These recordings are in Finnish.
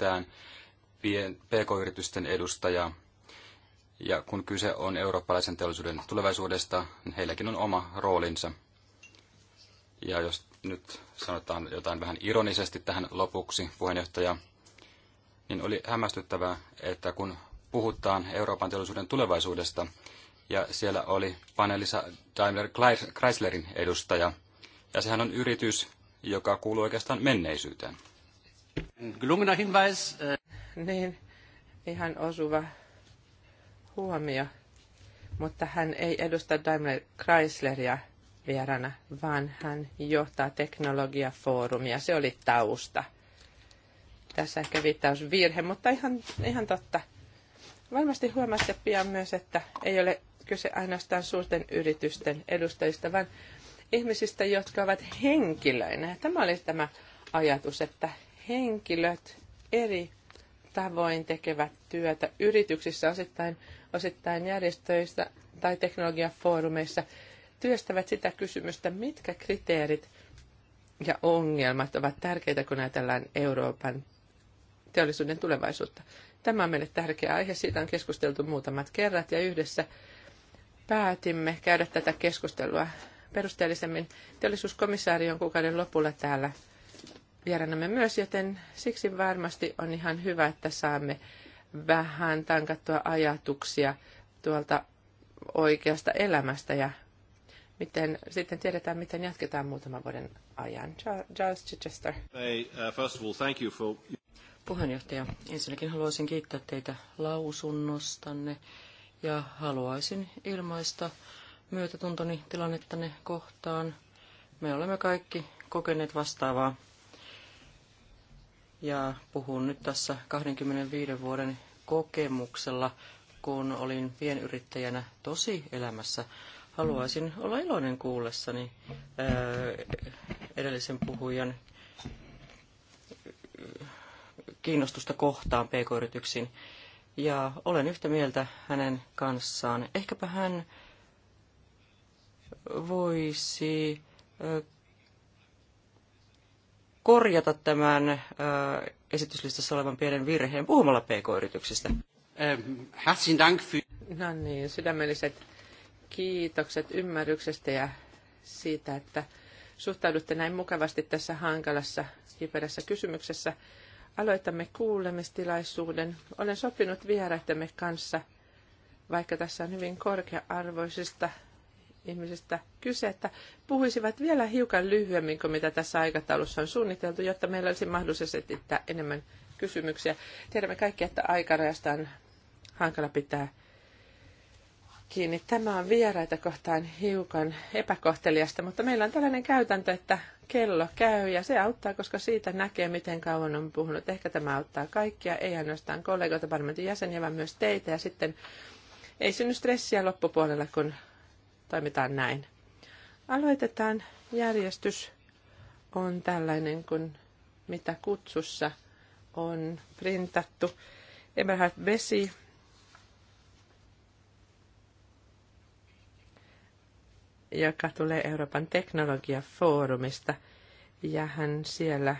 mitään pk-yritysten edustajaa. Ja kun kyse on eurooppalaisen teollisuuden tulevaisuudesta, niin heilläkin on oma roolinsa. Ja jos nyt sanotaan jotain vähän ironisesti tähän lopuksi, puheenjohtaja, niin oli hämmästyttävää, että kun puhutaan Euroopan teollisuuden tulevaisuudesta, ja siellä oli paneelissa Daimler Chryslerin edustaja, ja sehän on yritys, joka kuuluu oikeastaan menneisyyteen. Gelungener Hinweis. Äh, niin, ihan osuva huomio. Mutta hän ei edusta Daimler Chrysleria vieraana, vaan hän johtaa teknologiafoorumia. Se oli tausta. Tässä ehkä viittaus virhe, mutta ihan, ihan totta. Varmasti huomasit pian myös, että ei ole kyse ainoastaan suurten yritysten edustajista, vaan ihmisistä, jotka ovat henkilöinä. Tämä oli tämä ajatus, että henkilöt eri tavoin tekevät työtä yrityksissä, osittain, osittain järjestöissä tai teknologiafoorumeissa, työstävät sitä kysymystä, mitkä kriteerit ja ongelmat ovat tärkeitä, kun ajatellaan Euroopan teollisuuden tulevaisuutta. Tämä on meille tärkeä aihe, siitä on keskusteltu muutamat kerrat ja yhdessä päätimme käydä tätä keskustelua perusteellisemmin. Teollisuuskomissaari on kuukauden lopulla täällä vieränämme myös, joten siksi varmasti on ihan hyvä, että saamme vähän tankattua ajatuksia tuolta oikeasta elämästä ja miten, sitten tiedetään, miten jatketaan muutaman vuoden ajan. Charles Chichester. Hey, uh, first of all, thank you for... Puheenjohtaja, ensinnäkin haluaisin kiittää teitä lausunnostanne ja haluaisin ilmaista myötätuntoni tilannettanne kohtaan. Me olemme kaikki kokeneet vastaavaa ja puhun nyt tässä 25 vuoden kokemuksella, kun olin pienyrittäjänä tosi elämässä. Haluaisin olla iloinen kuullessani äh, edellisen puhujan äh, kiinnostusta kohtaan pk-yrityksiin. Ja olen yhtä mieltä hänen kanssaan. Ehkäpä hän voisi äh, korjata tämän esityslistassa olevan pienen virheen puhumalla PK-yrityksistä. Ähm, herzlichen Dank No niin, sydämelliset kiitokset ymmärryksestä ja siitä, että suhtaudutte näin mukavasti tässä hankalassa, kiperässä kysymyksessä. Aloitamme kuulemistilaisuuden. Olen sopinut vieraittemme kanssa, vaikka tässä on hyvin korkea-arvoisista ihmisestä kyse, että puhuisivat vielä hiukan lyhyemmin kuin mitä tässä aikataulussa on suunniteltu, jotta meillä olisi mahdollisuus esittää enemmän kysymyksiä. Tiedämme kaikki, että aikarajasta on hankala pitää kiinni. Tämä on vieraita kohtaan hiukan epäkohteliasta, mutta meillä on tällainen käytäntö, että kello käy ja se auttaa, koska siitä näkee, miten kauan on puhunut. Ehkä tämä auttaa kaikkia, ei ainoastaan kollegoita, parlamentin jäseniä, vaan myös teitä. Ja sitten ei synny stressiä loppupuolella, kun toimitaan näin. Aloitetaan. Järjestys on tällainen kuin mitä kutsussa on printattu. Eberhard Vesi joka tulee Euroopan teknologiafoorumista, ja hän siellä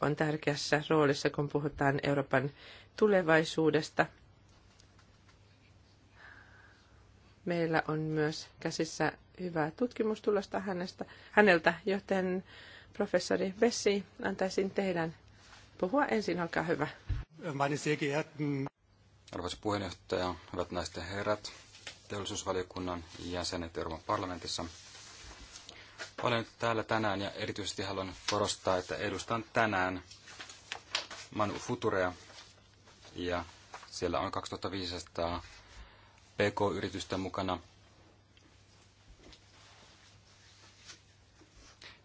on tärkeässä roolissa, kun puhutaan Euroopan tulevaisuudesta – Meillä on myös käsissä hyvää tutkimustulosta hänestä, häneltä, joten professori Vessi, antaisin teidän puhua ensin, olkaa hyvä. Arvoisa puheenjohtaja, hyvät naiset ja herrat, teollisuusvaliokunnan jäsenet Euroopan parlamentissa. Olen täällä tänään ja erityisesti haluan korostaa, että edustan tänään Manu Futurea ja siellä on 2500 pk yritysten mukana.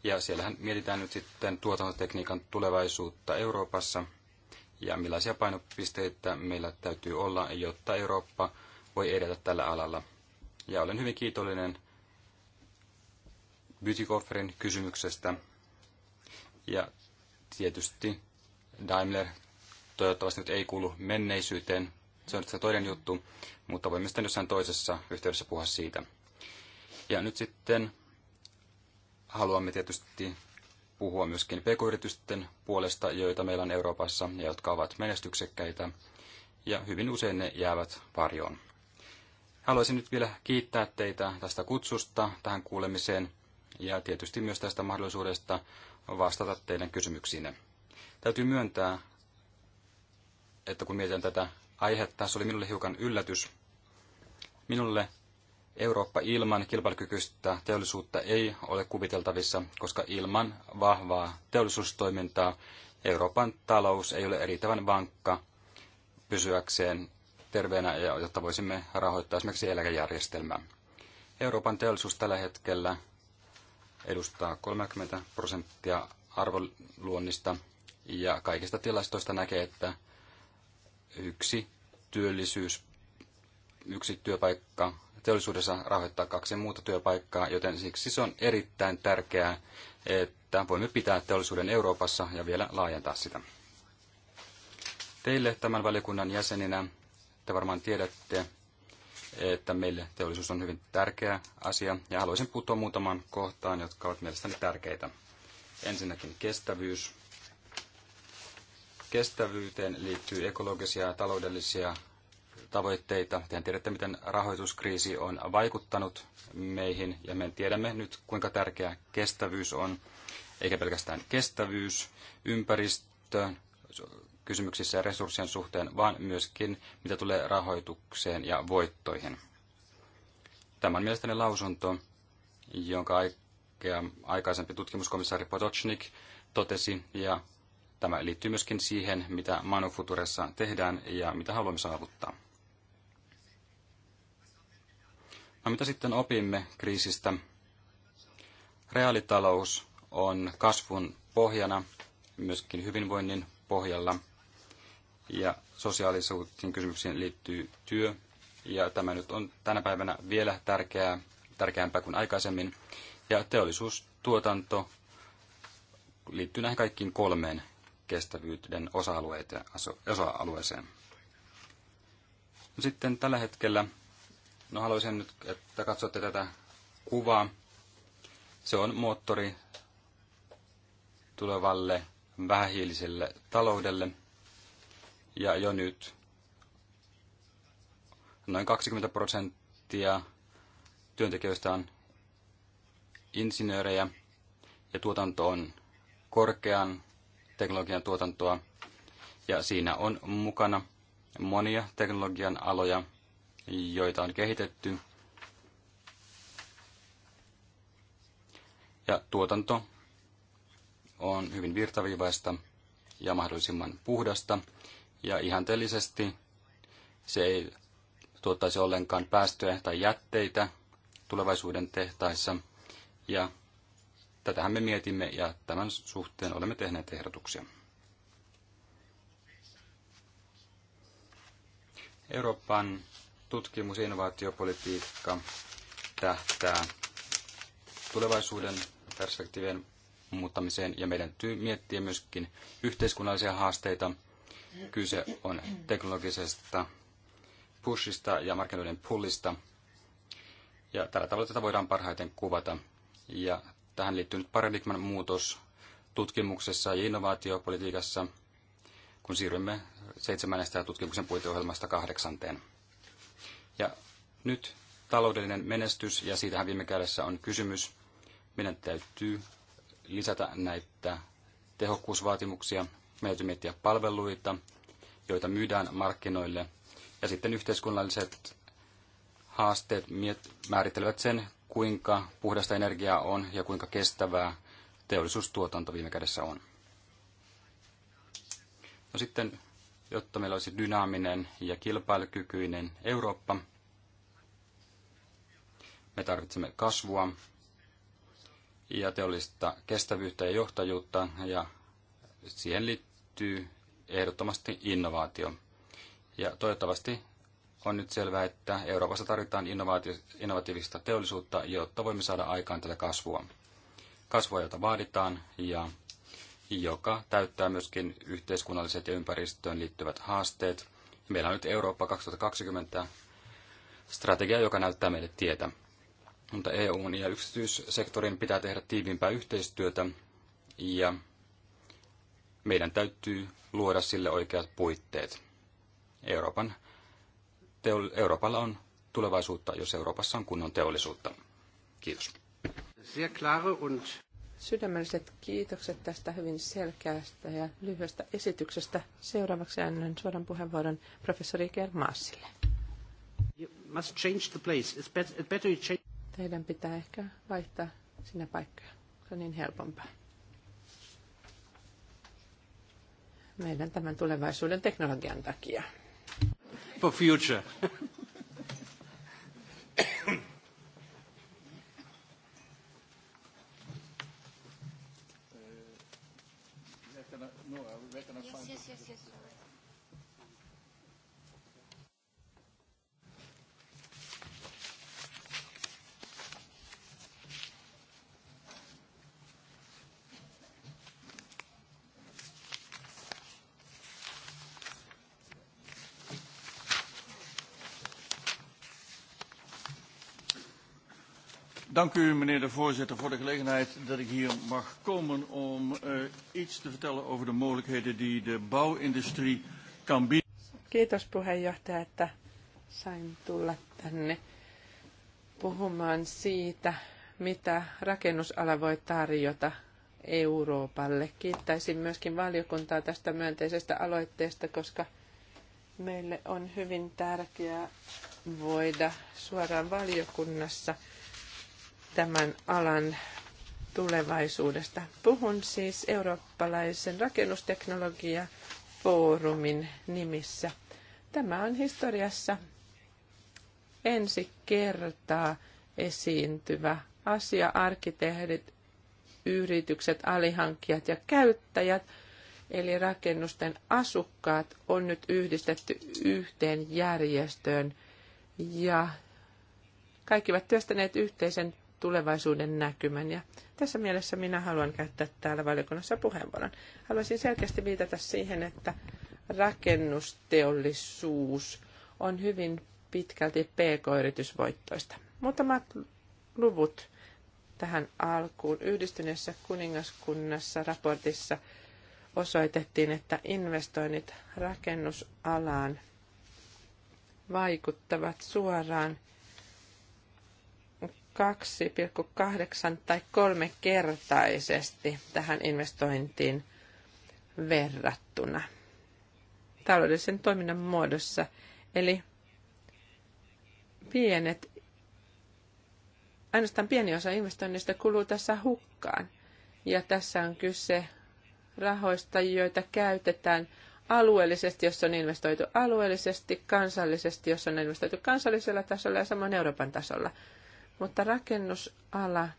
Ja siellähän mietitään nyt sitten tuotantotekniikan tulevaisuutta Euroopassa ja millaisia painopisteitä meillä täytyy olla, jotta Eurooppa voi edetä tällä alalla. Ja olen hyvin kiitollinen Bytikofferin kysymyksestä. Ja tietysti Daimler toivottavasti nyt ei kuulu menneisyyteen, se on se toinen juttu, mutta voimme sitten jossain toisessa yhteydessä puhua siitä. Ja nyt sitten haluamme tietysti puhua myöskin pk-yritysten puolesta, joita meillä on Euroopassa ja jotka ovat menestyksekkäitä, ja hyvin usein ne jäävät varjoon. Haluaisin nyt vielä kiittää teitä tästä kutsusta tähän kuulemiseen ja tietysti myös tästä mahdollisuudesta vastata teidän kysymyksiinne. Täytyy myöntää, että kun mietin tätä aihe. Se oli minulle hiukan yllätys. Minulle Eurooppa ilman kilpailukykyistä teollisuutta ei ole kuviteltavissa, koska ilman vahvaa teollisuustoimintaa Euroopan talous ei ole erittävän vankka pysyäkseen terveenä, ja jotta voisimme rahoittaa esimerkiksi eläkejärjestelmää. Euroopan teollisuus tällä hetkellä edustaa 30 prosenttia arvoluonnista ja kaikista tilastoista näkee, että yksi työllisyys, yksi työpaikka teollisuudessa rahoittaa kaksi muuta työpaikkaa, joten siksi se on erittäin tärkeää, että voimme pitää teollisuuden Euroopassa ja vielä laajentaa sitä. Teille tämän valiokunnan jäseninä te varmaan tiedätte, että meille teollisuus on hyvin tärkeä asia ja haluaisin puuttua muutamaan kohtaan, jotka ovat mielestäni tärkeitä. Ensinnäkin kestävyys kestävyyteen liittyy ekologisia ja taloudellisia tavoitteita. Tehän tiedätte, miten rahoituskriisi on vaikuttanut meihin ja me tiedämme nyt, kuinka tärkeä kestävyys on, eikä pelkästään kestävyys ympäristöön. kysymyksissä ja resurssien suhteen, vaan myöskin mitä tulee rahoitukseen ja voittoihin. Tämä on mielestäni lausunto, jonka aikaisempi tutkimuskomissaari Potocnik totesi, ja Tämä liittyy myöskin siihen, mitä Manufuturessa tehdään ja mitä haluamme saavuttaa. No mitä sitten opimme kriisistä? Reaalitalous on kasvun pohjana, myöskin hyvinvoinnin pohjalla. Ja sosiaalisuuden kysymyksiin liittyy työ. Ja tämä nyt on tänä päivänä vielä tärkeää, tärkeämpää kuin aikaisemmin. Ja teollisuustuotanto liittyy näihin kaikkiin kolmeen kestävyyden osa-alueeseen. No sitten tällä hetkellä, no haluaisin nyt, että katsotte tätä kuvaa. Se on moottori tulevalle vähähiiliselle taloudelle. Ja jo nyt noin 20 prosenttia työntekijöistä on insinöörejä ja tuotanto on korkean teknologian tuotantoa. Ja siinä on mukana monia teknologian aloja, joita on kehitetty. Ja tuotanto on hyvin virtaviivaista ja mahdollisimman puhdasta. Ja ihanteellisesti se ei tuottaisi ollenkaan päästöjä tai jätteitä tulevaisuuden tehtaissa. Ja Tätähän me mietimme ja tämän suhteen olemme tehneet ehdotuksia. Euroopan tutkimus- ja innovaatiopolitiikka tähtää tulevaisuuden perspektiivien muuttamiseen ja meidän tyy miettiä myöskin yhteiskunnallisia haasteita. Kyse on teknologisesta pushista ja markkinoiden pullista. Ja tällä tavalla tätä voidaan parhaiten kuvata. Ja Tähän liittyy paradigman muutos tutkimuksessa ja innovaatiopolitiikassa, kun siirrymme seitsemännestä tutkimuksen puiteohjelmasta kahdeksanteen. Ja nyt taloudellinen menestys, ja siitähän viime kädessä on kysymys. Meidän täytyy lisätä näitä tehokkuusvaatimuksia, meidän täytyy miettiä palveluita, joita myydään markkinoille, ja sitten yhteiskunnalliset haasteet määrittelevät sen, kuinka puhdasta energiaa on ja kuinka kestävää teollisuustuotanto viime kädessä on. No sitten, jotta meillä olisi dynaaminen ja kilpailukykyinen Eurooppa, me tarvitsemme kasvua ja teollista kestävyyttä ja johtajuutta, ja siihen liittyy ehdottomasti innovaatio. Ja toivottavasti on nyt selvää, että Euroopassa tarvitaan innovatiivista teollisuutta, jotta voimme saada aikaan tätä kasvua. Kasvua, jota vaaditaan ja joka täyttää myöskin yhteiskunnalliset ja ympäristöön liittyvät haasteet. Meillä on nyt Eurooppa 2020 strategia, joka näyttää meille tietä. Mutta EUn ja yksityissektorin pitää tehdä tiiviimpää yhteistyötä ja meidän täytyy luoda sille oikeat puitteet. Euroopan teol- Euroopalla on tulevaisuutta, jos Euroopassa on kunnon teollisuutta. Kiitos. Sydämelliset kiitokset tästä hyvin selkeästä ja lyhyestä esityksestä. Seuraavaksi annan suoran puheenvuoron professori Kermaasille. Teidän pitää ehkä vaihtaa sinä paikkoja. Se on niin helpompaa. Meidän tämän tulevaisuuden teknologian takia for future. Dank u, meneer de voorzitter, voor de gelegenheid dat ik hier mag komen om uh, iets te vertellen over de mogelijkheden die de bouwindustrie kan bieden. Kiitos puheenjohtaja, että sain tulla tänne puhumaan siitä, mitä rakennusala voi tarjota Euroopalle. Kiittäisin myöskin valiokuntaa tästä myönteisestä aloitteesta, koska meille on hyvin tärkeää voida suoraan valiokunnassa – tämän alan tulevaisuudesta. Puhun siis eurooppalaisen rakennusteknologiafoorumin nimissä. Tämä on historiassa ensi kertaa esiintyvä asia. Arkkitehdit, yritykset, alihankkijat ja käyttäjät, eli rakennusten asukkaat, on nyt yhdistetty yhteen järjestöön ja kaikki ovat työstäneet yhteisen tulevaisuuden näkymän. Ja tässä mielessä minä haluan käyttää täällä valiokunnassa puheenvuoron. Haluaisin selkeästi viitata siihen, että rakennusteollisuus on hyvin pitkälti pk-yritysvoittoista. Muutamat luvut tähän alkuun. Yhdistyneessä kuningaskunnassa raportissa osoitettiin, että investoinnit rakennusalaan vaikuttavat suoraan 2,8 tai kertaisesti tähän investointiin verrattuna taloudellisen toiminnan muodossa. Eli pienet, ainoastaan pieni osa investoinnista kuluu tässä hukkaan. Ja tässä on kyse rahoista, joita käytetään alueellisesti, jos on investoitu alueellisesti, kansallisesti, jos on investoitu kansallisella tasolla ja samoin Euroopan tasolla. Mutta rakennusala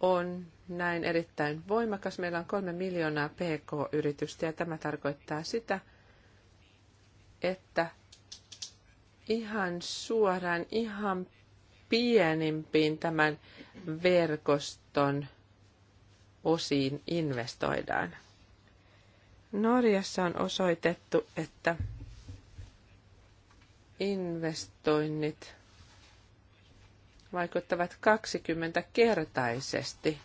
on näin erittäin voimakas. Meillä on kolme miljoonaa pk-yritystä ja tämä tarkoittaa sitä, että ihan suoraan, ihan pienimpiin tämän verkoston osiin investoidaan. Norjassa on osoitettu, että investoinnit vaikuttavat 20-kertaisesti,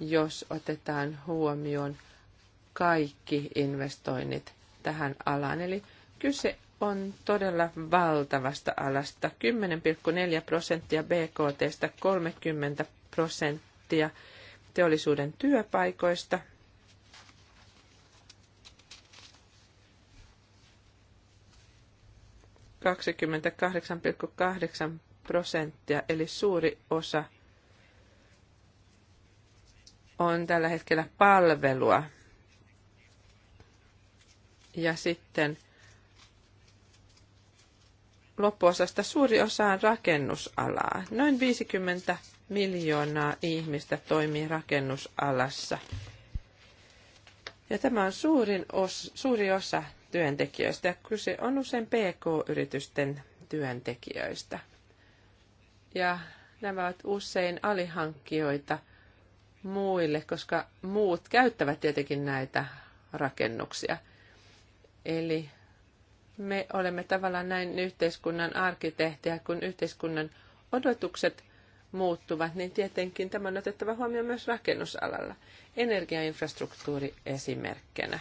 jos otetaan huomioon kaikki investoinnit tähän alaan. Eli kyse on todella valtavasta alasta. 10,4 prosenttia BKTstä, 30 prosenttia teollisuuden työpaikoista. kaksikymmentäkahdeksan kahdeksan prosenttia, eli suuri osa on tällä hetkellä palvelua. Ja sitten loppuosasta suuri osa on rakennusalaa. Noin 50 miljoonaa ihmistä toimii rakennusalassa. Ja tämä on suurin os, suuri osa työntekijöistä. Kyse on usein PK-yritysten työntekijöistä ja nämä ovat usein alihankkijoita muille, koska muut käyttävät tietenkin näitä rakennuksia. Eli me olemme tavallaan näin yhteiskunnan arkkitehtiä, kun yhteiskunnan odotukset muuttuvat, niin tietenkin tämä on otettava huomioon myös rakennusalalla. Energiainfrastruktuuri esimerkkinä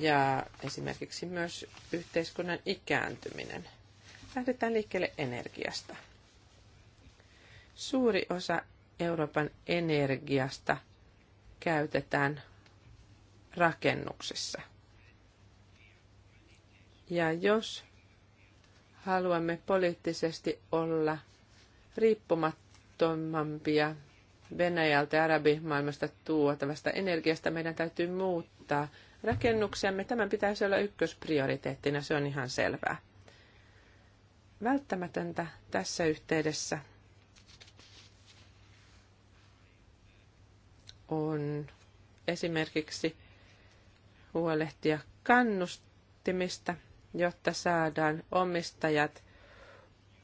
ja esimerkiksi myös yhteiskunnan ikääntyminen. Lähdetään liikkeelle energiasta. Suuri osa Euroopan energiasta käytetään rakennuksissa. Ja jos haluamme poliittisesti olla riippumattomampia Venäjältä ja arabimaailmasta tuotavasta energiasta, meidän täytyy muuttaa rakennuksiamme. Tämän pitäisi olla ykkösprioriteettina, se on ihan selvää. Välttämätöntä tässä yhteydessä on esimerkiksi huolehtia kannustimista, jotta saadaan omistajat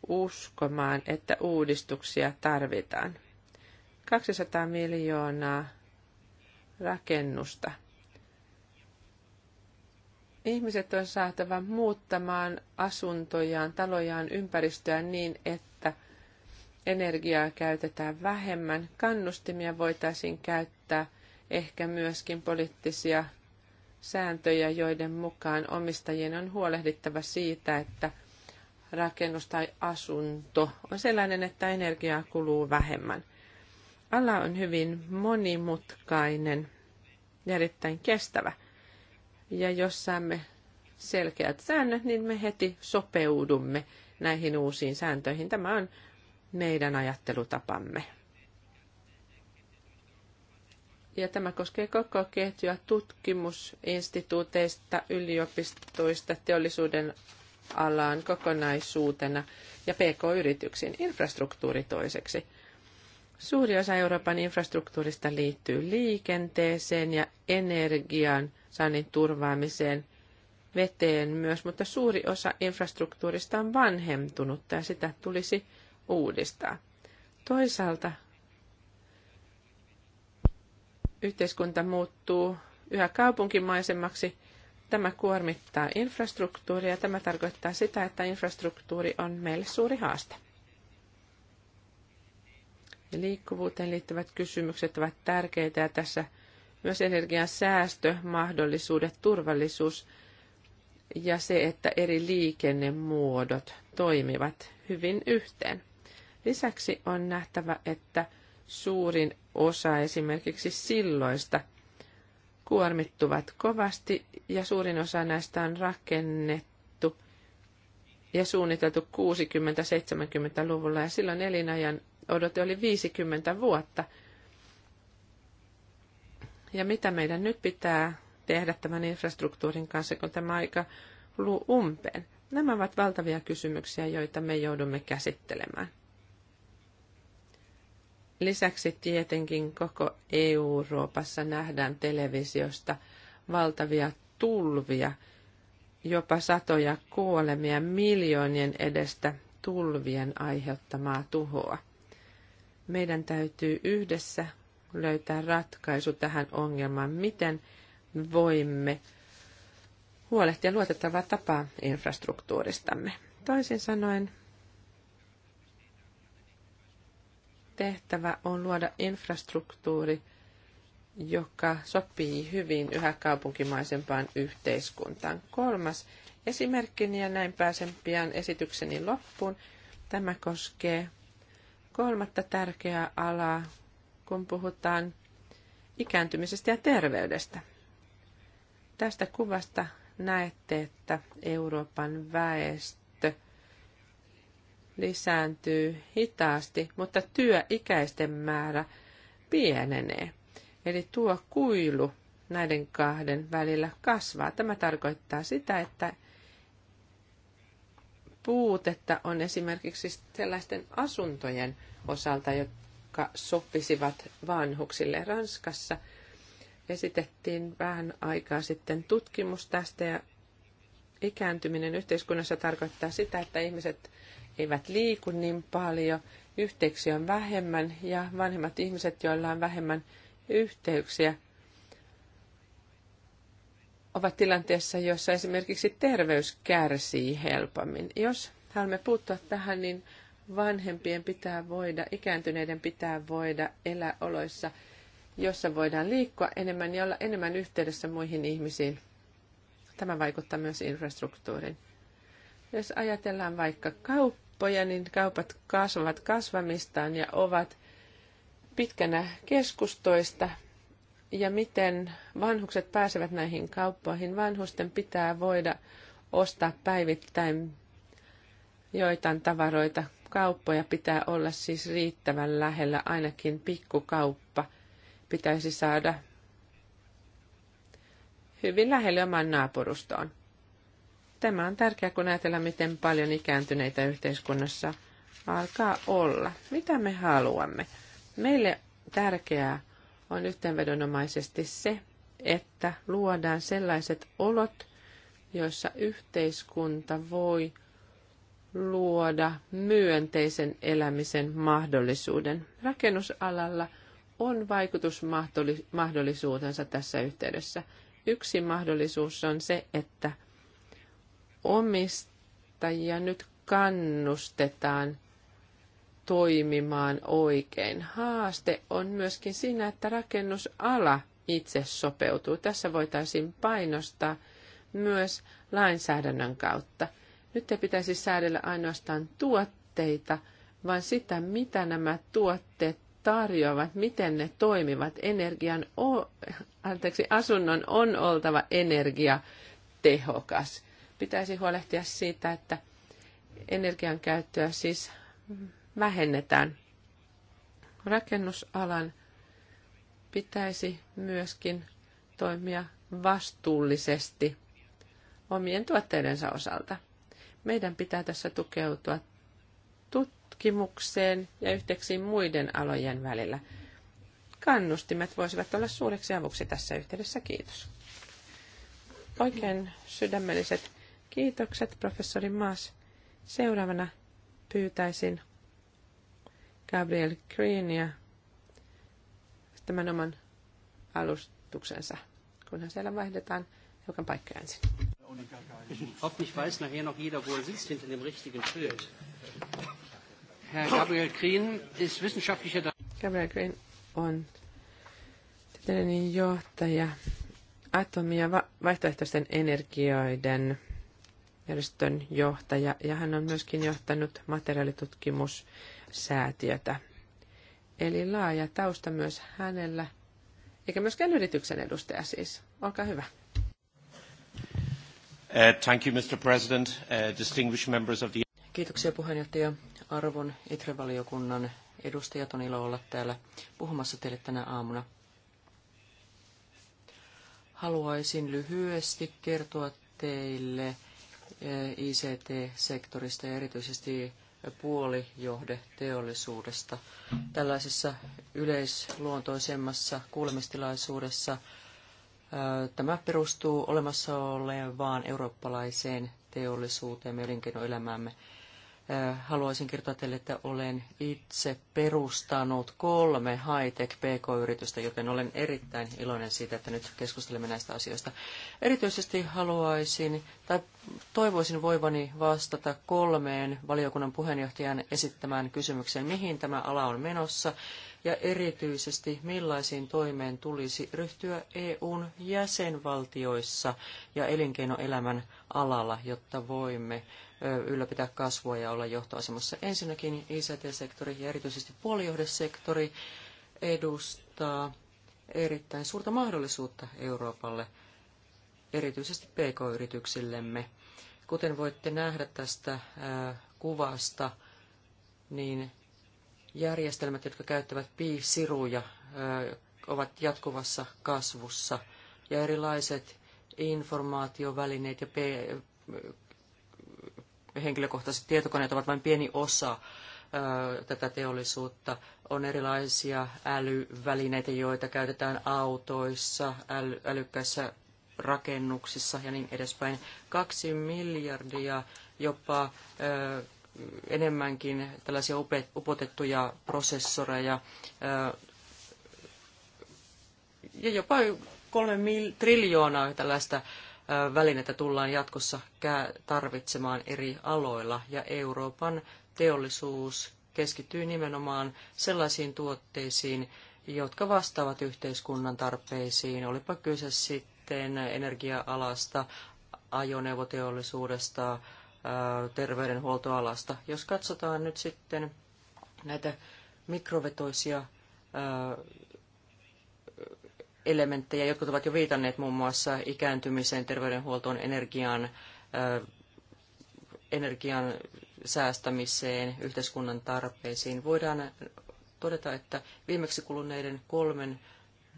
uskomaan, että uudistuksia tarvitaan. 200 miljoonaa rakennusta. Ihmiset on saatava muuttamaan asuntojaan, talojaan, ympäristöä niin, että energiaa käytetään vähemmän. Kannustimia voitaisiin käyttää ehkä myöskin poliittisia sääntöjä, joiden mukaan omistajien on huolehdittava siitä, että rakennus tai asunto on sellainen, että energiaa kuluu vähemmän. Ala on hyvin monimutkainen ja erittäin kestävä. Ja jos saamme selkeät säännöt, niin me heti sopeudumme näihin uusiin sääntöihin. Tämä on meidän ajattelutapamme. Ja tämä koskee koko ketjua tutkimusinstituuteista, yliopistoista, teollisuuden alaan kokonaisuutena ja pk-yrityksiin infrastruktuuri toiseksi. Suuri osa Euroopan infrastruktuurista liittyy liikenteeseen ja energian saannin turvaamiseen, veteen myös, mutta suuri osa infrastruktuurista on vanhentunutta ja sitä tulisi uudistaa. Toisaalta yhteiskunta muuttuu yhä kaupunkimaisemmaksi. Tämä kuormittaa infrastruktuuria ja tämä tarkoittaa sitä, että infrastruktuuri on meille suuri haaste. Ja liikkuvuuteen liittyvät kysymykset ovat tärkeitä ja tässä myös energian säästö, mahdollisuudet, turvallisuus ja se, että eri liikennemuodot toimivat hyvin yhteen. Lisäksi on nähtävä, että suurin osa esimerkiksi silloista kuormittuvat kovasti ja suurin osa näistä on rakennettu ja suunniteltu 60-70-luvulla ja silloin elinajan odote oli 50 vuotta. Ja mitä meidän nyt pitää tehdä tämän infrastruktuurin kanssa, kun tämä aika luu umpeen? Nämä ovat valtavia kysymyksiä, joita me joudumme käsittelemään. Lisäksi tietenkin koko Euroopassa nähdään televisiosta valtavia tulvia, jopa satoja kuolemia miljoonien edestä tulvien aiheuttamaa tuhoa. Meidän täytyy yhdessä löytää ratkaisu tähän ongelmaan, miten voimme huolehtia luotettavaa tapaa infrastruktuuristamme. Toisin sanoen, tehtävä on luoda infrastruktuuri, joka sopii hyvin yhä kaupunkimaisempaan yhteiskuntaan. Kolmas esimerkkini, ja näin pääsen pian esitykseni loppuun, tämä koskee kolmatta tärkeää alaa, kun puhutaan ikääntymisestä ja terveydestä. Tästä kuvasta näette, että Euroopan väestö lisääntyy hitaasti, mutta työikäisten määrä pienenee. Eli tuo kuilu näiden kahden välillä kasvaa. Tämä tarkoittaa sitä, että puutetta on esimerkiksi sellaisten asuntojen osalta, jotka sopisivat vanhuksille. Ranskassa esitettiin vähän aikaa sitten tutkimus tästä ja ikääntyminen yhteiskunnassa tarkoittaa sitä, että ihmiset eivät liiku niin paljon, yhteyksiä on vähemmän ja vanhemmat ihmiset, joilla on vähemmän yhteyksiä, ovat tilanteessa, jossa esimerkiksi terveys kärsii helpommin. Jos haluamme puuttua tähän, niin vanhempien pitää voida, ikääntyneiden pitää voida elää oloissa, jossa voidaan liikkua enemmän ja olla enemmän yhteydessä muihin ihmisiin. Tämä vaikuttaa myös infrastruktuuriin. Jos ajatellaan vaikka kauppoja, niin kaupat kasvavat kasvamistaan ja ovat pitkänä keskustoista. Ja miten vanhukset pääsevät näihin kauppoihin? Vanhusten pitää voida ostaa päivittäin joitain tavaroita. Kauppoja pitää olla siis riittävän lähellä, ainakin pikkukauppa pitäisi saada hyvin lähelle oman naapurustoon. Tämä on tärkeää, kun ajatellaan, miten paljon ikääntyneitä yhteiskunnassa alkaa olla. Mitä me haluamme? Meille tärkeää on yhteenvedonomaisesti se, että luodaan sellaiset olot, joissa yhteiskunta voi luoda myönteisen elämisen mahdollisuuden. Rakennusalalla on vaikutusmahdollisuutensa tässä yhteydessä. Yksi mahdollisuus on se, että omistajia nyt kannustetaan toimimaan oikein. Haaste on myöskin siinä, että rakennusala itse sopeutuu. Tässä voitaisiin painostaa myös lainsäädännön kautta. Nyt ei pitäisi säädellä ainoastaan tuotteita, vaan sitä, mitä nämä tuotteet tarjoavat, miten ne toimivat. Energian, o anteeksi, asunnon on oltava energiatehokas pitäisi huolehtia siitä, että energian käyttöä siis vähennetään. Rakennusalan pitäisi myöskin toimia vastuullisesti omien tuotteidensa osalta. Meidän pitää tässä tukeutua tutkimukseen ja yhteyksiin muiden alojen välillä. Kannustimet voisivat olla suureksi avuksi tässä yhteydessä. Kiitos. Oikein sydämelliset Kiitokset, professori Maas. Seuraavana pyytäisin Gabriel Greenia tämän oman alustuksensa, kunhan siellä vaihdetaan hiukan paikkaa ensin. Hoffentlich weiß nachher noch jeder, wo er sitzt, hinter dem richtigen Schild. Herr Gabriel Green ist wissenschaftlicher... Gabriel Green on tieteellinen johtaja atomia vaihtoehtoisten energioiden järjestön johtaja ja hän on myöskin johtanut materiaalitutkimussäätiötä. Eli laaja tausta myös hänellä, eikä myöskään yrityksen edustaja siis. Olkaa hyvä. Uh, thank you, Mr. President, uh, distinguished members of the... Kiitoksia puheenjohtaja. Arvon ITRE-valiokunnan edustajat on ilo olla täällä puhumassa teille tänä aamuna. Haluaisin lyhyesti kertoa teille ICT-sektorista ja erityisesti puolijohdeteollisuudesta. Tällaisessa yleisluontoisemmassa kuulemistilaisuudessa tämä perustuu olemassa olevaan eurooppalaiseen teollisuuteen ja elinkeinoelämäämme. Äh, haluaisin kertoa teille, että olen itse perustanut kolme high-tech pk-yritystä, joten olen erittäin iloinen siitä, että nyt keskustelemme näistä asioista. Erityisesti haluaisin tai toivoisin voivani vastata kolmeen valiokunnan puheenjohtajan esittämään kysymykseen, mihin tämä ala on menossa, ja erityisesti millaisiin toimeen tulisi ryhtyä EUn jäsenvaltioissa ja elinkeinoelämän alalla, jotta voimme ylläpitää kasvua ja olla johtoasemassa. Ensinnäkin ICT-sektori ja erityisesti puolijohdesektori edustaa erittäin suurta mahdollisuutta Euroopalle, erityisesti PK-yrityksillemme. Kuten voitte nähdä tästä kuvasta, niin Järjestelmät, jotka käyttävät piisiruja, ovat jatkuvassa kasvussa ja erilaiset informaatiovälineet ja henkilökohtaiset tietokoneet ovat vain pieni osa tätä teollisuutta. On erilaisia älyvälineitä, joita käytetään autoissa, älykkäissä rakennuksissa ja niin edespäin. Kaksi miljardia jopa enemmänkin tällaisia upotettuja prosessoreja ja jopa kolme mil- triljoonaa tällaista välinettä tullaan jatkossa tarvitsemaan eri aloilla ja Euroopan teollisuus keskittyy nimenomaan sellaisiin tuotteisiin, jotka vastaavat yhteiskunnan tarpeisiin, olipa kyse sitten energia-alasta, ajoneuvoteollisuudesta, Äh, terveydenhuoltoalasta. Jos katsotaan nyt sitten näitä mikrovetoisia äh, elementtejä, jotkut ovat jo viitanneet muun muassa ikääntymiseen, terveydenhuoltoon, energiaan, äh, energian säästämiseen, yhteiskunnan tarpeisiin. Voidaan todeta, että viimeksi kuluneiden kolmen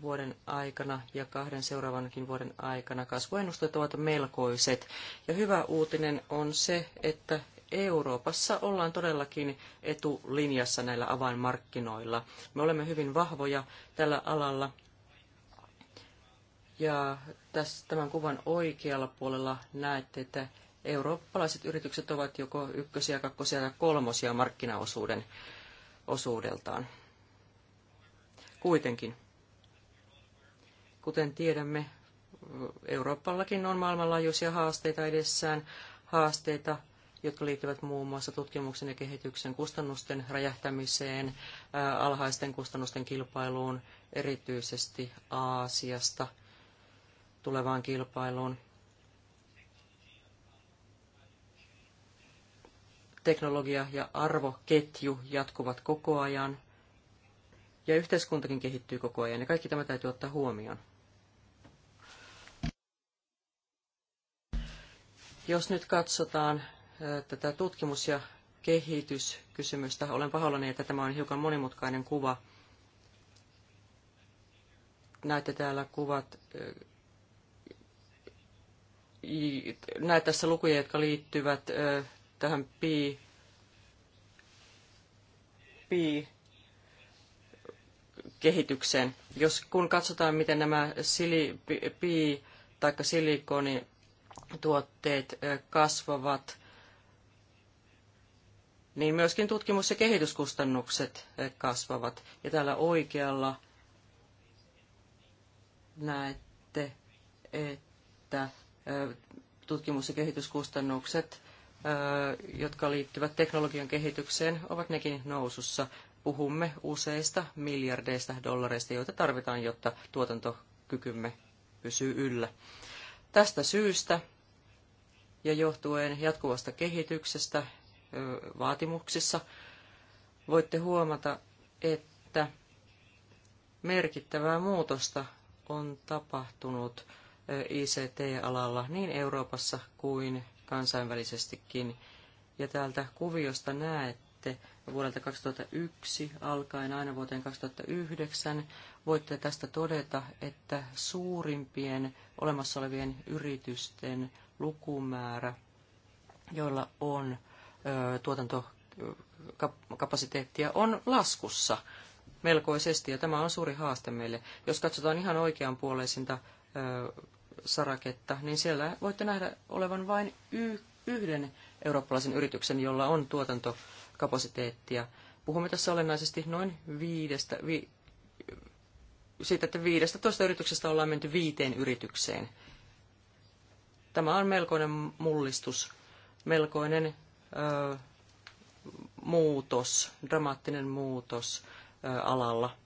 vuoden aikana ja kahden seuraavankin vuoden aikana kasvuennusteet ovat melkoiset. Ja hyvä uutinen on se, että Euroopassa ollaan todellakin etulinjassa näillä avainmarkkinoilla. Me olemme hyvin vahvoja tällä alalla. Ja tässä, tämän kuvan oikealla puolella näette, että eurooppalaiset yritykset ovat joko ykkösiä, kakkosia tai kolmosia markkinaosuuden osuudeltaan. Kuitenkin Kuten tiedämme, Euroopallakin on maailmanlaajuisia haasteita edessään, haasteita, jotka liittyvät muun muassa tutkimuksen ja kehityksen kustannusten räjähtämiseen, alhaisten kustannusten kilpailuun, erityisesti Aasiasta tulevaan kilpailuun. Teknologia ja arvoketju jatkuvat koko ajan ja yhteiskuntakin kehittyy koko ajan ja kaikki tämä täytyy ottaa huomioon. Jos nyt katsotaan tätä tutkimus- ja kehityskysymystä, olen pahoillani, että tämä on hiukan monimutkainen kuva. Näette täällä kuvat, näet tässä lukuja, jotka liittyvät tähän pi, pi kehitykseen. Jos kun katsotaan, miten nämä sili, pi, tai silikoni tuotteet kasvavat, niin myöskin tutkimus- ja kehityskustannukset kasvavat. Ja täällä oikealla näette, että tutkimus- ja kehityskustannukset, jotka liittyvät teknologian kehitykseen, ovat nekin nousussa. Puhumme useista miljardeista dollareista, joita tarvitaan, jotta tuotantokykymme pysyy yllä. Tästä syystä ja johtuen jatkuvasta kehityksestä vaatimuksissa voitte huomata, että merkittävää muutosta on tapahtunut ICT-alalla niin Euroopassa kuin kansainvälisestikin. Ja täältä kuviosta näette vuodelta 2001 alkaen aina vuoteen 2009 voitte tästä todeta, että suurimpien olemassa olevien yritysten lukumäärä, joilla on ö, tuotantokapasiteettia, on laskussa melkoisesti, ja tämä on suuri haaste meille. Jos katsotaan ihan oikeanpuoleisinta ö, saraketta, niin siellä voitte nähdä olevan vain y- yhden eurooppalaisen yrityksen, jolla on tuotantokapasiteettia. Puhumme tässä olennaisesti noin viidestä, vi, siitä, että 15 yrityksestä ollaan menty viiteen yritykseen. Tämä on melkoinen mullistus, melkoinen ö, muutos, dramaattinen muutos ö, alalla.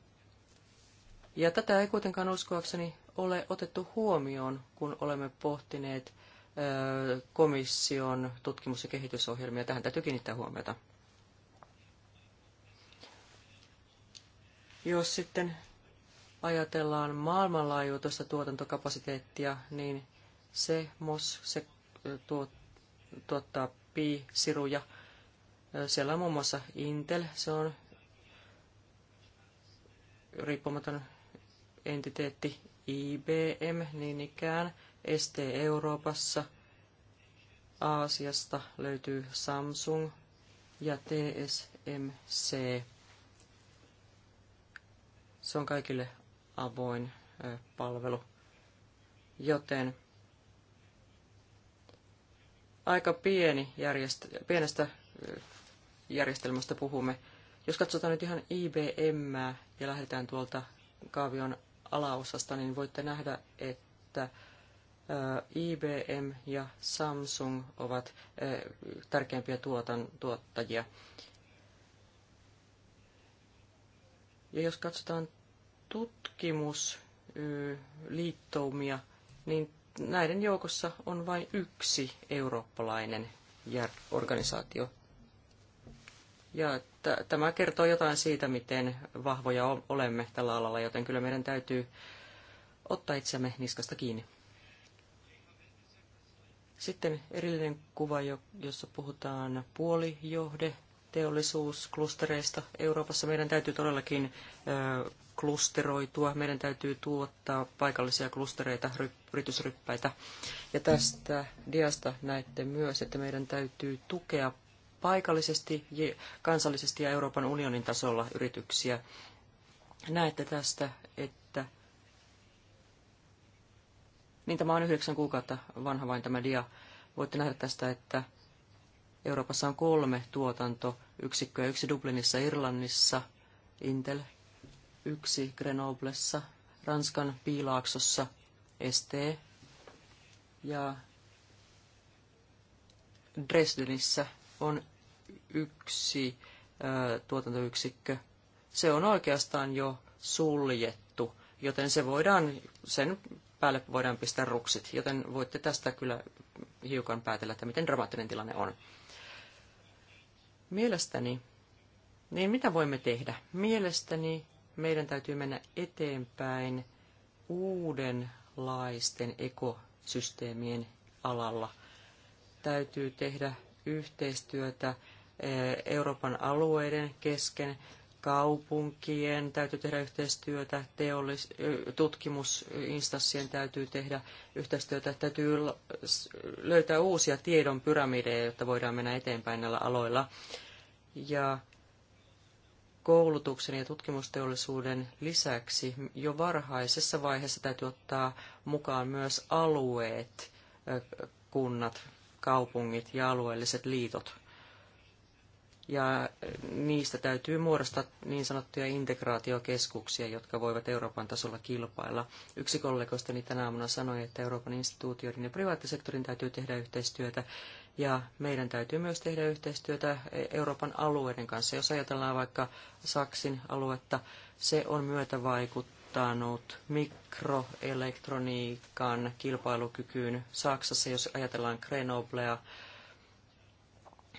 Ja tätä ei kuitenkaan uskoakseni ole otettu huomioon, kun olemme pohtineet ö, komission tutkimus- ja kehitysohjelmia. Tähän täytyy kiinnittää huomiota. Jos sitten ajatellaan maailmanlaajuista tuotantokapasiteettia, niin se MOS se tuottaa tuottaa siruja. Siellä on muun muassa Intel, se on riippumaton entiteetti IBM niin ikään, ST Euroopassa, Aasiasta löytyy Samsung ja TSMC. Se on kaikille avoin palvelu. Joten aika pieni järjest- pienestä järjestelmästä puhumme. Jos katsotaan nyt ihan IBM ja lähdetään tuolta kaavion alaosasta, niin voitte nähdä, että IBM ja Samsung ovat tärkeimpiä tuotan, tuottajia. Ja jos katsotaan tutkimusliittoumia, niin näiden joukossa on vain yksi eurooppalainen organisaatio. Ja tämä kertoo jotain siitä, miten vahvoja olemme tällä alalla, joten kyllä meidän täytyy ottaa itsemme niskasta kiinni. Sitten erillinen kuva, jossa puhutaan puolijohde teollisuusklustereista Euroopassa. Meidän täytyy todellakin klusteroitua. Meidän täytyy tuottaa paikallisia klustereita, yritysryppäitä. Ja tästä diasta näette myös, että meidän täytyy tukea paikallisesti, kansallisesti ja Euroopan unionin tasolla yrityksiä. Näette tästä, että niin tämä on yhdeksän kuukautta vanha vain tämä dia. Voitte nähdä tästä, että Euroopassa on kolme tuotantoyksikköä, yksi Dublinissa, Irlannissa, Intel yksi Grenoblessa, Ranskan piilaaksossa, ST, ja Dresdenissä on yksi ö, tuotantoyksikkö. Se on oikeastaan jo suljettu, joten se voidaan, sen päälle voidaan pistää ruksit, joten voitte tästä kyllä hiukan päätellä, että miten dramaattinen tilanne on. Mielestäni, niin mitä voimme tehdä? Mielestäni meidän täytyy mennä eteenpäin uudenlaisten ekosysteemien alalla. Täytyy tehdä yhteistyötä eh, Euroopan alueiden kesken, kaupunkien täytyy tehdä yhteistyötä, teollis- eh, tutkimusinstanssien täytyy tehdä yhteistyötä, täytyy löytää uusia tiedon pyramideja, jotta voidaan mennä eteenpäin näillä aloilla. Ja koulutuksen ja tutkimusteollisuuden lisäksi jo varhaisessa vaiheessa täytyy ottaa mukaan myös alueet, kunnat, kaupungit ja alueelliset liitot. Ja niistä täytyy muodostaa niin sanottuja integraatiokeskuksia, jotka voivat Euroopan tasolla kilpailla. Yksi kollegoistani tänä aamuna sanoi, että Euroopan instituutioiden ja privaattisektorin täytyy tehdä yhteistyötä ja meidän täytyy myös tehdä yhteistyötä Euroopan alueiden kanssa. Jos ajatellaan vaikka Saksin aluetta, se on myötävaikuttanut mikroelektroniikan kilpailukykyyn Saksassa, jos ajatellaan Grenoblea.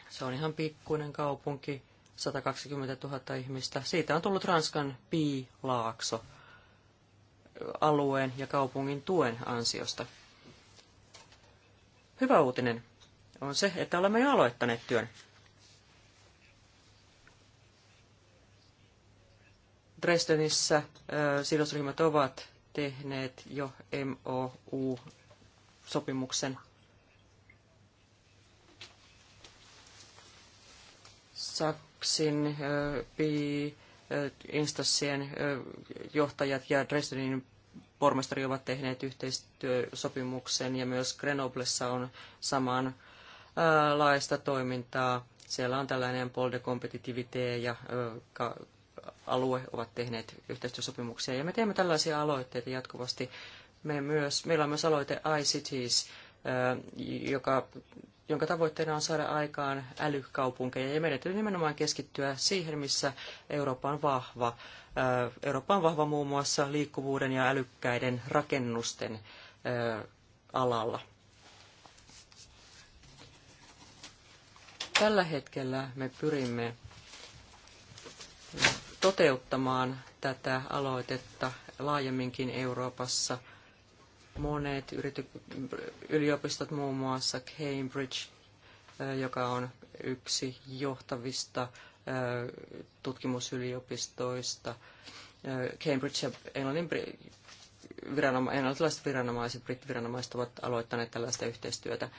Se on ihan pikkuinen kaupunki, 120 000 ihmistä. Siitä on tullut Ranskan piilaakso alueen ja kaupungin tuen ansiosta. Hyvä uutinen on se, että olemme jo aloittaneet työn. Dresdenissä sidosryhmät ovat tehneet jo MOU-sopimuksen. Saksin PI-instanssien johtajat ja Dresdenin pormestari ovat tehneet yhteistyösopimuksen ja myös Grenoblessa on samaan laista toimintaa. Siellä on tällainen polde competitivité ja alue ovat tehneet yhteistyösopimuksia. Ja me teemme tällaisia aloitteita jatkuvasti. Me myös, meillä on myös aloite iCities, joka, jonka tavoitteena on saada aikaan älykaupunkeja. Ja meidän täytyy nimenomaan keskittyä siihen, missä Eurooppa on vahva. Eurooppa on vahva muun muassa liikkuvuuden ja älykkäiden rakennusten alalla. Tällä hetkellä me pyrimme toteuttamaan tätä aloitetta laajemminkin Euroopassa. Monet yrity- yliopistot, muun muassa Cambridge, joka on yksi johtavista tutkimusyliopistoista. Cambridge ja englannin viranom- englantilaiset viranomaiset, brittiviranomaiset ovat aloittaneet tällaista yhteistyötä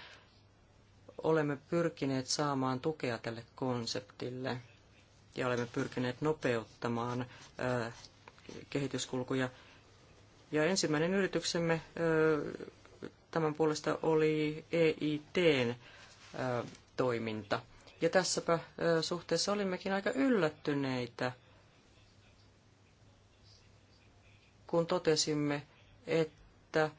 olemme pyrkineet saamaan tukea tälle konseptille ja olemme pyrkineet nopeuttamaan kehityskulkuja. Ja ensimmäinen yrityksemme tämän puolesta oli EITn toiminta. Ja tässäpä suhteessa olimmekin aika yllättyneitä, kun totesimme, että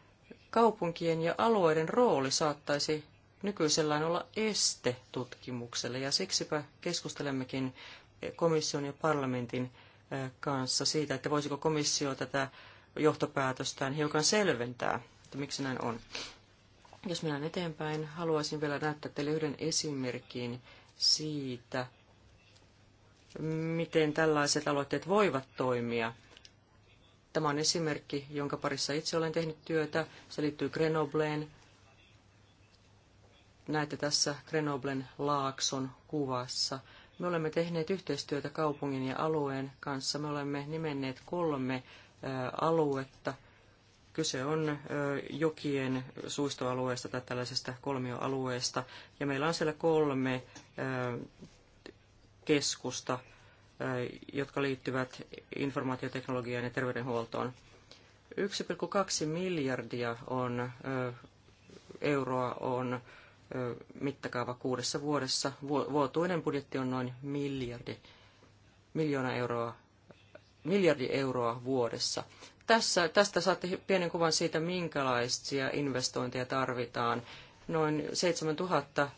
kaupunkien ja alueiden rooli saattaisi nykyisellään olla este tutkimukselle, ja siksipä keskustelemmekin komission ja parlamentin kanssa siitä, että voisiko komissio tätä johtopäätöstään hiukan selventää, että miksi näin on. Jos mennään eteenpäin, haluaisin vielä näyttää teille yhden esimerkin siitä, miten tällaiset aloitteet voivat toimia. Tämä on esimerkki, jonka parissa itse olen tehnyt työtä. Se liittyy Grenobleen näette tässä Grenoblen laakson kuvassa. Me olemme tehneet yhteistyötä kaupungin ja alueen kanssa. Me olemme nimenneet kolme aluetta. Kyse on jokien suistoalueesta tai tällaisesta kolmioalueesta. Ja meillä on siellä kolme keskusta, jotka liittyvät informaatioteknologiaan ja terveydenhuoltoon. 1,2 miljardia on, euroa on mittakaava kuudessa vuodessa. Vuotuinen budjetti on noin miljardi, miljoona euroa, miljardi euroa vuodessa. Tässä, tästä saatte pienen kuvan siitä, minkälaisia investointeja tarvitaan. Noin 7000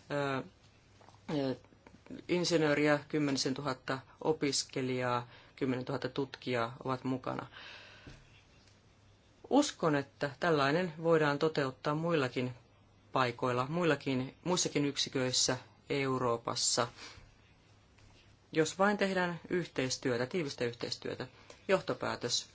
insinööriä, 10 000 opiskelijaa, 10 000 tutkijaa ovat mukana. Uskon, että tällainen voidaan toteuttaa muillakin paikoilla, muillakin, muissakin yksiköissä Euroopassa, jos vain tehdään yhteistyötä, tiivistä yhteistyötä. Johtopäätös.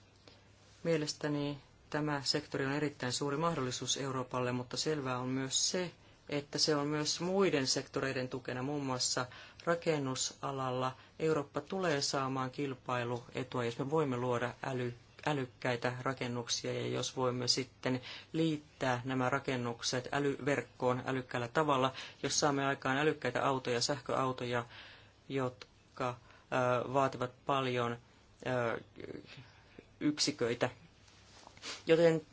Mielestäni tämä sektori on erittäin suuri mahdollisuus Euroopalle, mutta selvää on myös se, että se on myös muiden sektoreiden tukena, muun muassa rakennusalalla. Eurooppa tulee saamaan kilpailuetua, jos me voimme luoda äly älykkäitä rakennuksia ja jos voimme sitten liittää nämä rakennukset älyverkkoon älykkäällä tavalla, jos saamme aikaan älykkäitä autoja, sähköautoja, jotka vaativat paljon yksiköitä. Joten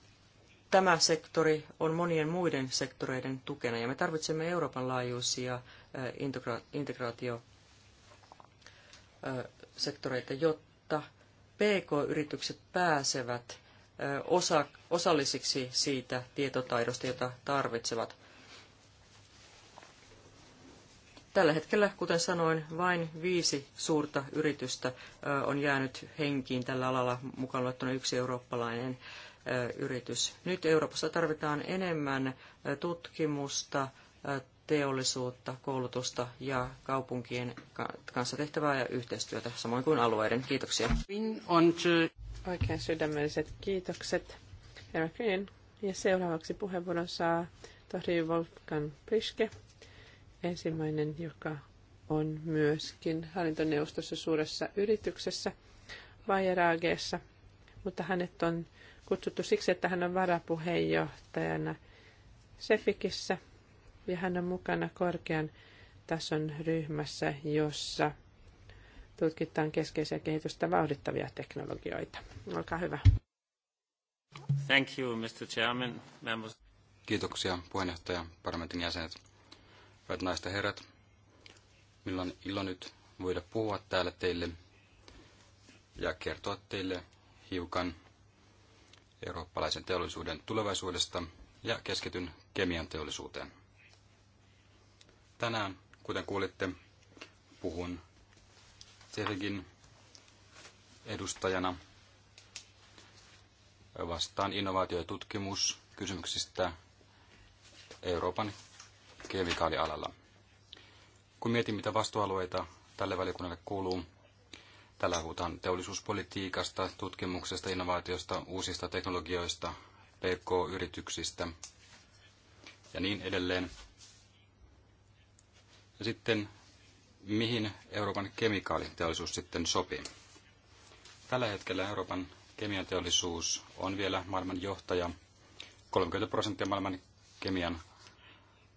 tämä sektori on monien muiden sektoreiden tukena ja me tarvitsemme Euroopan laajuisia integra- integraatiosektoreita, jotta PK-yritykset pääsevät osa, osallisiksi siitä tietotaidosta, jota tarvitsevat. Tällä hetkellä, kuten sanoin, vain viisi suurta yritystä on jäänyt henkiin tällä alalla, mukaan luettuna yksi eurooppalainen yritys. Nyt Euroopassa tarvitaan enemmän tutkimusta, teollisuutta, koulutusta ja kaupunkien kanssa tehtävää ja yhteistyötä, samoin kuin alueiden. Kiitoksia. Oikein sydämelliset kiitokset. Herra Green. Ja seuraavaksi puheenvuoron saa tohri Wolfgang Priske, ensimmäinen, joka on myöskin hallintoneuvostossa suuressa yrityksessä Bayer AG:ssa, mutta hänet on kutsuttu siksi, että hän on varapuheenjohtajana Sefikissä – ja hän on mukana korkean tason ryhmässä, jossa tutkitaan keskeisiä kehitystä vauhdittavia teknologioita. Olkaa hyvä. Thank you, Mr. Chairman, members. Kiitoksia puheenjohtaja, parlamentin jäsenet. Hyvät naiset ja herrat, minulla on ilo nyt voida puhua täällä teille ja kertoa teille hiukan eurooppalaisen teollisuuden tulevaisuudesta ja keskityn kemian teollisuuteen. Tänään, kuten kuulitte, puhun Tsehkin edustajana vastaan innovaatio- ja tutkimuskysymyksistä Euroopan kemikaalialalla. Kun mietin, mitä vastuualueita tälle valiokunnalle kuuluu, tällä puhutaan teollisuuspolitiikasta, tutkimuksesta, innovaatiosta, uusista teknologioista, PK-yrityksistä ja niin edelleen. Ja sitten mihin Euroopan kemikaaliteollisuus sitten sopii. Tällä hetkellä Euroopan kemianteollisuus on vielä maailman johtaja. 30 prosenttia maailman kemian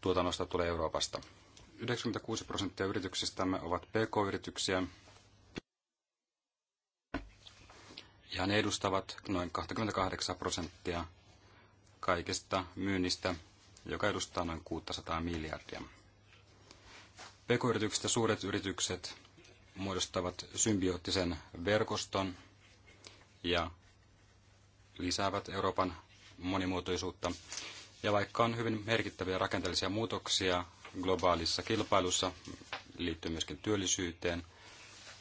tuotannosta tulee Euroopasta. 96 prosenttia yrityksistämme ovat pk-yrityksiä, ja ne edustavat noin 28 prosenttia kaikesta myynnistä, joka edustaa noin 600 miljardia. PK-yritykset ja suuret yritykset muodostavat symbioottisen verkoston ja lisäävät Euroopan monimuotoisuutta. Ja vaikka on hyvin merkittäviä rakenteellisia muutoksia globaalissa kilpailussa, liittyy myöskin työllisyyteen,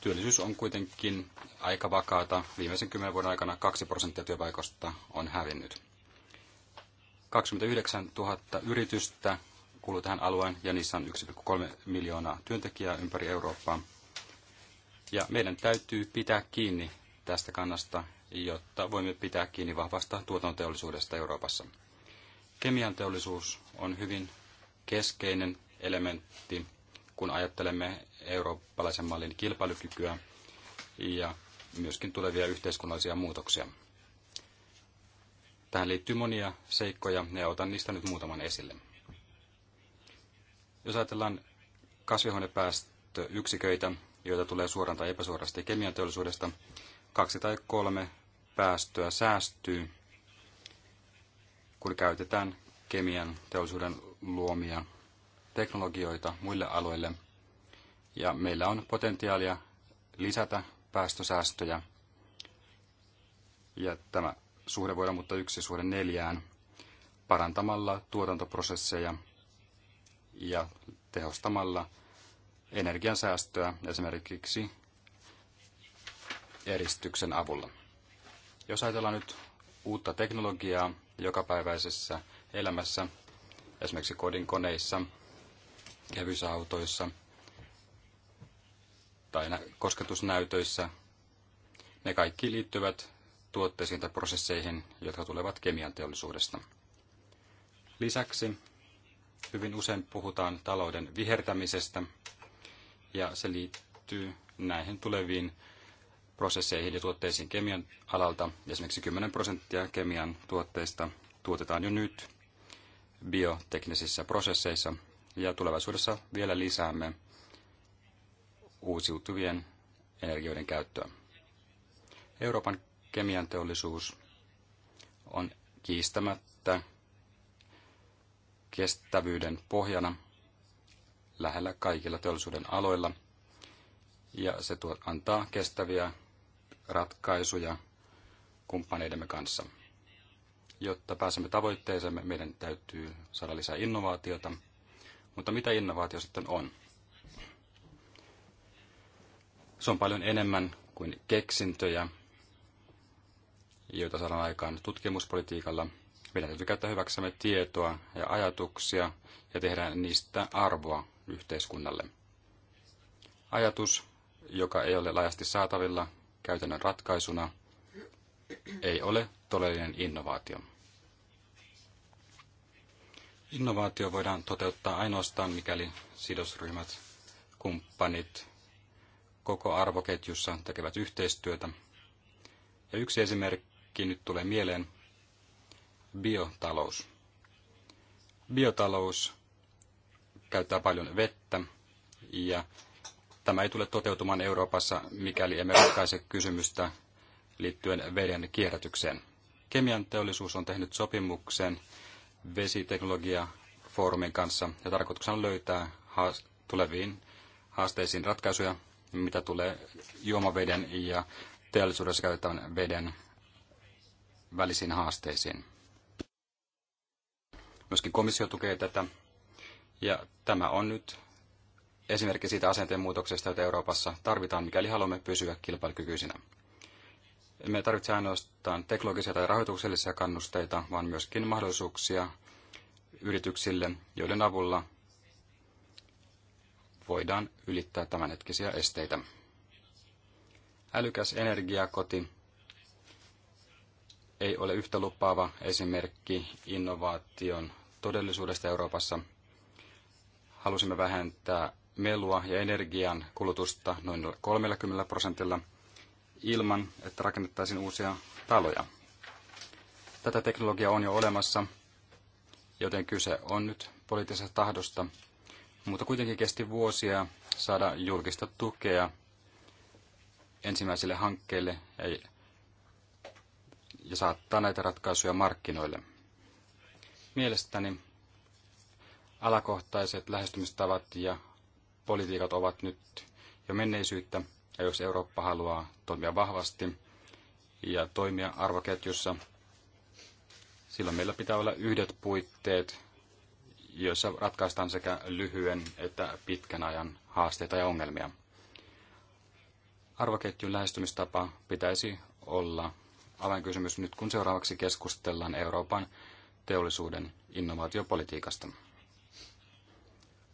työllisyys on kuitenkin aika vakaata. Viimeisen kymmenen vuoden aikana 2 prosenttia työpaikoista on hävinnyt. 29 000 yritystä kuuluu tähän alueen ja niissä on 1,3 miljoonaa työntekijää ympäri Eurooppaa. Ja meidän täytyy pitää kiinni tästä kannasta, jotta voimme pitää kiinni vahvasta tuotantoteollisuudesta Euroopassa. Kemian teollisuus on hyvin keskeinen elementti, kun ajattelemme eurooppalaisen mallin kilpailukykyä ja myöskin tulevia yhteiskunnallisia muutoksia. Tähän liittyy monia seikkoja ja otan niistä nyt muutaman esille. Jos ajatellaan kasvihuonepäästöyksiköitä, joita tulee suoraan tai epäsuorasti kemianteollisuudesta, kaksi tai kolme päästöä säästyy, kun käytetään kemian teollisuuden luomia teknologioita muille aloille. Ja meillä on potentiaalia lisätä päästösäästöjä. Ja tämä suhde voidaan muuttaa yksi suhde neljään parantamalla tuotantoprosesseja ja tehostamalla energiansäästöä esimerkiksi eristyksen avulla. Jos ajatellaan nyt uutta teknologiaa jokapäiväisessä elämässä, esimerkiksi kodin koneissa, tai kosketusnäytöissä, ne kaikki liittyvät tuotteisiin tai prosesseihin, jotka tulevat kemian teollisuudesta. Lisäksi Hyvin usein puhutaan talouden vihertämisestä ja se liittyy näihin tuleviin prosesseihin ja tuotteisiin kemian alalta. Esimerkiksi 10 prosenttia kemian tuotteista tuotetaan jo nyt bioteknisissä prosesseissa ja tulevaisuudessa vielä lisäämme uusiutuvien energioiden käyttöä. Euroopan kemianteollisuus on kiistämättä kestävyyden pohjana lähellä kaikilla teollisuuden aloilla. Ja se tuo, antaa kestäviä ratkaisuja kumppaneidemme kanssa. Jotta pääsemme tavoitteeseemme, meidän täytyy saada lisää innovaatiota. Mutta mitä innovaatio sitten on? Se on paljon enemmän kuin keksintöjä, joita saadaan aikaan tutkimuspolitiikalla – meidän täytyy käyttää hyväksemme tietoa ja ajatuksia ja tehdä niistä arvoa yhteiskunnalle. Ajatus, joka ei ole laajasti saatavilla käytännön ratkaisuna, ei ole todellinen innovaatio. Innovaatio voidaan toteuttaa ainoastaan, mikäli sidosryhmät, kumppanit, koko arvoketjussa tekevät yhteistyötä. Ja yksi esimerkki nyt tulee mieleen biotalous. Biotalous käyttää paljon vettä ja tämä ei tule toteutumaan Euroopassa, mikäli emme ratkaise kysymystä liittyen veden kierrätykseen. Kemian teollisuus on tehnyt sopimuksen vesiteknologiafoorumin kanssa ja tarkoituksena on löytää haas- tuleviin haasteisiin ratkaisuja, mitä tulee juomaveden ja teollisuudessa käytettävän veden välisiin haasteisiin. Myöskin komissio tukee tätä. Ja tämä on nyt esimerkki siitä asenteen muutoksesta, jota Euroopassa tarvitaan, mikäli haluamme pysyä kilpailukykyisinä. Emme tarvitse ainoastaan teknologisia tai rahoituksellisia kannusteita, vaan myöskin mahdollisuuksia yrityksille, joiden avulla voidaan ylittää tämänhetkisiä esteitä. Älykäs energiakoti ei ole yhtä lupaava esimerkki innovaation todellisuudesta Euroopassa. Halusimme vähentää melua ja energian kulutusta noin 30 prosentilla ilman, että rakennettaisiin uusia taloja. Tätä teknologiaa on jo olemassa, joten kyse on nyt poliittisesta tahdosta, mutta kuitenkin kesti vuosia saada julkista tukea ensimmäisille hankkeille, ei ja saattaa näitä ratkaisuja markkinoille. Mielestäni alakohtaiset lähestymistavat ja politiikat ovat nyt jo menneisyyttä, ja jos Eurooppa haluaa toimia vahvasti ja toimia arvoketjussa, silloin meillä pitää olla yhdet puitteet, joissa ratkaistaan sekä lyhyen että pitkän ajan haasteita ja ongelmia. Arvoketjun lähestymistapa pitäisi olla avainkysymys nyt, kun seuraavaksi keskustellaan Euroopan teollisuuden innovaatiopolitiikasta.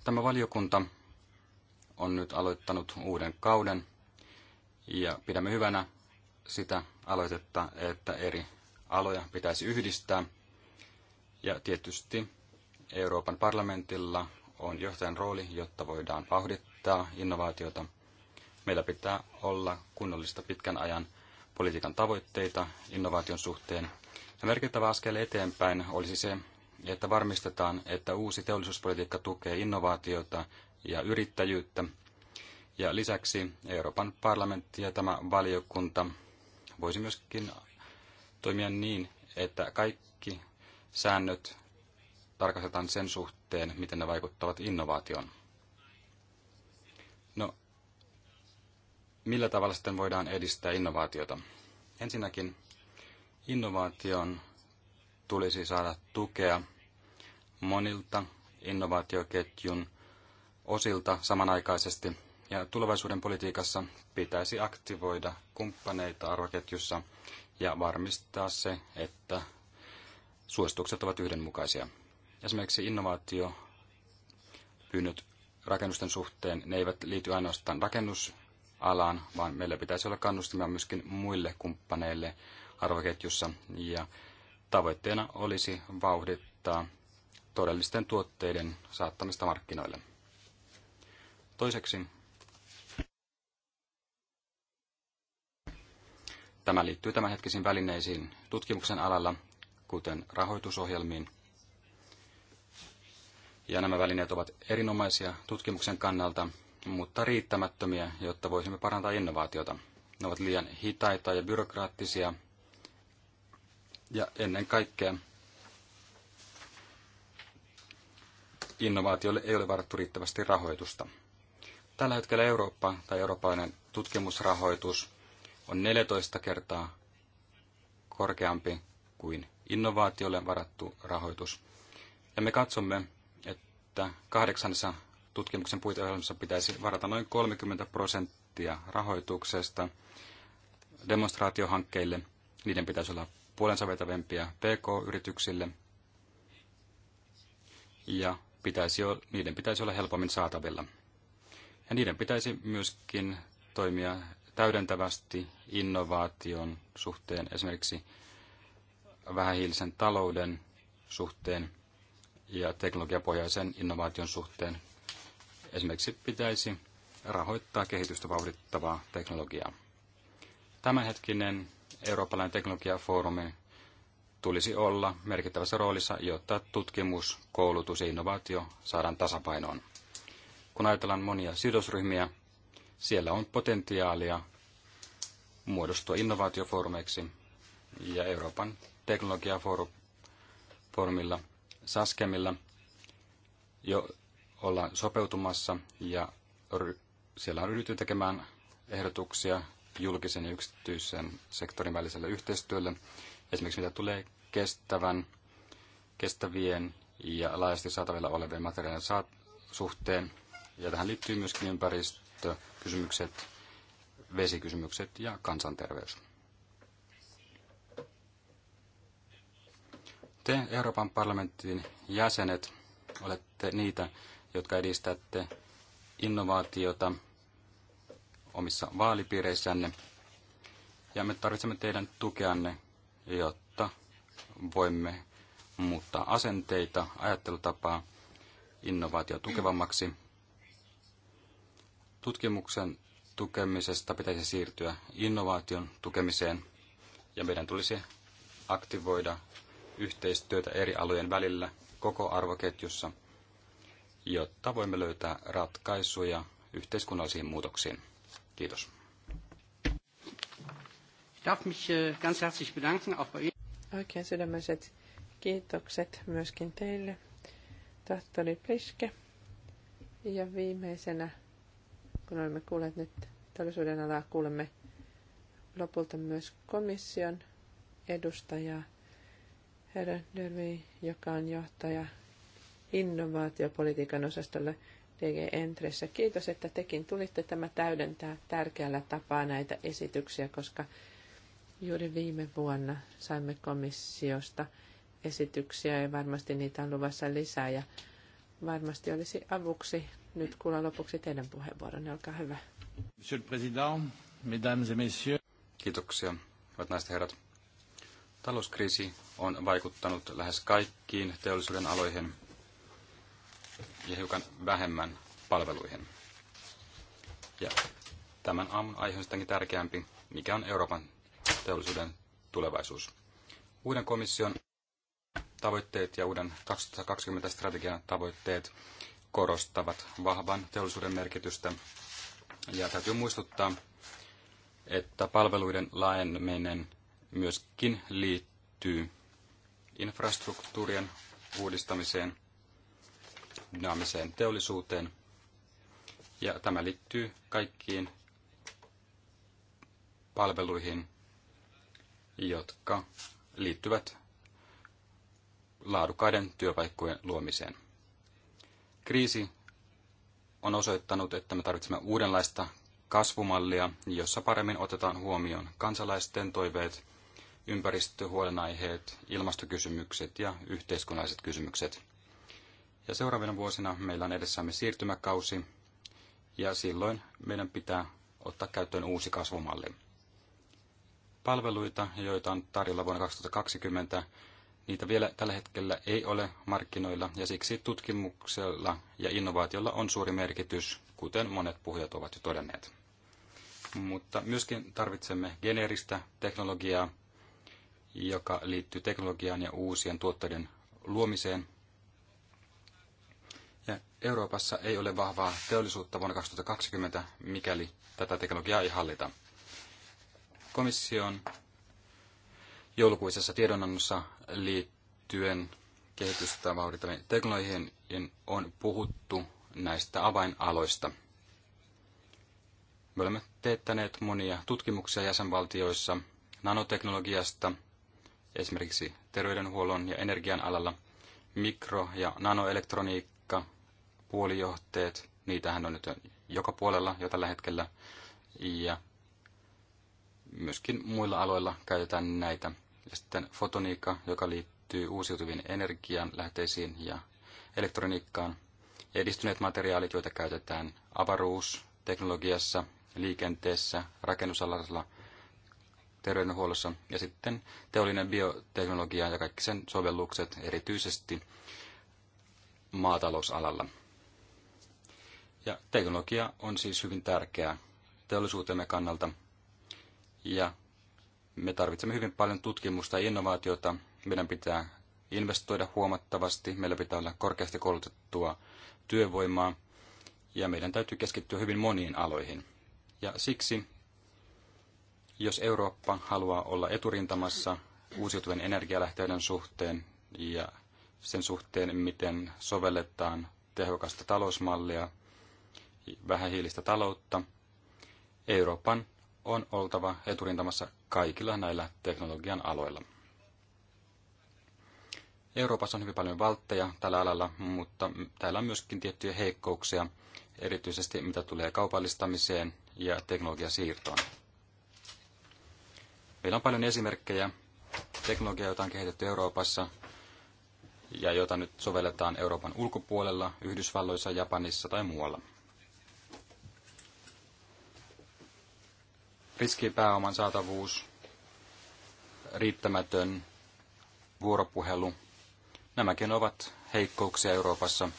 Tämä valiokunta on nyt aloittanut uuden kauden ja pidämme hyvänä sitä aloitetta, että eri aloja pitäisi yhdistää. Ja tietysti Euroopan parlamentilla on johtajan rooli, jotta voidaan vauhdittaa innovaatiota. Meillä pitää olla kunnollista pitkän ajan politiikan tavoitteita innovaation suhteen. Ja merkittävä askel eteenpäin olisi se, että varmistetaan, että uusi teollisuuspolitiikka tukee innovaatiota ja yrittäjyyttä. Ja lisäksi Euroopan parlamentti ja tämä valiokunta voisi myöskin toimia niin, että kaikki säännöt tarkastetaan sen suhteen, miten ne vaikuttavat innovaatioon. millä tavalla sitten voidaan edistää innovaatiota? Ensinnäkin innovaation tulisi saada tukea monilta innovaatioketjun osilta samanaikaisesti, ja tulevaisuuden politiikassa pitäisi aktivoida kumppaneita arvoketjussa ja varmistaa se, että suositukset ovat yhdenmukaisia. Esimerkiksi innovaatio pyynnöt rakennusten suhteen, ne eivät liity ainoastaan rakennus alaan, vaan meillä pitäisi olla kannustimia myöskin muille kumppaneille arvoketjussa. Ja tavoitteena olisi vauhdittaa todellisten tuotteiden saattamista markkinoille. Toiseksi Tämä liittyy tämänhetkisiin välineisiin tutkimuksen alalla, kuten rahoitusohjelmiin. Ja nämä välineet ovat erinomaisia tutkimuksen kannalta, mutta riittämättömiä, jotta voisimme parantaa innovaatiota. Ne ovat liian hitaita ja byrokraattisia. Ja ennen kaikkea innovaatioille ei ole varattu riittävästi rahoitusta. Tällä hetkellä Eurooppa tai eurooppalainen tutkimusrahoitus on 14 kertaa korkeampi kuin innovaatioille varattu rahoitus. Ja me katsomme, että kahdeksannessa tutkimuksen puiteohjelmassa pitäisi varata noin 30 prosenttia rahoituksesta demonstraatiohankkeille. Niiden pitäisi olla puolensa vetävämpiä PK-yrityksille ja pitäisi, niiden pitäisi olla helpommin saatavilla. Ja niiden pitäisi myöskin toimia täydentävästi innovaation suhteen, esimerkiksi vähähiilisen talouden suhteen ja teknologiapohjaisen innovaation suhteen, Esimerkiksi pitäisi rahoittaa kehitystä vauhdittavaa teknologiaa. Tämänhetkinen eurooppalainen teknologiafoorumi tulisi olla merkittävässä roolissa, jotta tutkimus, koulutus ja innovaatio saadaan tasapainoon. Kun ajatellaan monia sidosryhmiä, siellä on potentiaalia muodostua innovaatiofoorumeiksi ja Euroopan teknologiafoorumilla, SASKEMilla, jo ollaan sopeutumassa ja siellä on ryhdytty tekemään ehdotuksia julkisen ja yksityisen sektorin väliselle yhteistyölle, esimerkiksi mitä tulee kestävän, kestävien ja laajasti saatavilla olevien materiaalien saat suhteen. Ja tähän liittyy myöskin ympäristökysymykset, vesikysymykset ja kansanterveys. Te Euroopan parlamentin jäsenet olette niitä, jotka edistätte innovaatiota omissa vaalipiireissänne. Ja me tarvitsemme teidän tukeanne, jotta voimme muuttaa asenteita, ajattelutapaa, innovaatio tukevammaksi. Tutkimuksen tukemisesta pitäisi siirtyä innovaation tukemiseen ja meidän tulisi aktivoida yhteistyötä eri alojen välillä koko arvoketjussa – jotta voimme löytää ratkaisuja yhteiskunnallisiin muutoksiin. Kiitos. Äh, Oikein sydämiset kiitokset myöskin teille, tohtori Priske. Ja viimeisenä, kun olemme kuulleet nyt teollisuuden alaa, kuulemme lopulta myös komission edustajaa, herra Dervi, joka on johtaja innovaatiopolitiikan osastolle DG Entressä. Kiitos, että tekin tulitte. Tämä täydentää tärkeällä tapaa näitä esityksiä, koska juuri viime vuonna saimme komissiosta esityksiä ja varmasti niitä on luvassa lisää. Ja varmasti olisi avuksi nyt kuulla lopuksi teidän puheenvuoronne. Olkaa hyvä. Monsieur le Président, Mesdames et Messieurs. Kiitoksia, hyvät naiset herrat. Talouskriisi on vaikuttanut lähes kaikkiin teollisuuden aloihin ja hiukan vähemmän palveluihin. Ja tämän aamun aihe on sittenkin tärkeämpi, mikä on Euroopan teollisuuden tulevaisuus. Uuden komission tavoitteet ja uuden 2020-strategian tavoitteet korostavat vahvan teollisuuden merkitystä. Ja täytyy muistuttaa, että palveluiden laajeneminen myöskin liittyy infrastruktuurien uudistamiseen dynaamiseen teollisuuteen. Ja tämä liittyy kaikkiin palveluihin, jotka liittyvät laadukkaiden työpaikkojen luomiseen. Kriisi on osoittanut, että me tarvitsemme uudenlaista kasvumallia, jossa paremmin otetaan huomioon kansalaisten toiveet, ympäristöhuolenaiheet, ilmastokysymykset ja yhteiskunnalliset kysymykset. Ja seuraavina vuosina meillä on edessämme siirtymäkausi, ja silloin meidän pitää ottaa käyttöön uusi kasvumalli. Palveluita, joita on tarjolla vuonna 2020, niitä vielä tällä hetkellä ei ole markkinoilla, ja siksi tutkimuksella ja innovaatiolla on suuri merkitys, kuten monet puhujat ovat jo todenneet. Mutta myöskin tarvitsemme geneeristä teknologiaa, joka liittyy teknologiaan ja uusien tuotteiden luomiseen, Euroopassa ei ole vahvaa teollisuutta vuonna 2020, mikäli tätä teknologiaa ei hallita. Komission joulukuisessa tiedonannossa liittyen kehitystä vauhdittaviin teknologioihin on puhuttu näistä avainaloista. Me olemme teettäneet monia tutkimuksia jäsenvaltioissa nanoteknologiasta, esimerkiksi terveydenhuollon ja energian alalla, mikro- ja nanoelektroniikka, puolijohteet, niitähän on nyt joka puolella jo tällä hetkellä, ja myöskin muilla aloilla käytetään näitä. Ja sitten fotoniikka, joka liittyy uusiutuviin energian lähteisiin ja elektroniikkaan. Edistyneet materiaalit, joita käytetään avaruusteknologiassa, liikenteessä, rakennusalalla, terveydenhuollossa ja sitten teollinen bioteknologia ja kaikki sen sovellukset erityisesti maatalousalalla. Ja teknologia on siis hyvin tärkeää teollisuutemme kannalta. Ja me tarvitsemme hyvin paljon tutkimusta ja innovaatiota. Meidän pitää investoida huomattavasti, meillä pitää olla korkeasti koulutettua työvoimaa ja meidän täytyy keskittyä hyvin moniin aloihin. Ja siksi, jos Eurooppa haluaa olla eturintamassa uusiutuvien energialähteiden suhteen ja sen suhteen, miten sovelletaan tehokasta talousmallia vähähiilistä taloutta, Euroopan on oltava eturintamassa kaikilla näillä teknologian aloilla. Euroopassa on hyvin paljon valtteja tällä alalla, mutta täällä on myöskin tiettyjä heikkouksia, erityisesti mitä tulee kaupallistamiseen ja teknologiasiirtoon. Meillä on paljon esimerkkejä teknologiaa, jota on kehitetty Euroopassa ja jota nyt sovelletaan Euroopan ulkopuolella, Yhdysvalloissa, Japanissa tai muualla. riskipääoman saatavuus, riittämätön vuoropuhelu, nämäkin ovat heikkouksia Euroopassa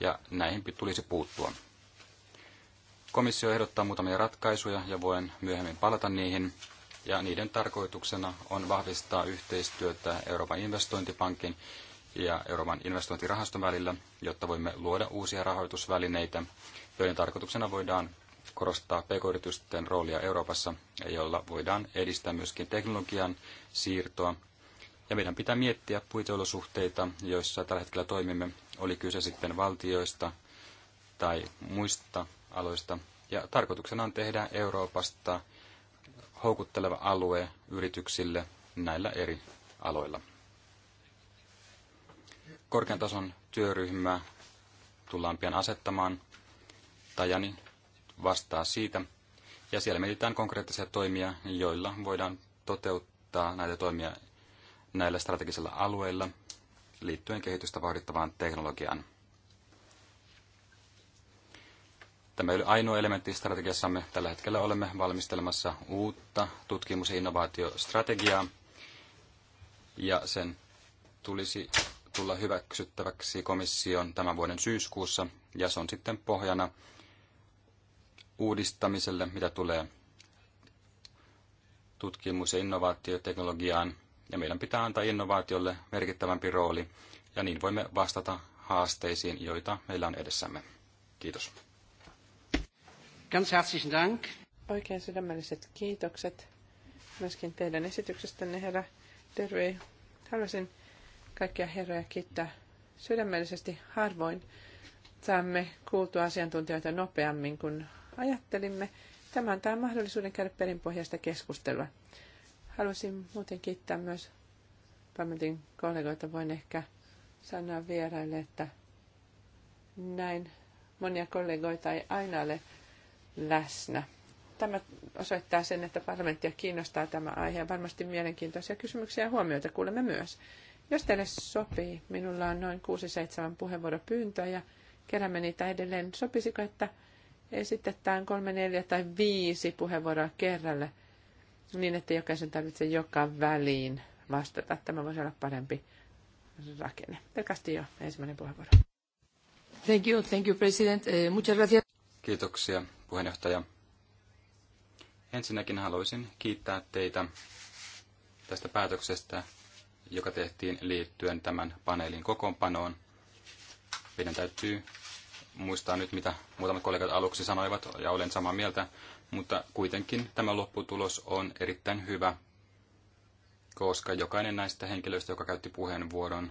ja näihin tulisi puuttua. Komissio ehdottaa muutamia ratkaisuja ja voin myöhemmin palata niihin. Ja niiden tarkoituksena on vahvistaa yhteistyötä Euroopan investointipankin ja Euroopan investointirahaston välillä, jotta voimme luoda uusia rahoitusvälineitä, joiden tarkoituksena voidaan korostaa pk-yritysten roolia Euroopassa, jolla voidaan edistää myöskin teknologian siirtoa. Ja meidän pitää miettiä puiteolosuhteita, joissa tällä hetkellä toimimme, oli kyse sitten valtioista tai muista aloista. Ja tarkoituksena on tehdä Euroopasta houkutteleva alue yrityksille näillä eri aloilla. Korkean tason työryhmä tullaan pian asettamaan. Tajani vastaa siitä. Ja siellä mietitään konkreettisia toimia, joilla voidaan toteuttaa näitä toimia näillä strategisilla alueilla liittyen kehitystä vauhdittavaan teknologiaan. Tämä oli ainoa elementti strategiassamme. Tällä hetkellä olemme valmistelemassa uutta tutkimus- ja innovaatiostrategiaa, ja sen tulisi tulla hyväksyttäväksi komission tämän vuoden syyskuussa, ja se on sitten pohjana uudistamiselle, mitä tulee tutkimus- ja innovaatioteknologiaan. Ja meidän pitää antaa innovaatiolle merkittävämpi rooli, ja niin voimme vastata haasteisiin, joita meillä on edessämme. Kiitos. Ganz herzlichen Dank. Oikein sydämelliset kiitokset myöskin teidän esityksestänne, herra Terve. Haluaisin kaikkia herroja kiittää sydämellisesti harvoin. Saamme kuultua asiantuntijoita nopeammin kuin ajattelimme. Tämä antaa mahdollisuuden käydä perinpohjaista keskustelua. Haluaisin muuten kiittää myös parlamentin kollegoita. Voin ehkä sanoa vieraille, että näin monia kollegoita ei aina ole läsnä. Tämä osoittaa sen, että parlamenttia kiinnostaa tämä aihe ja varmasti mielenkiintoisia kysymyksiä ja huomioita kuulemme myös. Jos teille sopii, minulla on noin 6-7 puheenvuoropyyntöä ja keräämme niitä edelleen. Sopisiko, että esitetään kolme, neljä tai viisi puheenvuoroa kerralle, niin että jokaisen tarvitsee joka väliin vastata. Tämä voisi olla parempi rakenne. Pelkästi jo ensimmäinen puheenvuoro. Thank you, thank you, President. Eh, muchas gracias. Kiitoksia, puheenjohtaja. Ensinnäkin haluaisin kiittää teitä tästä päätöksestä, joka tehtiin liittyen tämän paneelin kokoonpanoon. Meidän täytyy muistaa nyt, mitä muutamat kollegat aluksi sanoivat, ja olen samaa mieltä, mutta kuitenkin tämä lopputulos on erittäin hyvä, koska jokainen näistä henkilöistä, joka käytti puheenvuoron,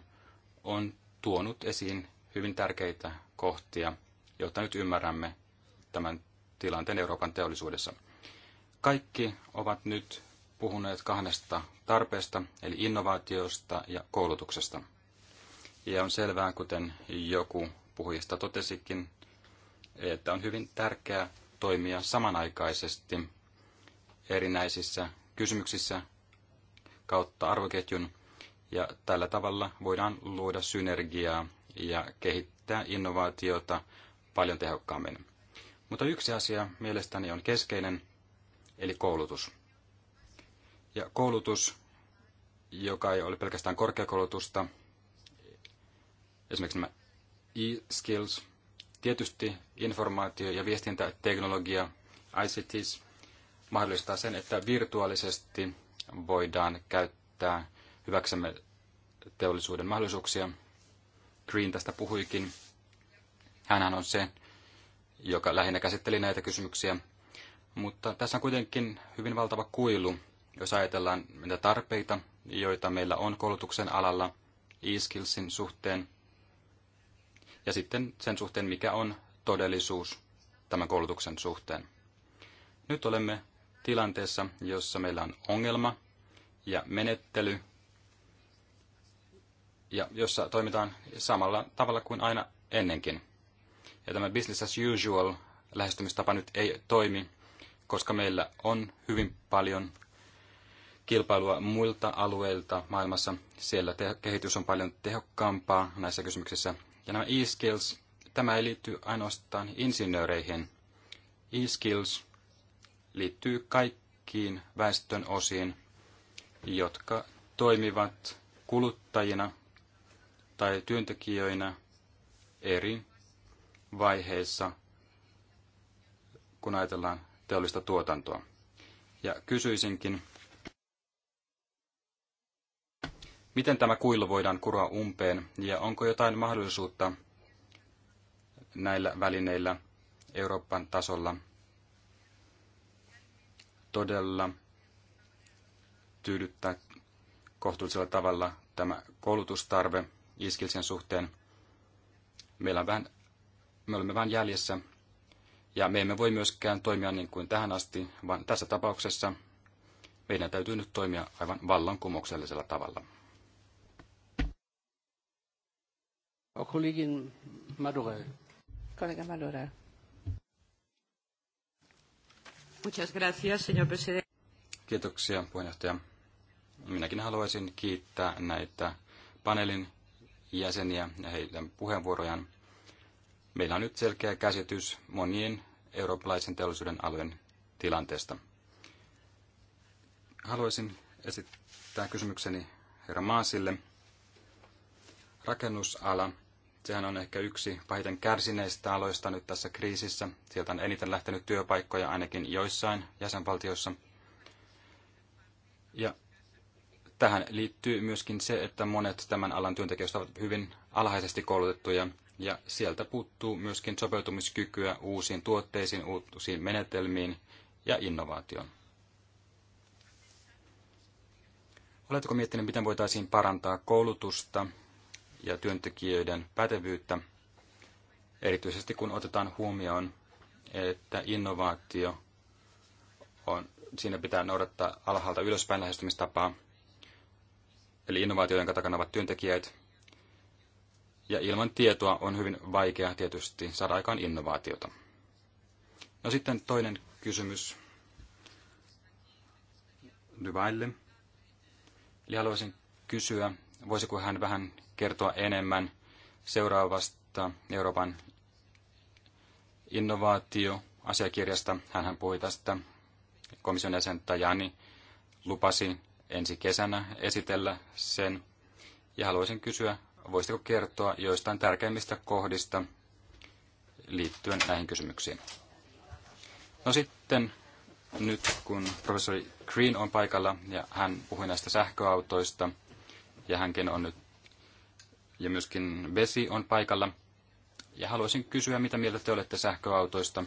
on tuonut esiin hyvin tärkeitä kohtia, jotta nyt ymmärrämme tämän tilanteen Euroopan teollisuudessa. Kaikki ovat nyt puhuneet kahdesta tarpeesta, eli innovaatiosta ja koulutuksesta. Ja on selvää, kuten joku puhujista totesikin, että on hyvin tärkeää toimia samanaikaisesti erinäisissä kysymyksissä kautta arvoketjun, ja tällä tavalla voidaan luoda synergiaa ja kehittää innovaatiota paljon tehokkaammin. Mutta yksi asia mielestäni on keskeinen, eli koulutus. Ja koulutus, joka ei ole pelkästään korkeakoulutusta, esimerkiksi nämä e-skills, tietysti informaatio- ja viestintäteknologia, ICTs, mahdollistaa sen, että virtuaalisesti voidaan käyttää hyväksemme teollisuuden mahdollisuuksia. Green tästä puhuikin. Hänhän on se, joka lähinnä käsitteli näitä kysymyksiä. Mutta tässä on kuitenkin hyvin valtava kuilu, jos ajatellaan niitä tarpeita, joita meillä on koulutuksen alalla e-skillsin suhteen ja sitten sen suhteen, mikä on todellisuus tämän koulutuksen suhteen. Nyt olemme tilanteessa, jossa meillä on ongelma ja menettely, ja jossa toimitaan samalla tavalla kuin aina ennenkin. Ja tämä business as usual lähestymistapa nyt ei toimi, koska meillä on hyvin paljon kilpailua muilta alueilta maailmassa. Siellä kehitys on paljon tehokkaampaa näissä kysymyksissä ja nämä e-skills, tämä ei liity ainoastaan insinööreihin. E-skills liittyy kaikkiin väestön osiin, jotka toimivat kuluttajina tai työntekijöinä eri vaiheissa, kun ajatellaan teollista tuotantoa. Ja kysyisinkin, Miten tämä kuilu voidaan kuroa umpeen ja onko jotain mahdollisuutta näillä välineillä Euroopan tasolla todella tyydyttää kohtuullisella tavalla tämä koulutustarve Iskilsen suhteen. Meillä on vähän, me olemme vähän jäljessä ja me emme voi myöskään toimia niin kuin tähän asti, vaan tässä tapauksessa meidän täytyy nyt toimia aivan vallankumouksellisella tavalla. Kollegin Madurell. Kollega Madurell. Muchas gracias, señor presidente. Kiitoksia, puheenjohtaja. Minäkin haluaisin kiittää näitä paneelin jäseniä ja heidän puheenvuorojaan. Meillä on nyt selkeä käsitys monien eurooppalaisen teollisuuden alueen tilanteesta. Haluaisin esittää kysymykseni herra Maasille. Rakennusala Sehän on ehkä yksi pahiten kärsineistä aloista nyt tässä kriisissä. Sieltä on eniten lähtenyt työpaikkoja ainakin joissain jäsenvaltioissa. Ja tähän liittyy myöskin se, että monet tämän alan työntekijöistä ovat hyvin alhaisesti koulutettuja ja sieltä puuttuu myöskin sopeutumiskykyä uusiin tuotteisiin, uusiin menetelmiin ja innovaatioon. Oletko miettinyt, miten voitaisiin parantaa koulutusta ja työntekijöiden pätevyyttä, erityisesti kun otetaan huomioon, että innovaatio on, siinä pitää noudattaa alhaalta ylöspäin lähestymistapaa, eli innovaatioiden jonka takana ovat työntekijät, ja ilman tietoa on hyvin vaikea tietysti saada aikaan innovaatiota. No sitten toinen kysymys Duvaille. Eli haluaisin kysyä, voisiko hän vähän kertoa enemmän seuraavasta Euroopan innovaatioasiakirjasta. hän puhui tästä komission jäsen Tajani lupasi ensi kesänä esitellä sen. Ja haluaisin kysyä, voisitko kertoa joistain tärkeimmistä kohdista liittyen näihin kysymyksiin. No sitten nyt kun professori Green on paikalla ja hän puhui näistä sähköautoista ja hänkin on nyt ja myöskin Vesi on paikalla. Ja haluaisin kysyä, mitä mieltä te olette sähköautoista,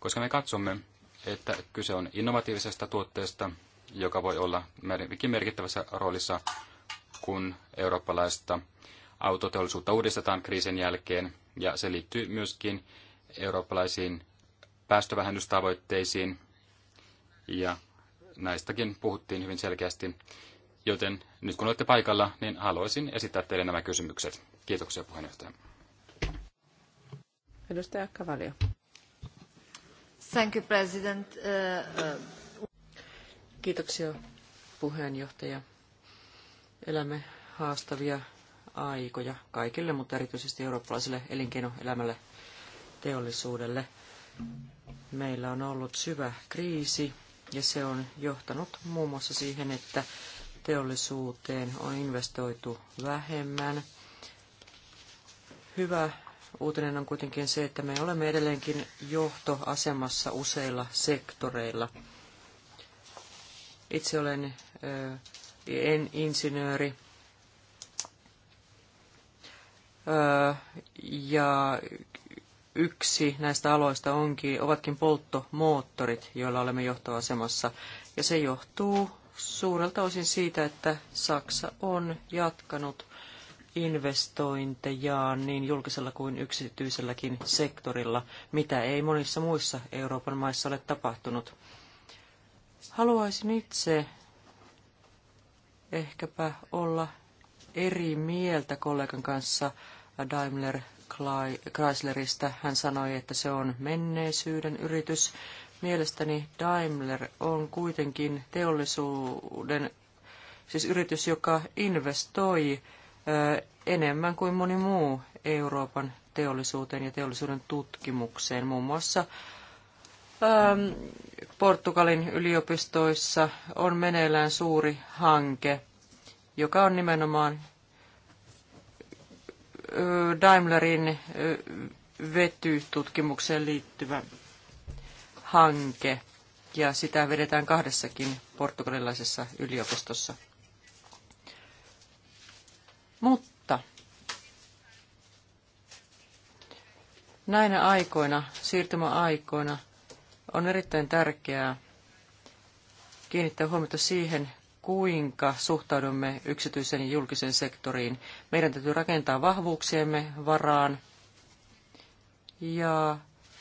koska me katsomme, että kyse on innovatiivisesta tuotteesta, joka voi olla merkittävässä roolissa, kun eurooppalaista autoteollisuutta uudistetaan kriisin jälkeen, ja se liittyy myöskin eurooppalaisiin päästövähennystavoitteisiin, ja näistäkin puhuttiin hyvin selkeästi. Joten nyt kun olette paikalla, niin haluaisin esittää teille nämä kysymykset. Kiitoksia puheenjohtaja. Edustaja Kavalio. Thank you, President. Uh, uh, Kiitoksia puheenjohtaja. Elämme haastavia aikoja kaikille, mutta erityisesti eurooppalaiselle elinkeinoelämälle, teollisuudelle. Meillä on ollut syvä kriisi ja se on johtanut muun muassa siihen, että teollisuuteen on investoitu vähemmän. Hyvä uutinen on kuitenkin se, että me olemme edelleenkin johtoasemassa useilla sektoreilla. Itse olen en insinööri ja yksi näistä aloista onkin, ovatkin polttomoottorit, joilla olemme johtoasemassa. Ja se johtuu suurelta osin siitä, että Saksa on jatkanut investointejaan niin julkisella kuin yksityiselläkin sektorilla, mitä ei monissa muissa Euroopan maissa ole tapahtunut. Haluaisin itse ehkäpä olla eri mieltä kollegan kanssa Daimler Chryslerista. Hän sanoi, että se on menneisyyden yritys. Mielestäni Daimler on kuitenkin teollisuuden, siis yritys, joka investoi enemmän kuin moni muu Euroopan teollisuuteen ja teollisuuden tutkimukseen, muun muassa Portugalin yliopistoissa on meneillään suuri hanke, joka on nimenomaan Daimlerin vetytutkimukseen liittyvä hanke ja sitä vedetään kahdessakin portugalilaisessa yliopistossa. Mutta näinä aikoina, siirtymäaikoina, on erittäin tärkeää kiinnittää huomiota siihen, kuinka suhtaudumme yksityisen ja julkisen sektoriin. Meidän täytyy rakentaa vahvuuksiemme varaan ja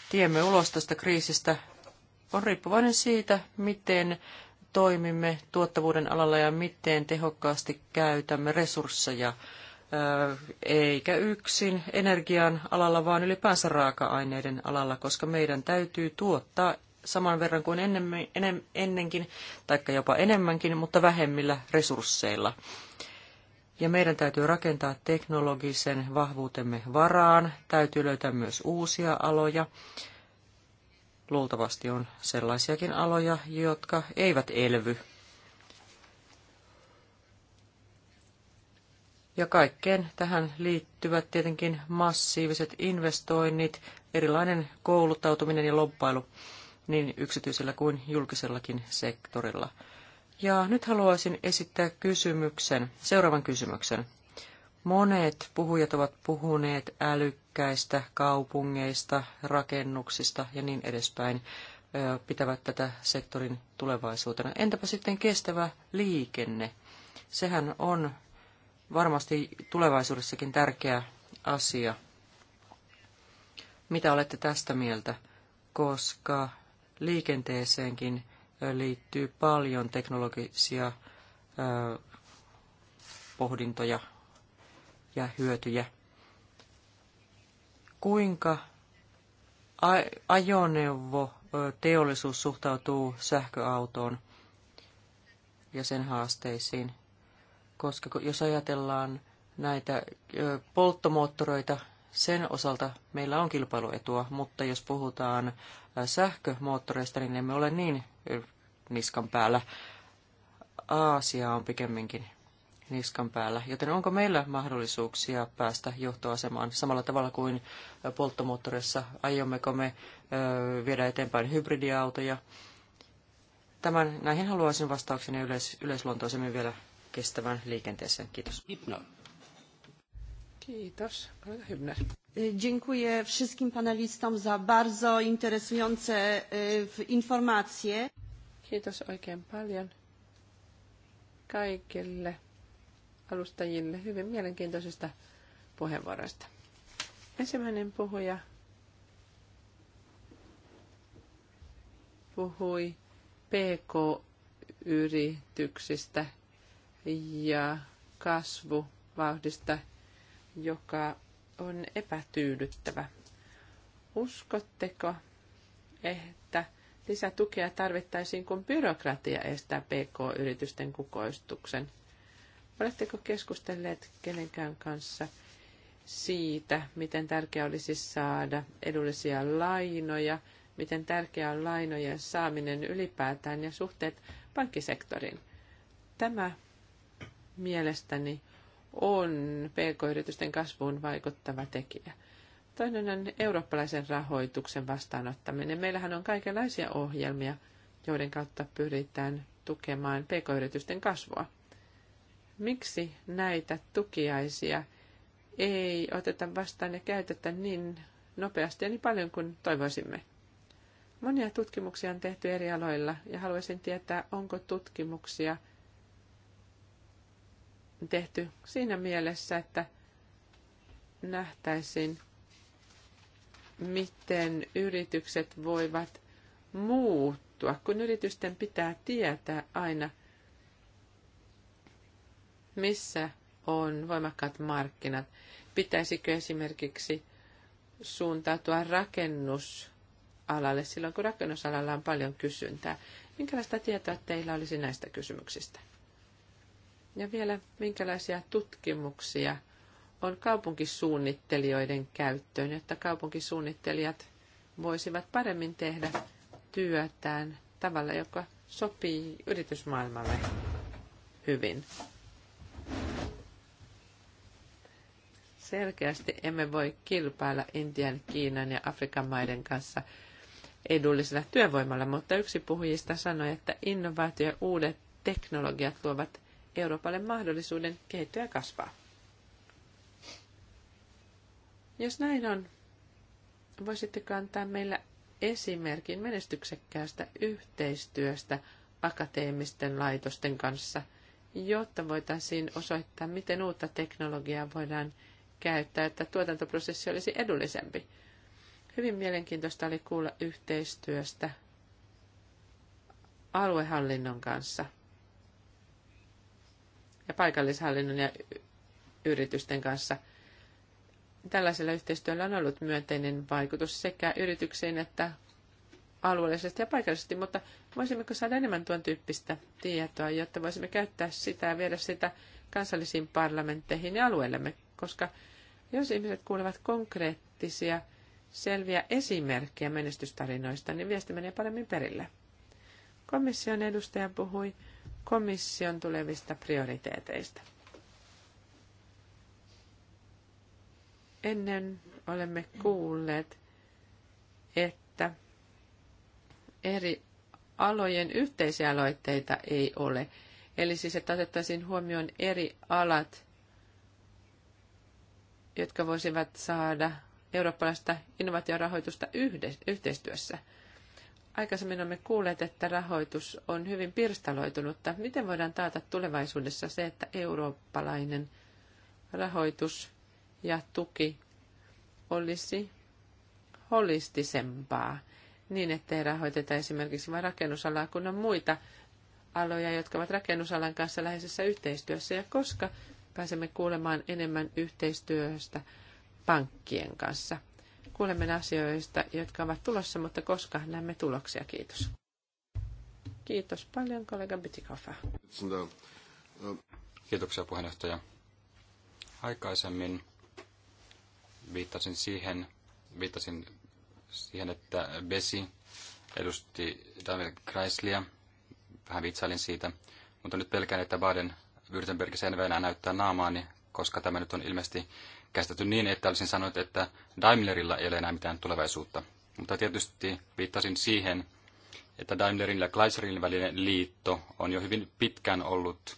tiemme ulos tästä kriisistä on riippuvainen siitä, miten toimimme tuottavuuden alalla ja miten tehokkaasti käytämme resursseja, eikä yksin energian alalla, vaan ylipäänsä raaka-aineiden alalla, koska meidän täytyy tuottaa saman verran kuin ennenkin, tai jopa enemmänkin, mutta vähemmillä resursseilla. Ja meidän täytyy rakentaa teknologisen vahvuutemme varaan, täytyy löytää myös uusia aloja luultavasti on sellaisiakin aloja, jotka eivät elvy. Ja kaikkeen tähän liittyvät tietenkin massiiviset investoinnit, erilainen kouluttautuminen ja lobbailu niin yksityisellä kuin julkisellakin sektorilla. Ja nyt haluaisin esittää kysymyksen, seuraavan kysymyksen. Monet puhujat ovat puhuneet älykkäästi älykkäistä kaupungeista, rakennuksista ja niin edespäin pitävät tätä sektorin tulevaisuutena. Entäpä sitten kestävä liikenne? Sehän on varmasti tulevaisuudessakin tärkeä asia. Mitä olette tästä mieltä? Koska liikenteeseenkin liittyy paljon teknologisia pohdintoja ja hyötyjä kuinka ajoneuvo teollisuus suhtautuu sähköautoon ja sen haasteisiin. Koska jos ajatellaan näitä polttomoottoreita, sen osalta meillä on kilpailuetua, mutta jos puhutaan sähkömoottoreista, niin emme ole niin niskan päällä. Aasia on pikemminkin niskan päällä. Joten onko meillä mahdollisuuksia päästä johtoasemaan samalla tavalla kuin polttomoottorissa? Aiommeko me viedä eteenpäin hybridiautoja? Tämän, näihin haluaisin vastauksen ja yleis, yleisluontoisemmin vielä kestävän liikenteeseen. Kiitos. Hypno. Kiitos. Hybner. Dziękuję wszystkim panelistom za bardzo interesujące informacje. Kiitos oikein paljon kaikille alustajille hyvin mielenkiintoisista puheenvuoroista. Ensimmäinen puhuja puhui PK-yrityksistä ja kasvuvauhdista, joka on epätyydyttävä. Uskotteko, että lisätukea tarvittaisiin, kun byrokratia estää PK-yritysten kukoistuksen – Oletteko keskustelleet kenenkään kanssa siitä, miten tärkeää olisi saada edullisia lainoja, miten tärkeää on lainojen saaminen ylipäätään ja suhteet pankkisektorin? Tämä mielestäni on pk-yritysten kasvuun vaikuttava tekijä. Toinen on eurooppalaisen rahoituksen vastaanottaminen. Meillähän on kaikenlaisia ohjelmia, joiden kautta pyritään tukemaan pk-yritysten kasvua. Miksi näitä tukiaisia ei oteta vastaan ja käytetä niin nopeasti ja niin paljon kuin toivoisimme? Monia tutkimuksia on tehty eri aloilla ja haluaisin tietää, onko tutkimuksia tehty siinä mielessä, että nähtäisin, miten yritykset voivat muuttua, kun yritysten pitää tietää aina, missä on voimakkaat markkinat. Pitäisikö esimerkiksi suuntautua rakennusalalle silloin, kun rakennusalalla on paljon kysyntää? Minkälaista tietoa teillä olisi näistä kysymyksistä? Ja vielä, minkälaisia tutkimuksia on kaupunkisuunnittelijoiden käyttöön, jotta kaupunkisuunnittelijat voisivat paremmin tehdä työtään tavalla, joka sopii yritysmaailmalle hyvin. Selkeästi emme voi kilpailla Intian, Kiinan ja Afrikan maiden kanssa edullisella työvoimalla, mutta yksi puhujista sanoi, että innovaatio ja uudet teknologiat luovat Euroopalle mahdollisuuden kehittyä ja kasvaa. Jos näin on, voisitteko antaa meillä esimerkin menestyksekkäästä yhteistyöstä akateemisten laitosten kanssa, jotta voitaisiin osoittaa, miten uutta teknologiaa voidaan käyttää, että tuotantoprosessi olisi edullisempi. Hyvin mielenkiintoista oli kuulla yhteistyöstä aluehallinnon kanssa ja paikallishallinnon ja yritysten kanssa. Tällaisella yhteistyöllä on ollut myönteinen vaikutus sekä yrityksiin että alueellisesti ja paikallisesti, mutta voisimmeko saada enemmän tuon tyyppistä tietoa, jotta voisimme käyttää sitä ja viedä sitä kansallisiin parlamentteihin ja alueellemme koska jos ihmiset kuulevat konkreettisia, selviä esimerkkejä menestystarinoista, niin viesti menee paremmin perille. Komission edustaja puhui komission tulevista prioriteeteista. Ennen olemme kuulleet, että eri alojen yhteisiä aloitteita ei ole. Eli siis, että otettaisiin huomioon eri alat jotka voisivat saada eurooppalaista innovaatiorahoitusta yhteistyössä. Aikaisemmin olemme kuulleet, että rahoitus on hyvin pirstaloitunutta. Miten voidaan taata tulevaisuudessa se, että eurooppalainen rahoitus ja tuki olisi holistisempaa, niin ettei rahoiteta esimerkiksi vain rakennusalaa, kun on muita aloja, jotka ovat rakennusalan kanssa läheisessä yhteistyössä, ja koska pääsemme kuulemaan enemmän yhteistyöstä pankkien kanssa. Kuulemme asioista, jotka ovat tulossa, mutta koska näemme tuloksia. Kiitos. Kiitos paljon, kollega Bytikofa. Kiitoksia puheenjohtaja. Aikaisemmin viittasin siihen, viittasin siihen että Besi edusti Daniel Kreislia. Vähän vitsailin siitä, mutta nyt pelkään, että Baden Württembergissä en enää näyttää naamaani, koska tämä nyt on ilmeisesti käsitetty niin, että olisin sanonut, että Daimlerilla ei ole enää mitään tulevaisuutta. Mutta tietysti viittasin siihen, että Daimlerin ja Chryslerin välinen liitto on jo hyvin pitkään ollut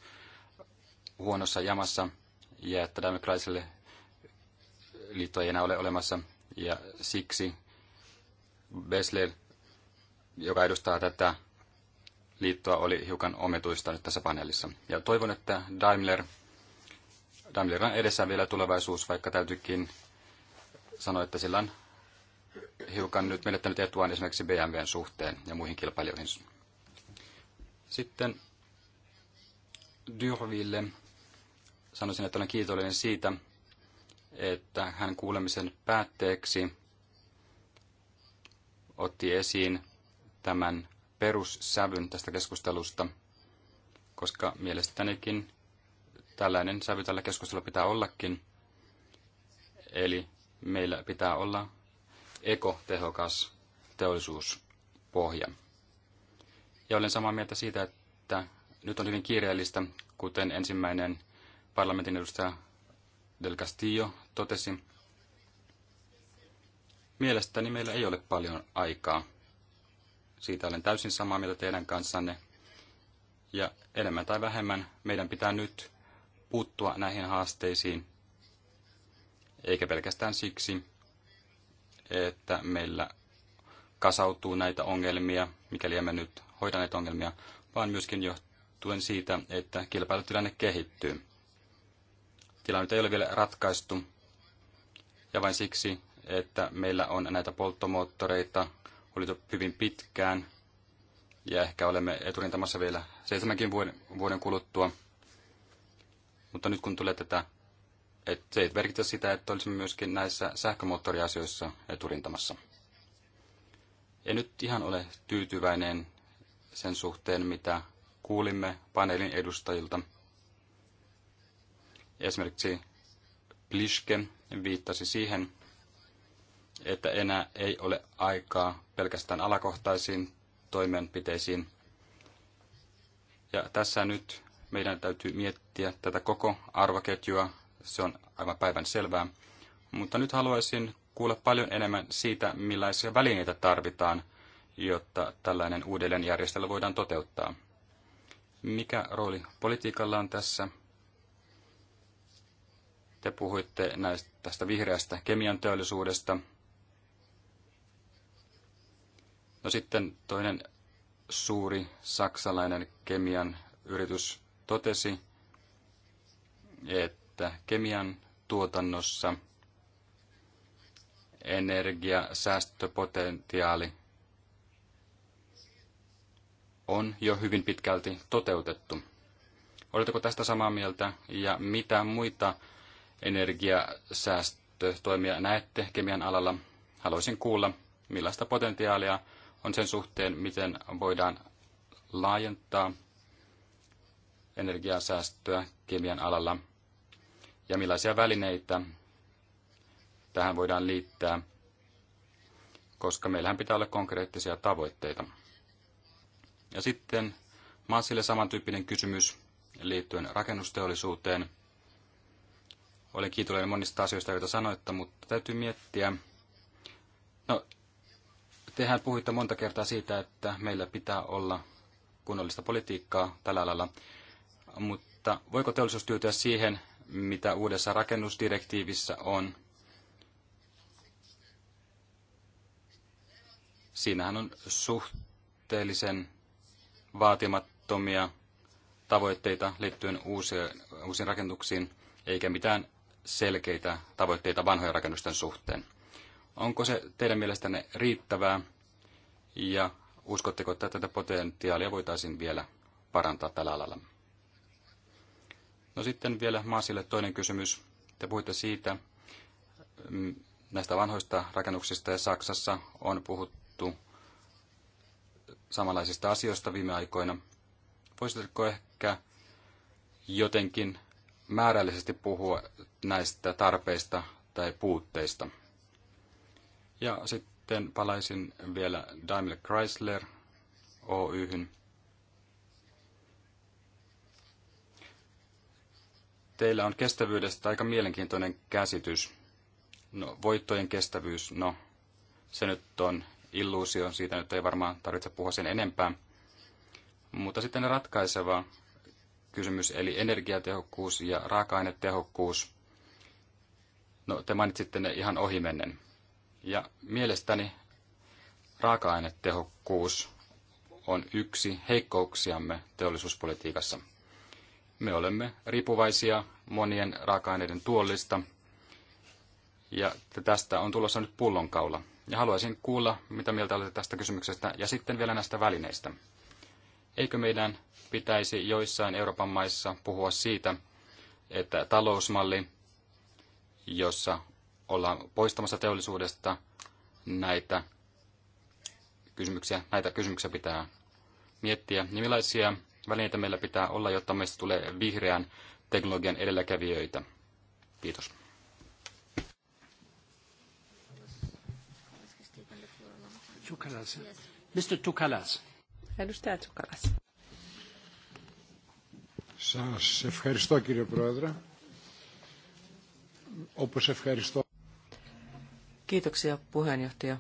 huonossa jamassa ja että Daimler Kleiserille liitto ei enää ole olemassa ja siksi Besler, joka edustaa tätä liittoa oli hiukan ometuista nyt tässä paneelissa. Ja toivon, että Daimler, Daimler on edessä vielä tulevaisuus, vaikka täytyykin sanoa, että sillä on hiukan nyt menettänyt etuaan esimerkiksi BMWn suhteen ja muihin kilpailijoihin. Sitten Dyrville sanoisin, että olen kiitollinen siitä, että hän kuulemisen päätteeksi otti esiin tämän perussävyn tästä keskustelusta, koska mielestänikin tällainen sävy tällä keskustelulla pitää ollakin. Eli meillä pitää olla ekotehokas teollisuuspohja. Ja olen samaa mieltä siitä, että nyt on hyvin kiireellistä, kuten ensimmäinen parlamentin edustaja Del Castillo totesi. Mielestäni meillä ei ole paljon aikaa. Siitä olen täysin samaa mieltä teidän kanssanne. Ja enemmän tai vähemmän meidän pitää nyt puuttua näihin haasteisiin, eikä pelkästään siksi, että meillä kasautuu näitä ongelmia, mikäli emme nyt hoida näitä ongelmia, vaan myöskin johtuen siitä, että kilpailutilanne kehittyy. Tilanne ei ole vielä ratkaistu, ja vain siksi, että meillä on näitä polttomoottoreita, oli hyvin pitkään ja ehkä olemme eturintamassa vielä seitsemänkin vuoden, vuoden kuluttua. Mutta nyt kun tulee tätä, et se ei merkitse sitä, että olisimme myöskin näissä sähkömoottoriasioissa eturintamassa. En nyt ihan ole tyytyväinen sen suhteen, mitä kuulimme paneelin edustajilta. Esimerkiksi Pliske viittasi siihen, että enää ei ole aikaa pelkästään alakohtaisiin toimenpiteisiin. Ja tässä nyt meidän täytyy miettiä tätä koko arvoketjua, se on aivan päivän selvää. Mutta nyt haluaisin kuulla paljon enemmän siitä, millaisia välineitä tarvitaan, jotta tällainen uudelleenjärjestelmä voidaan toteuttaa. Mikä rooli politiikalla on tässä? Te puhuitte näistä, tästä vihreästä kemian teollisuudesta – No sitten toinen suuri saksalainen kemian yritys totesi, että kemian tuotannossa energiasäästöpotentiaali on jo hyvin pitkälti toteutettu. Oletteko tästä samaa mieltä ja mitä muita energiasäästötoimia näette kemian alalla? Haluaisin kuulla, millaista potentiaalia on sen suhteen, miten voidaan laajentaa energiasäästöä kemian alalla ja millaisia välineitä tähän voidaan liittää, koska meillähän pitää olla konkreettisia tavoitteita. Ja sitten Massille samantyyppinen kysymys liittyen rakennusteollisuuteen. Olen kiitollinen monista asioista, joita sanoitte, mutta täytyy miettiä. No, Tehän puhuitte monta kertaa siitä, että meillä pitää olla kunnollista politiikkaa tällä alalla, mutta voiko teollisuus tyytyä siihen, mitä uudessa rakennusdirektiivissä on? Siinähän on suhteellisen vaatimattomia tavoitteita liittyen uusiin, rakennuksiin, eikä mitään selkeitä tavoitteita vanhojen rakennusten suhteen. Onko se teidän mielestänne riittävää ja uskotteko, että tätä potentiaalia voitaisiin vielä parantaa tällä alalla? No sitten vielä Maasille toinen kysymys. Te puhuitte siitä, mm, näistä vanhoista rakennuksista ja Saksassa on puhuttu samanlaisista asioista viime aikoina. Voisitko ehkä jotenkin määrällisesti puhua näistä tarpeista tai puutteista? Ja sitten palaisin vielä Daimler Chrysler Oyhyn. Teillä on kestävyydestä aika mielenkiintoinen käsitys. No, voittojen kestävyys, no, se nyt on illuusio, siitä nyt ei varmaan tarvitse puhua sen enempää. Mutta sitten ratkaiseva kysymys, eli energiatehokkuus ja raaka-ainetehokkuus. No, te mainitsitte ne ihan ohimennen. Ja mielestäni raaka-ainetehokkuus on yksi heikkouksiamme teollisuuspolitiikassa. Me olemme riippuvaisia monien raaka-aineiden tuollista, ja tästä on tulossa nyt pullonkaula. Ja haluaisin kuulla, mitä mieltä olette tästä kysymyksestä, ja sitten vielä näistä välineistä. Eikö meidän pitäisi joissain Euroopan maissa puhua siitä, että talousmalli, jossa ollaan poistamassa teollisuudesta näitä kysymyksiä. Näitä kysymyksiä pitää miettiä, niin millaisia välineitä meillä pitää olla, jotta meistä tulee vihreän teknologian edelläkävijöitä. Kiitos. Tukalas. Mr. Tukalas. Edustaja Tukalas. Σας ευχαριστώ κύριε Πρόεδρε. Όπως ευχαριστώ Kiitoksia puheenjohtaja.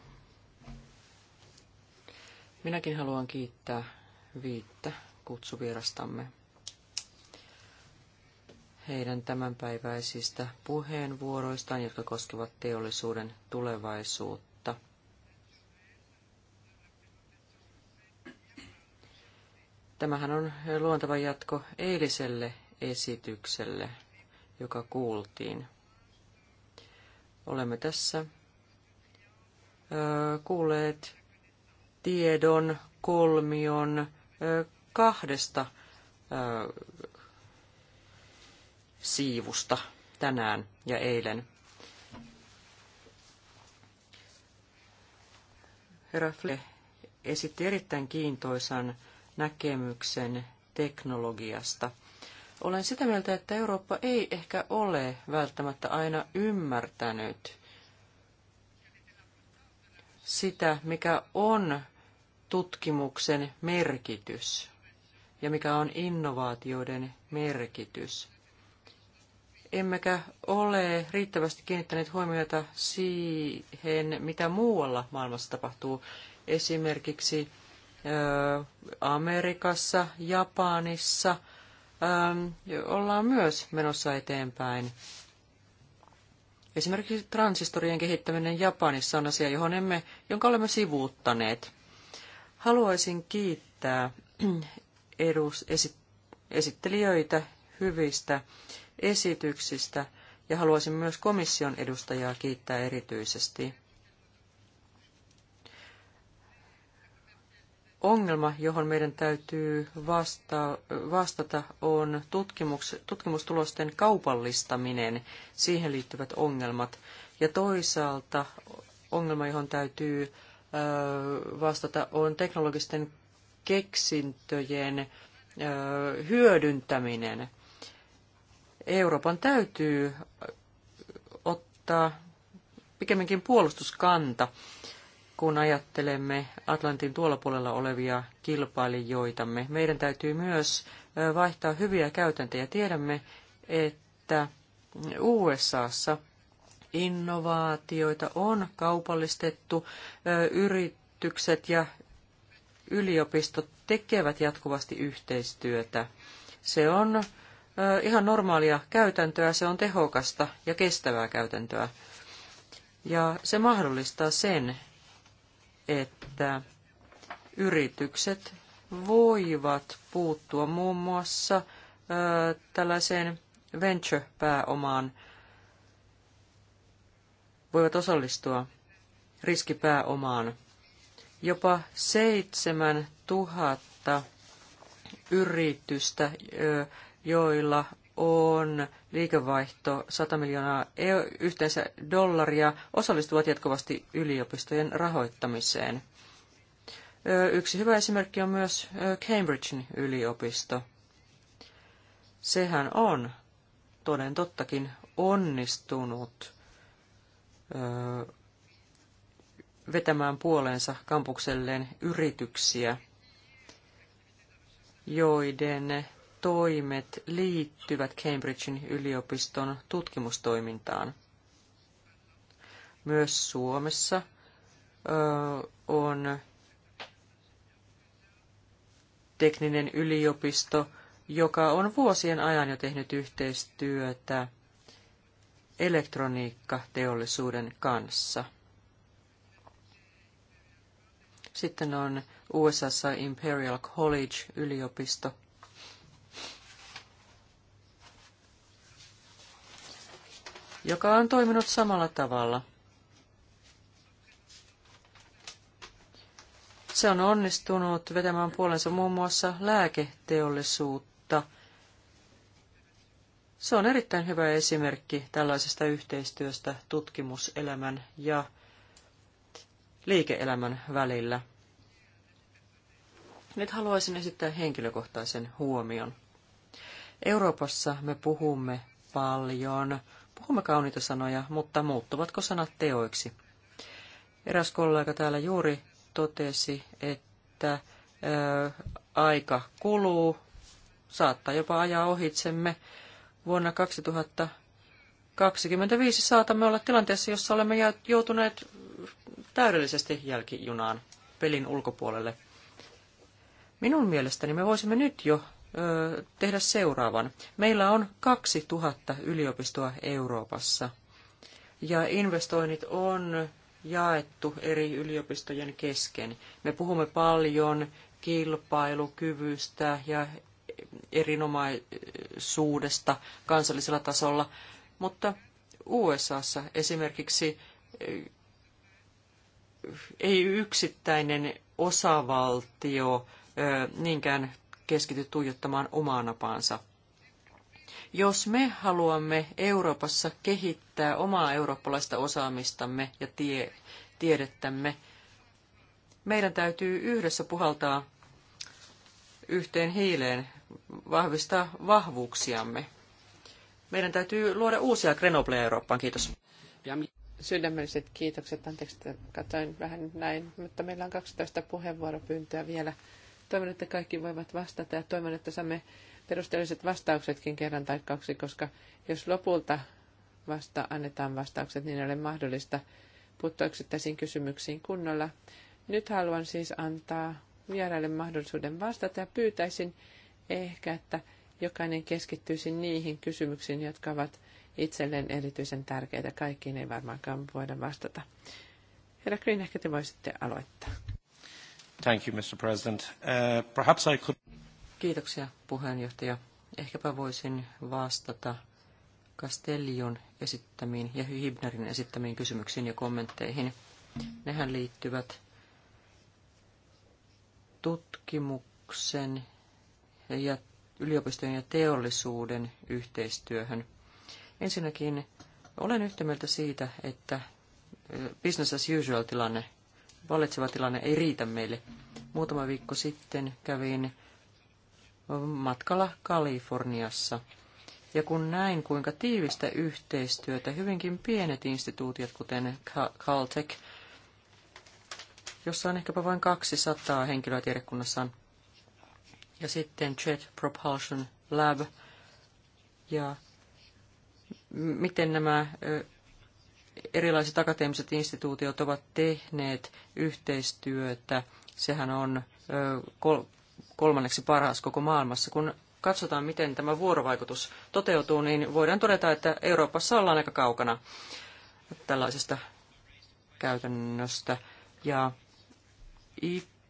Minäkin haluan kiittää viittä kutsuvirastamme heidän tämänpäiväisistä puheenvuoroistaan, jotka koskevat teollisuuden tulevaisuutta. Tämähän on luontava jatko eiliselle esitykselle, joka kuultiin. Olemme tässä kuulleet tiedon kolmion kahdesta siivusta tänään ja eilen. Herra Fle esitti erittäin kiintoisan näkemyksen teknologiasta. Olen sitä mieltä, että Eurooppa ei ehkä ole välttämättä aina ymmärtänyt sitä, mikä on tutkimuksen merkitys ja mikä on innovaatioiden merkitys. Emmekä ole riittävästi kiinnittäneet huomiota siihen, mitä muualla maailmassa tapahtuu. Esimerkiksi Amerikassa, Japanissa ollaan myös menossa eteenpäin Esimerkiksi transistorien kehittäminen Japanissa on asia, johon emme, jonka olemme sivuuttaneet. Haluaisin kiittää edus, esi, esittelijöitä hyvistä esityksistä ja haluaisin myös komission edustajaa kiittää erityisesti. ongelma, johon meidän täytyy vasta- vastata, on tutkimus, tutkimustulosten kaupallistaminen, siihen liittyvät ongelmat. Ja toisaalta ongelma, johon täytyy vastata, on teknologisten keksintöjen hyödyntäminen. Euroopan täytyy ottaa pikemminkin puolustuskanta kun ajattelemme Atlantin tuolla puolella olevia kilpailijoitamme. Meidän täytyy myös vaihtaa hyviä käytäntöjä. Tiedämme, että USAssa innovaatioita on kaupallistettu, yritykset ja yliopistot tekevät jatkuvasti yhteistyötä. Se on ihan normaalia käytäntöä, se on tehokasta ja kestävää käytäntöä. Ja se mahdollistaa sen, että yritykset voivat puuttua muun muassa tällaiseen venture-pääomaan, voivat osallistua riskipääomaan. Jopa seitsemän tuhatta yritystä, joilla on liikevaihto 100 miljoonaa yhteensä dollaria, osallistuvat jatkuvasti yliopistojen rahoittamiseen. Yksi hyvä esimerkki on myös Cambridgein yliopisto. Sehän on toden tottakin onnistunut vetämään puoleensa kampukselleen yrityksiä, joiden toimet liittyvät Cambridgein yliopiston tutkimustoimintaan. Myös Suomessa on tekninen yliopisto, joka on vuosien ajan jo tehnyt yhteistyötä elektroniikkateollisuuden kanssa. Sitten on USAssa Imperial College-yliopisto, joka on toiminut samalla tavalla. Se on onnistunut vetämään puolensa muun muassa lääketeollisuutta. Se on erittäin hyvä esimerkki tällaisesta yhteistyöstä tutkimuselämän ja liike-elämän välillä. Nyt haluaisin esittää henkilökohtaisen huomion. Euroopassa me puhumme paljon Puhumme kauniita sanoja, mutta muuttuvatko sanat teoiksi? Eräs kollega täällä juuri totesi, että ö, aika kuluu, saattaa jopa ajaa ohitsemme. Vuonna 2025 saatamme olla tilanteessa, jossa olemme joutuneet täydellisesti jälkijunaan pelin ulkopuolelle. Minun mielestäni me voisimme nyt jo tehdä seuraavan. Meillä on 2000 yliopistoa Euroopassa ja investoinnit on jaettu eri yliopistojen kesken. Me puhumme paljon kilpailukyvystä ja erinomaisuudesta kansallisella tasolla, mutta USAssa esimerkiksi ei yksittäinen osavaltio niinkään keskity tuijottamaan omaa napaansa. Jos me haluamme Euroopassa kehittää omaa eurooppalaista osaamistamme ja tie, tiedettämme, meidän täytyy yhdessä puhaltaa yhteen hiileen, vahvistaa vahvuuksiamme. Meidän täytyy luoda uusia Grenobleja Eurooppaan. Kiitos. Sydämelliset kiitokset. Anteeksi, että katsoin vähän näin, mutta meillä on 12 puheenvuoropyyntöä vielä. Toivon, että kaikki voivat vastata ja toivon, että saamme perusteelliset vastauksetkin kerran tai kaksi, koska jos lopulta vasta annetaan vastaukset, niin ei ole mahdollista puuttua yksittäisiin kysymyksiin kunnolla. Nyt haluan siis antaa vieraille mahdollisuuden vastata ja pyytäisin ehkä, että jokainen keskittyisi niihin kysymyksiin, jotka ovat itselleen erityisen tärkeitä. Kaikkiin ei varmaankaan voida vastata. Herra Green, ehkä te voisitte aloittaa. Thank you, Mr. President. Uh, perhaps I could... Kiitoksia, puheenjohtaja. Ehkäpä voisin vastata Castellion esittämiin ja Hibnerin esittämiin kysymyksiin ja kommentteihin. Nehän liittyvät tutkimuksen ja yliopistojen ja teollisuuden yhteistyöhön. Ensinnäkin olen yhtä mieltä siitä, että business as usual tilanne vallitseva tilanne ei riitä meille. Muutama viikko sitten kävin matkalla Kaliforniassa. Ja kun näin, kuinka tiivistä yhteistyötä hyvinkin pienet instituutiot, kuten Caltech, jossa on ehkäpä vain 200 henkilöä tiedekunnassaan, ja sitten Jet Propulsion Lab, ja miten nämä erilaiset akateemiset instituutiot ovat tehneet yhteistyötä. Sehän on kolmanneksi paras koko maailmassa. Kun katsotaan, miten tämä vuorovaikutus toteutuu, niin voidaan todeta, että Euroopassa ollaan aika kaukana tällaisesta käytännöstä. Ja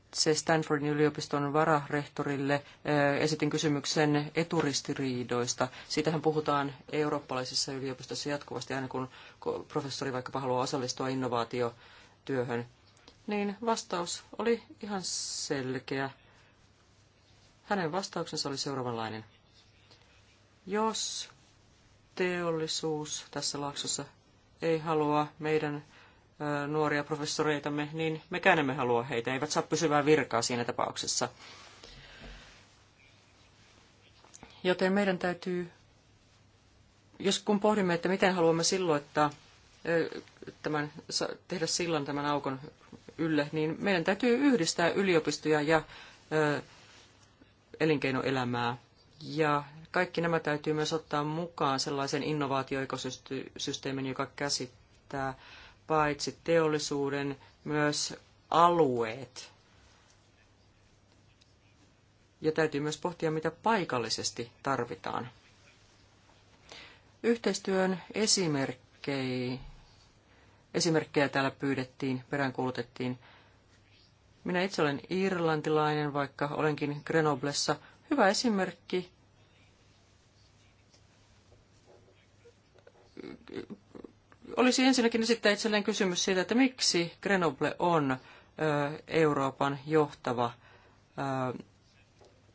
itse Stanfordin yliopiston vararehtorille esitin kysymyksen eturistiriidoista. Siitähän puhutaan eurooppalaisissa yliopistoissa jatkuvasti aina kun professori vaikkapa haluaa osallistua innovaatiotyöhön. Niin vastaus oli ihan selkeä. Hänen vastauksensa oli seuraavanlainen. Jos teollisuus tässä laaksossa ei halua meidän nuoria professoreitamme, niin mekään emme halua heitä. Eivät saa pysyvää virkaa siinä tapauksessa. Joten meidän täytyy, jos kun pohdimme, että miten haluamme silloittaa tämän, tehdä sillan tämän aukon ylle, niin meidän täytyy yhdistää yliopistoja ja ö, elinkeinoelämää. Ja kaikki nämä täytyy myös ottaa mukaan sellaisen innovaatioekosysteemin, joka käsittää paitsi teollisuuden myös alueet. Ja täytyy myös pohtia, mitä paikallisesti tarvitaan. Yhteistyön esimerkkejä, esimerkkejä täällä pyydettiin, peräänkuulutettiin. Minä itse olen irlantilainen, vaikka olenkin Grenoblessa. Hyvä esimerkki olisi ensinnäkin esittää itselleen kysymys siitä, että miksi Grenoble on Euroopan johtava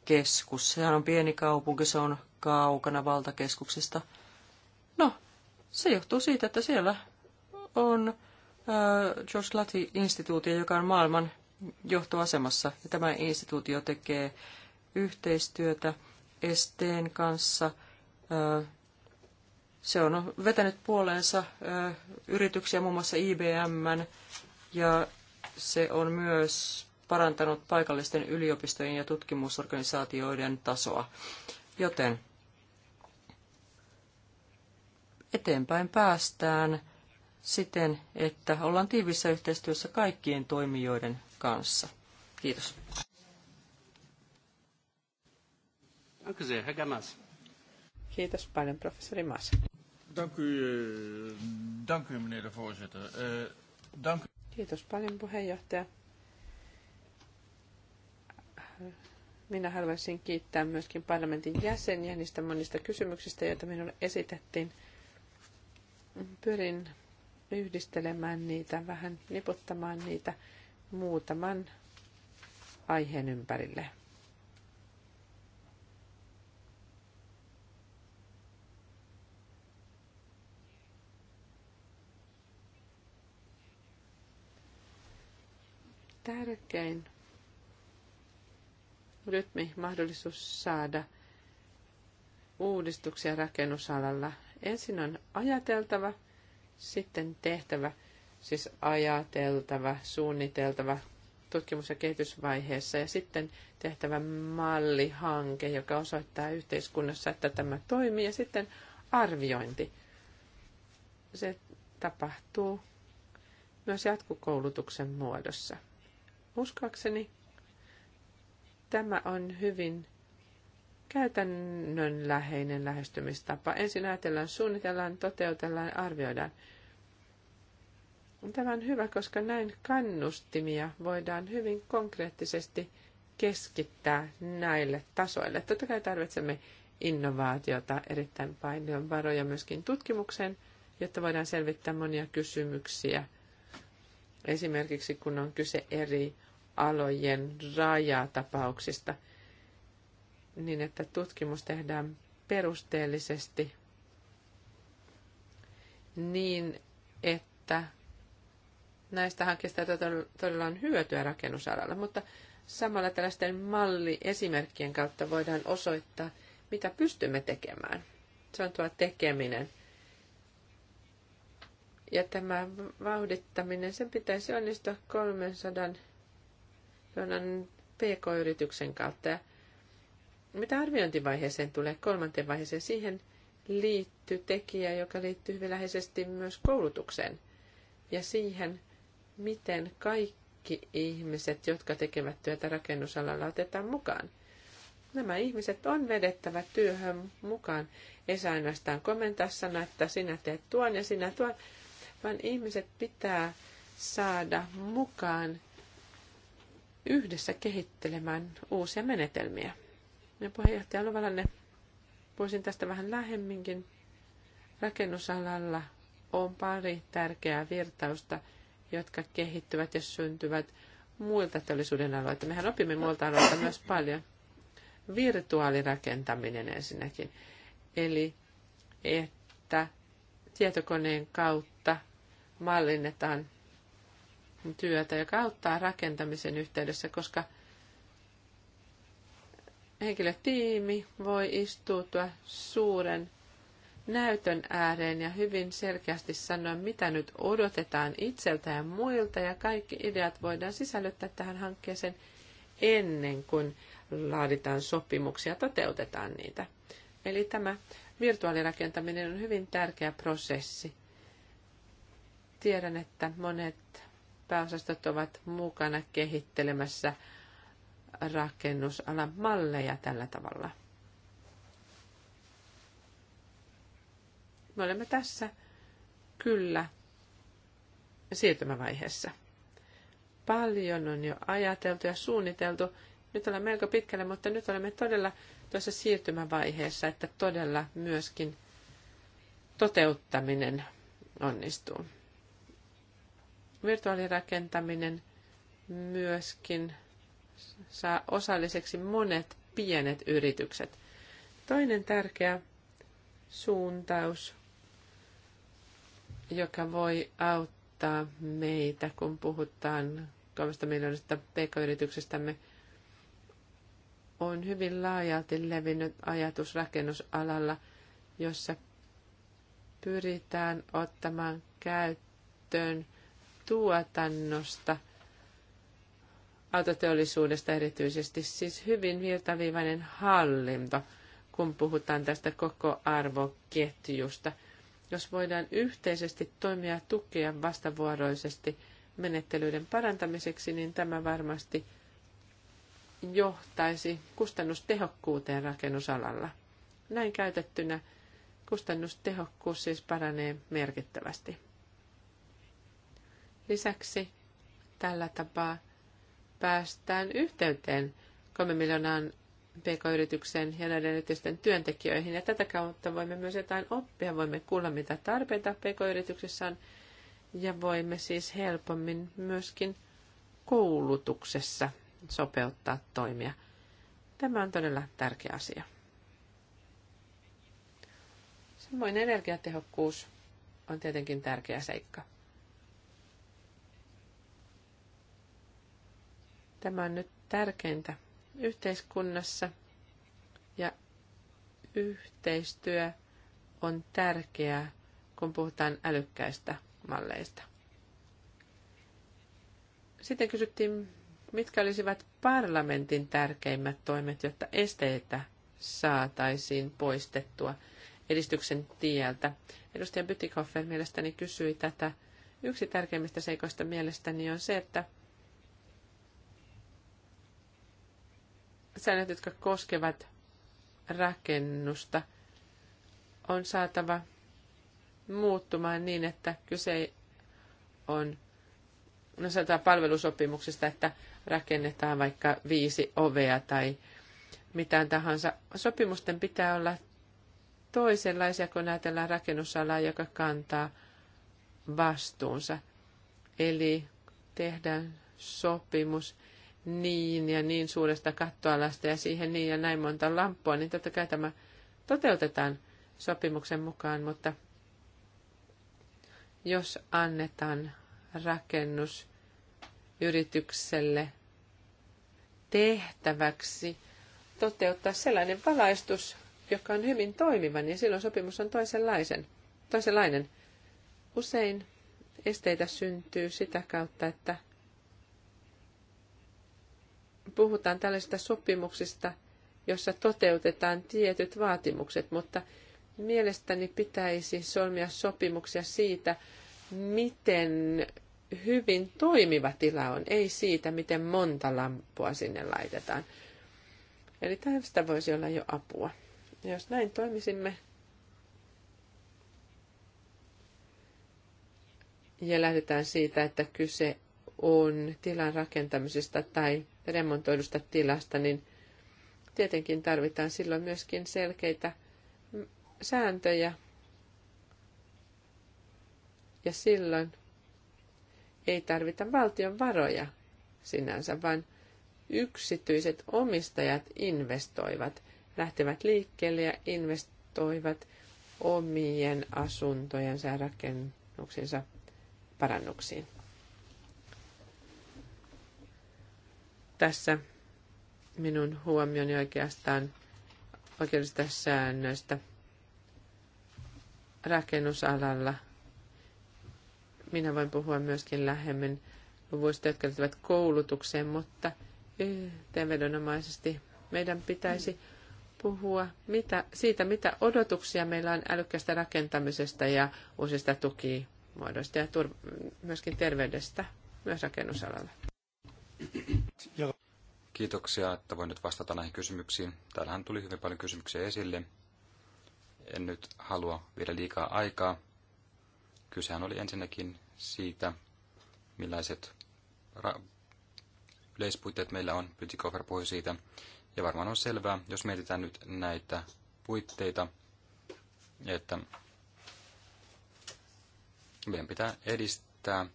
keskus. Sehän on pieni kaupunki, se on kaukana valtakeskuksista. No, se johtuu siitä, että siellä on George latti instituutio joka on maailman johtoasemassa. Ja tämä instituutio tekee yhteistyötä Esteen kanssa, se on vetänyt puoleensa yrityksiä, muun muassa IBM, ja se on myös parantanut paikallisten yliopistojen ja tutkimusorganisaatioiden tasoa. Joten eteenpäin päästään siten, että ollaan tiivissä yhteistyössä kaikkien toimijoiden kanssa. Kiitos. Kiitos paljon, professori Maas. Dank u, eh, dank u meneer de voorzitter. Uh, dank u. Kiitos paljon puheenjohtaja. Minä haluaisin kiittää myöskin parlamentin jäseniä niistä monista kysymyksistä, joita minulle esitettiin. Pyrin yhdistelemään niitä, vähän niputtamaan niitä muutaman aiheen ympärille. tärkein rytmi, mahdollisuus saada uudistuksia rakennusalalla. Ensin on ajateltava, sitten tehtävä, siis ajateltava, suunniteltava tutkimus- ja kehitysvaiheessa ja sitten tehtävä mallihanke, joka osoittaa yhteiskunnassa, että tämä toimii ja sitten arviointi. Se tapahtuu myös jatkukoulutuksen muodossa. Uskoakseni tämä on hyvin käytännönläheinen lähestymistapa. Ensin ajatellaan, suunnitellaan, toteutellaan, arvioidaan. Tämä on hyvä, koska näin kannustimia voidaan hyvin konkreettisesti keskittää näille tasoille. Totta kai tarvitsemme innovaatiota, erittäin paljon varoja myöskin tutkimukseen, jotta voidaan selvittää monia kysymyksiä – Esimerkiksi kun on kyse eri alojen rajatapauksista, niin että tutkimus tehdään perusteellisesti niin, että näistä hankkeista todella on hyötyä rakennusalalla, mutta samalla tällaisten malliesimerkkien kautta voidaan osoittaa, mitä pystymme tekemään. Se on tuo tekeminen – ja tämä vauhdittaminen, sen pitäisi onnistua 300 miljoonan pk-yrityksen kautta. Ja mitä arviointivaiheeseen tulee, kolmanteen vaiheeseen, siihen liittyy tekijä, joka liittyy hyvin läheisesti myös koulutukseen ja siihen, miten kaikki ihmiset, jotka tekevät työtä rakennusalalla, otetaan mukaan. Nämä ihmiset on vedettävä työhön mukaan. Ei saa ainoastaan komentaa sanoa, että sinä teet tuon ja sinä tuon, vaan ihmiset pitää saada mukaan yhdessä kehittelemään uusia menetelmiä. Ja puheenjohtaja Luvalanne, voisin tästä vähän lähemminkin. Rakennusalalla on pari tärkeää virtausta, jotka kehittyvät ja syntyvät muilta teollisuuden aloilta. Mehän opimme muilta aloilta myös paljon. Virtuaalirakentaminen ensinnäkin. Eli että tietokoneen kautta mallinnetaan työtä, joka auttaa rakentamisen yhteydessä, koska henkilötiimi voi istuutua suuren näytön ääreen ja hyvin selkeästi sanoa, mitä nyt odotetaan itseltä ja muilta, ja kaikki ideat voidaan sisällyttää tähän hankkeeseen ennen kuin laaditaan sopimuksia ja toteutetaan niitä. Eli tämä virtuaalirakentaminen on hyvin tärkeä prosessi Tiedän, että monet pääosastot ovat mukana kehittelemässä rakennusalan malleja tällä tavalla. Me olemme tässä kyllä siirtymävaiheessa. Paljon on jo ajateltu ja suunniteltu. Nyt ollaan melko pitkällä, mutta nyt olemme todella tuossa siirtymävaiheessa, että todella myöskin toteuttaminen onnistuu. Virtuaalirakentaminen myöskin saa osalliseksi monet pienet yritykset. Toinen tärkeä suuntaus, joka voi auttaa meitä, kun puhutaan 3 miljoonasta pk-yrityksestämme, on hyvin laajalti levinnyt ajatus rakennusalalla, jossa pyritään ottamaan käyttöön tuotannosta, autoteollisuudesta erityisesti, siis hyvin virtaviivainen hallinto, kun puhutaan tästä koko arvoketjusta. Jos voidaan yhteisesti toimia tukea vastavuoroisesti menettelyiden parantamiseksi, niin tämä varmasti johtaisi kustannustehokkuuteen rakennusalalla. Näin käytettynä kustannustehokkuus siis paranee merkittävästi. Lisäksi tällä tapaa päästään yhteyteen 3 miljoonaan pk-yritykseen ja näiden yritysten työntekijöihin. Ja tätä kautta voimme myös jotain oppia, voimme kuulla mitä tarpeita pk-yrityksessä on ja voimme siis helpommin myöskin koulutuksessa sopeuttaa toimia. Tämä on todella tärkeä asia. Samoin energiatehokkuus on tietenkin tärkeä seikka. Tämä on nyt tärkeintä yhteiskunnassa ja yhteistyö on tärkeää, kun puhutaan älykkäistä malleista. Sitten kysyttiin, mitkä olisivat parlamentin tärkeimmät toimet, jotta esteitä saataisiin poistettua edistyksen tieltä. Edustaja Bytikhofer mielestäni kysyi tätä. Yksi tärkeimmistä seikoista mielestäni on se, että säännöt, jotka koskevat rakennusta, on saatava muuttumaan niin, että kyse on no sanotaan palvelusopimuksesta, että rakennetaan vaikka viisi ovea tai mitään tahansa. Sopimusten pitää olla toisenlaisia, kun ajatellaan rakennusalaa, joka kantaa vastuunsa. Eli tehdään sopimus niin ja niin suuresta kattoalasta ja siihen niin ja näin monta lamppua, niin totta kai tämä toteutetaan sopimuksen mukaan, mutta jos annetaan rakennusyritykselle tehtäväksi toteuttaa sellainen valaistus, joka on hyvin toimiva, niin silloin sopimus on toisenlaisen, toisenlainen. Usein esteitä syntyy sitä kautta, että puhutaan tällaisista sopimuksista, jossa toteutetaan tietyt vaatimukset, mutta mielestäni pitäisi solmia sopimuksia siitä, miten hyvin toimiva tila on, ei siitä, miten monta lampua sinne laitetaan. Eli tästä voisi olla jo apua. Ja jos näin toimisimme ja lähdetään siitä, että kyse on tilan rakentamisesta tai remontoidusta tilasta, niin tietenkin tarvitaan silloin myöskin selkeitä sääntöjä. Ja silloin ei tarvita valtion varoja sinänsä, vaan yksityiset omistajat investoivat, lähtevät liikkeelle ja investoivat omien asuntojensa ja rakennuksensa parannuksiin. Tässä minun huomioni oikeastaan oikeudellisista säännöistä rakennusalalla. Minä voin puhua myöskin lähemmin luvuista, jotka liittyvät koulutukseen, mutta yhteenvedonomaisesti meidän pitäisi puhua mitä, siitä, mitä odotuksia meillä on älykkästä rakentamisesta ja uusista tukimuodoista ja myöskin terveydestä myös rakennusalalla. Kiitoksia, että voin nyt vastata näihin kysymyksiin. Täällähän tuli hyvin paljon kysymyksiä esille. En nyt halua viedä liikaa aikaa. Kysehän oli ensinnäkin siitä, millaiset yleispuitteet meillä on. Pytikofer puhui siitä. Ja varmaan on selvää, jos mietitään nyt näitä puitteita, että meidän pitää edistää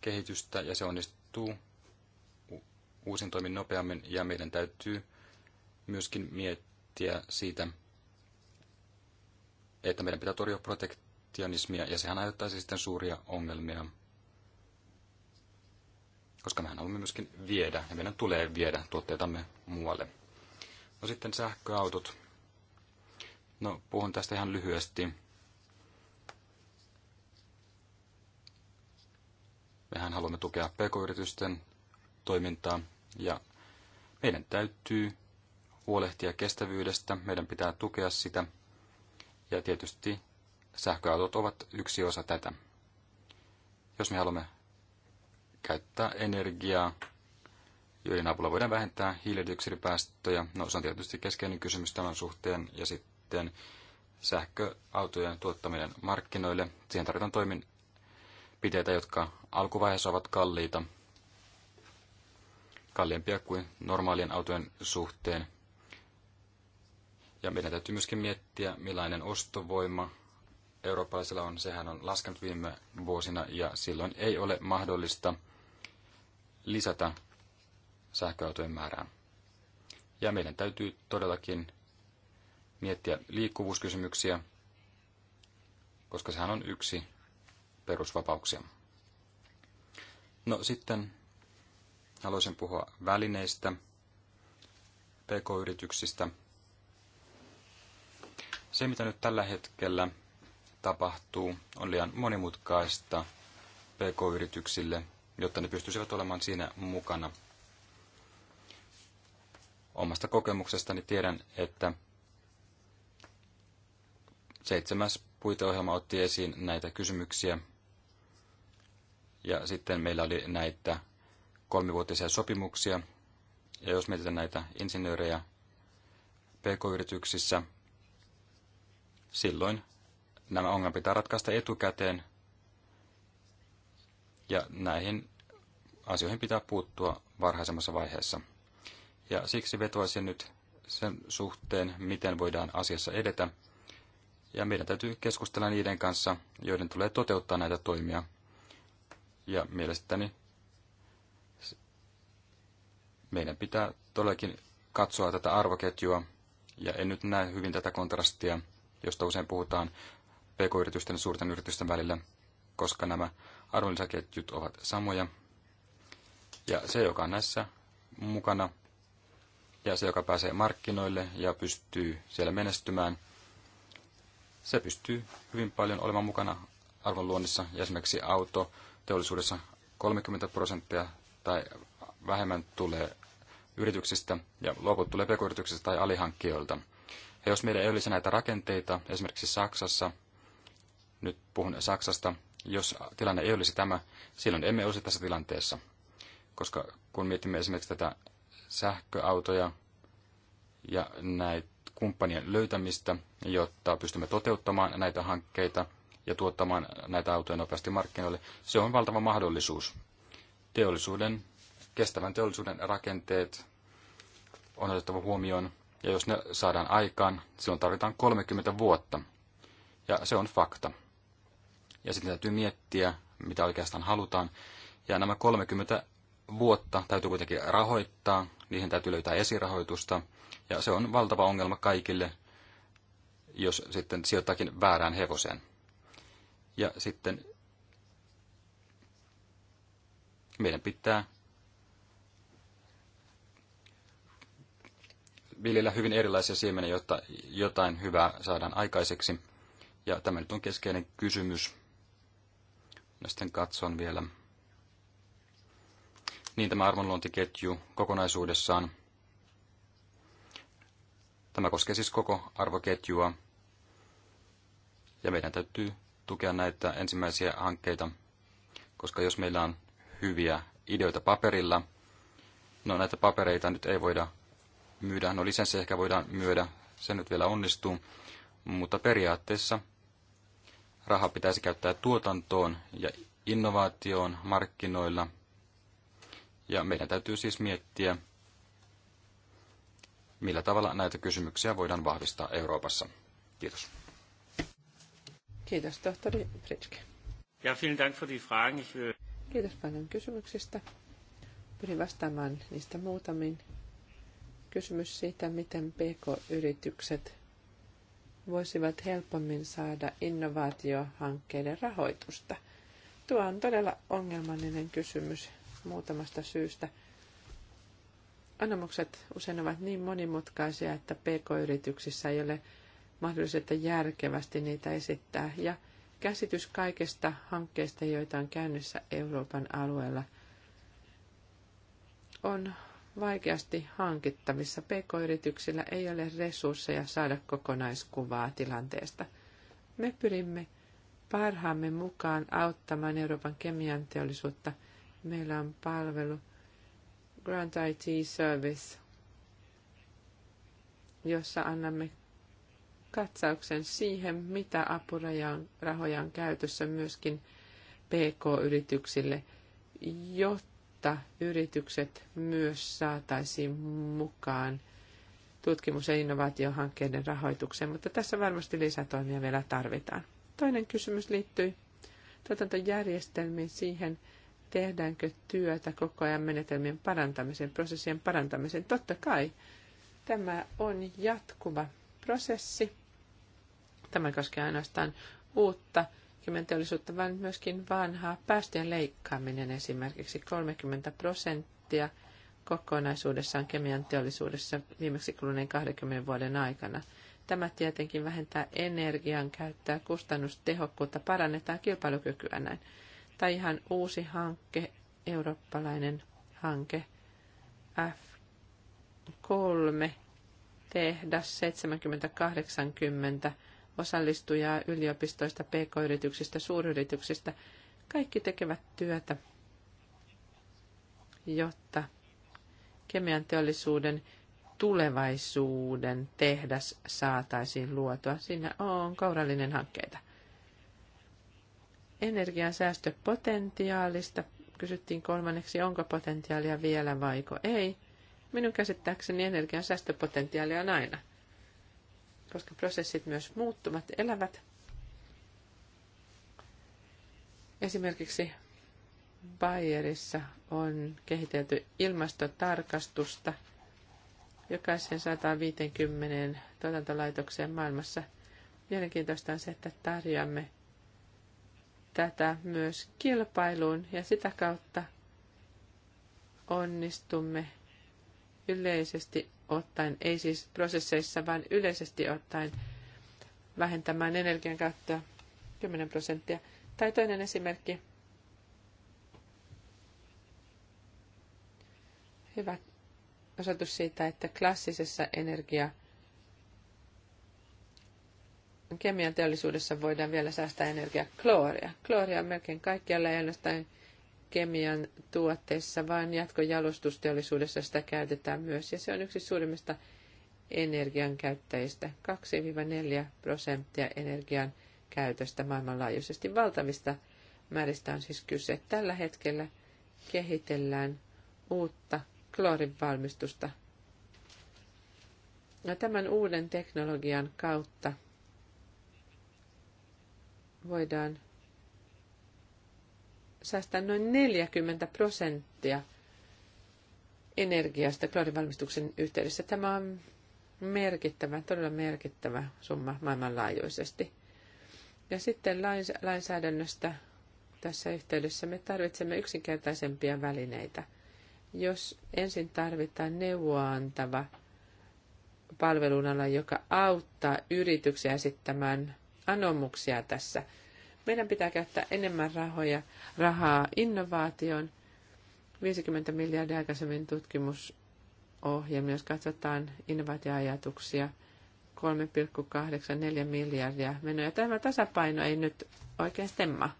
kehitystä ja se onnistuu uusin toimin nopeammin ja meidän täytyy myöskin miettiä siitä, että meidän pitää torjua protektionismia ja sehän aiheuttaisi sitten suuria ongelmia, koska mehän haluamme myöskin viedä ja meidän tulee viedä tuotteitamme muualle. No sitten sähköautot. No puhun tästä ihan lyhyesti. Mehän haluamme tukea pk-yritysten toimintaa ja meidän täytyy huolehtia kestävyydestä, meidän pitää tukea sitä ja tietysti sähköautot ovat yksi osa tätä. Jos me haluamme käyttää energiaa, joiden avulla voidaan vähentää hiilidioksidipäästöjä, no se on tietysti keskeinen kysymys tämän suhteen ja sitten sähköautojen tuottaminen markkinoille. Siihen tarvitaan toimenpiteitä, jotka alkuvaiheessa ovat kalliita, kalliimpia kuin normaalien autojen suhteen. Ja meidän täytyy myöskin miettiä, millainen ostovoima eurooppalaisilla on. Sehän on laskenut viime vuosina ja silloin ei ole mahdollista lisätä sähköautojen määrää. Ja meidän täytyy todellakin miettiä liikkuvuuskysymyksiä, koska sehän on yksi perusvapauksia. No sitten Haluaisin puhua välineistä, pk-yrityksistä. Se, mitä nyt tällä hetkellä tapahtuu, on liian monimutkaista pk-yrityksille, jotta ne pystyisivät olemaan siinä mukana. Omasta kokemuksestani tiedän, että seitsemäs puiteohjelma otti esiin näitä kysymyksiä. Ja sitten meillä oli näitä kolmivuotisia sopimuksia. Ja jos mietitään näitä insinöörejä pk-yrityksissä, silloin nämä ongelmat pitää ratkaista etukäteen. Ja näihin asioihin pitää puuttua varhaisemmassa vaiheessa. Ja siksi vetoaisin nyt sen suhteen, miten voidaan asiassa edetä. Ja meidän täytyy keskustella niiden kanssa, joiden tulee toteuttaa näitä toimia. Ja mielestäni meidän pitää todellakin katsoa tätä arvoketjua, ja en nyt näe hyvin tätä kontrastia, josta usein puhutaan pk-yritysten ja suurten yritysten välillä, koska nämä arvonlisäketjut ovat samoja. Ja se, joka on näissä mukana, ja se, joka pääsee markkinoille ja pystyy siellä menestymään, se pystyy hyvin paljon olemaan mukana arvonluonnissa. Ja esimerkiksi auto teollisuudessa 30 prosenttia tai vähemmän tulee yrityksistä ja loput tulee pk tai alihankkijoilta. Ja jos meillä ei olisi näitä rakenteita, esimerkiksi Saksassa, nyt puhun Saksasta, jos tilanne ei olisi tämä, silloin emme olisi tässä tilanteessa. Koska kun mietimme esimerkiksi tätä sähköautoja ja näitä kumppanien löytämistä, jotta pystymme toteuttamaan näitä hankkeita ja tuottamaan näitä autoja nopeasti markkinoille, se on valtava mahdollisuus. Teollisuuden, kestävän teollisuuden rakenteet on otettava huomioon, ja jos ne saadaan aikaan, silloin tarvitaan 30 vuotta. Ja se on fakta. Ja sitten täytyy miettiä, mitä oikeastaan halutaan. Ja nämä 30 vuotta täytyy kuitenkin rahoittaa, niihin täytyy löytää esirahoitusta, ja se on valtava ongelma kaikille, jos sitten sijoittaakin väärään hevoseen. Ja sitten meidän pitää viljellä hyvin erilaisia siemeniä, jotta jotain hyvää saadaan aikaiseksi. Ja tämä nyt on keskeinen kysymys. Ja sitten katson vielä. Niin tämä arvonluontiketju kokonaisuudessaan. Tämä koskee siis koko arvoketjua. Ja meidän täytyy tukea näitä ensimmäisiä hankkeita, koska jos meillä on hyviä ideoita paperilla, no näitä papereita nyt ei voida myydään. No lisenssi ehkä voidaan myydä, se nyt vielä onnistuu. Mutta periaatteessa raha pitäisi käyttää tuotantoon ja innovaatioon markkinoilla. Ja meidän täytyy siis miettiä, millä tavalla näitä kysymyksiä voidaan vahvistaa Euroopassa. Kiitos. Kiitos, tohtori Fritschke. Ja, vielen Dank für die Fragen. Ich will... Kiitos paljon kysymyksistä. Pyrin vastaamaan niistä muutamiin kysymys siitä, miten PK-yritykset voisivat helpommin saada innovaatiohankkeiden rahoitusta. Tuo on todella ongelmallinen kysymys muutamasta syystä. Anomukset usein ovat niin monimutkaisia, että PK-yrityksissä ei ole mahdollisuutta järkevästi niitä esittää. Ja käsitys kaikista hankkeista, joita on käynnissä Euroopan alueella, on vaikeasti hankittavissa. PK-yrityksillä ei ole resursseja saada kokonaiskuvaa tilanteesta. Me pyrimme parhaamme mukaan auttamaan Euroopan kemian teollisuutta. Meillä on palvelu Grant IT Service, jossa annamme katsauksen siihen, mitä apurahoja on käytössä myöskin PK-yrityksille, jotta jotta yritykset myös saataisiin mukaan tutkimus- ja innovaatiohankkeiden rahoitukseen, mutta tässä varmasti lisätoimia vielä tarvitaan. Toinen kysymys liittyy tuotantojärjestelmiin siihen, tehdäänkö työtä koko ajan menetelmien parantamisen, prosessien parantamisen. Totta kai tämä on jatkuva prosessi. Tämä koskee ainoastaan uutta teollisuutta, vaan myöskin vanhaa päästöjen leikkaaminen esimerkiksi 30 prosenttia kokonaisuudessaan kemian teollisuudessa viimeksi kuluneen 20 vuoden aikana. Tämä tietenkin vähentää energian käyttöä, kustannustehokkuutta, parannetaan kilpailukykyä näin. Tai ihan uusi hanke, eurooppalainen hanke, F3, tehdas 70-80 osallistujaa yliopistoista, pk-yrityksistä, suuryrityksistä. Kaikki tekevät työtä, jotta kemian teollisuuden tulevaisuuden tehdas saataisiin luotua. Siinä on kourallinen hankkeita. Energiansäästöpotentiaalista kysyttiin kolmanneksi, onko potentiaalia vielä vaiko ei. Minun käsittääkseni energiansäästöpotentiaalia on aina koska prosessit myös muuttuvat, elävät. Esimerkiksi Bayerissa on kehitelty ilmastotarkastusta. Jokaisen 150 tuotantolaitokseen maailmassa. Mielenkiintoista on se, että tarjoamme tätä myös kilpailuun ja sitä kautta onnistumme yleisesti ottaen, ei siis prosesseissa, vaan yleisesti ottaen vähentämään energian käyttöä 10 prosenttia. Tai toinen esimerkki. Hyvä osoitus siitä, että klassisessa energia kemian teollisuudessa voidaan vielä säästää energiaa klooria. Klooria on melkein kaikkialla ja ainoastaan kemian tuotteissa, vaan jatkojalostusteollisuudessa sitä käytetään myös. Ja se on yksi suurimmista energian käyttäjistä, 2-4 prosenttia energian käytöstä maailmanlaajuisesti. Valtavista määristä on siis kyse. Tällä hetkellä kehitellään uutta kloorin valmistusta. Ja no, tämän uuden teknologian kautta voidaan säästää noin 40 prosenttia energiasta kloorivalmistuksen yhteydessä. Tämä on merkittävä, todella merkittävä summa maailmanlaajuisesti. Ja sitten lainsäädännöstä tässä yhteydessä me tarvitsemme yksinkertaisempia välineitä. Jos ensin tarvitaan neuvoa antava palvelunala, joka auttaa yrityksiä esittämään anomuksia tässä – meidän pitää käyttää enemmän rahoja, rahaa innovaatioon. 50 miljardia aikaisemmin tutkimusohjelmia, jos katsotaan innovaatioajatuksia, 3,84 miljardia menoja. Tämä tasapaino ei nyt oikein stemma.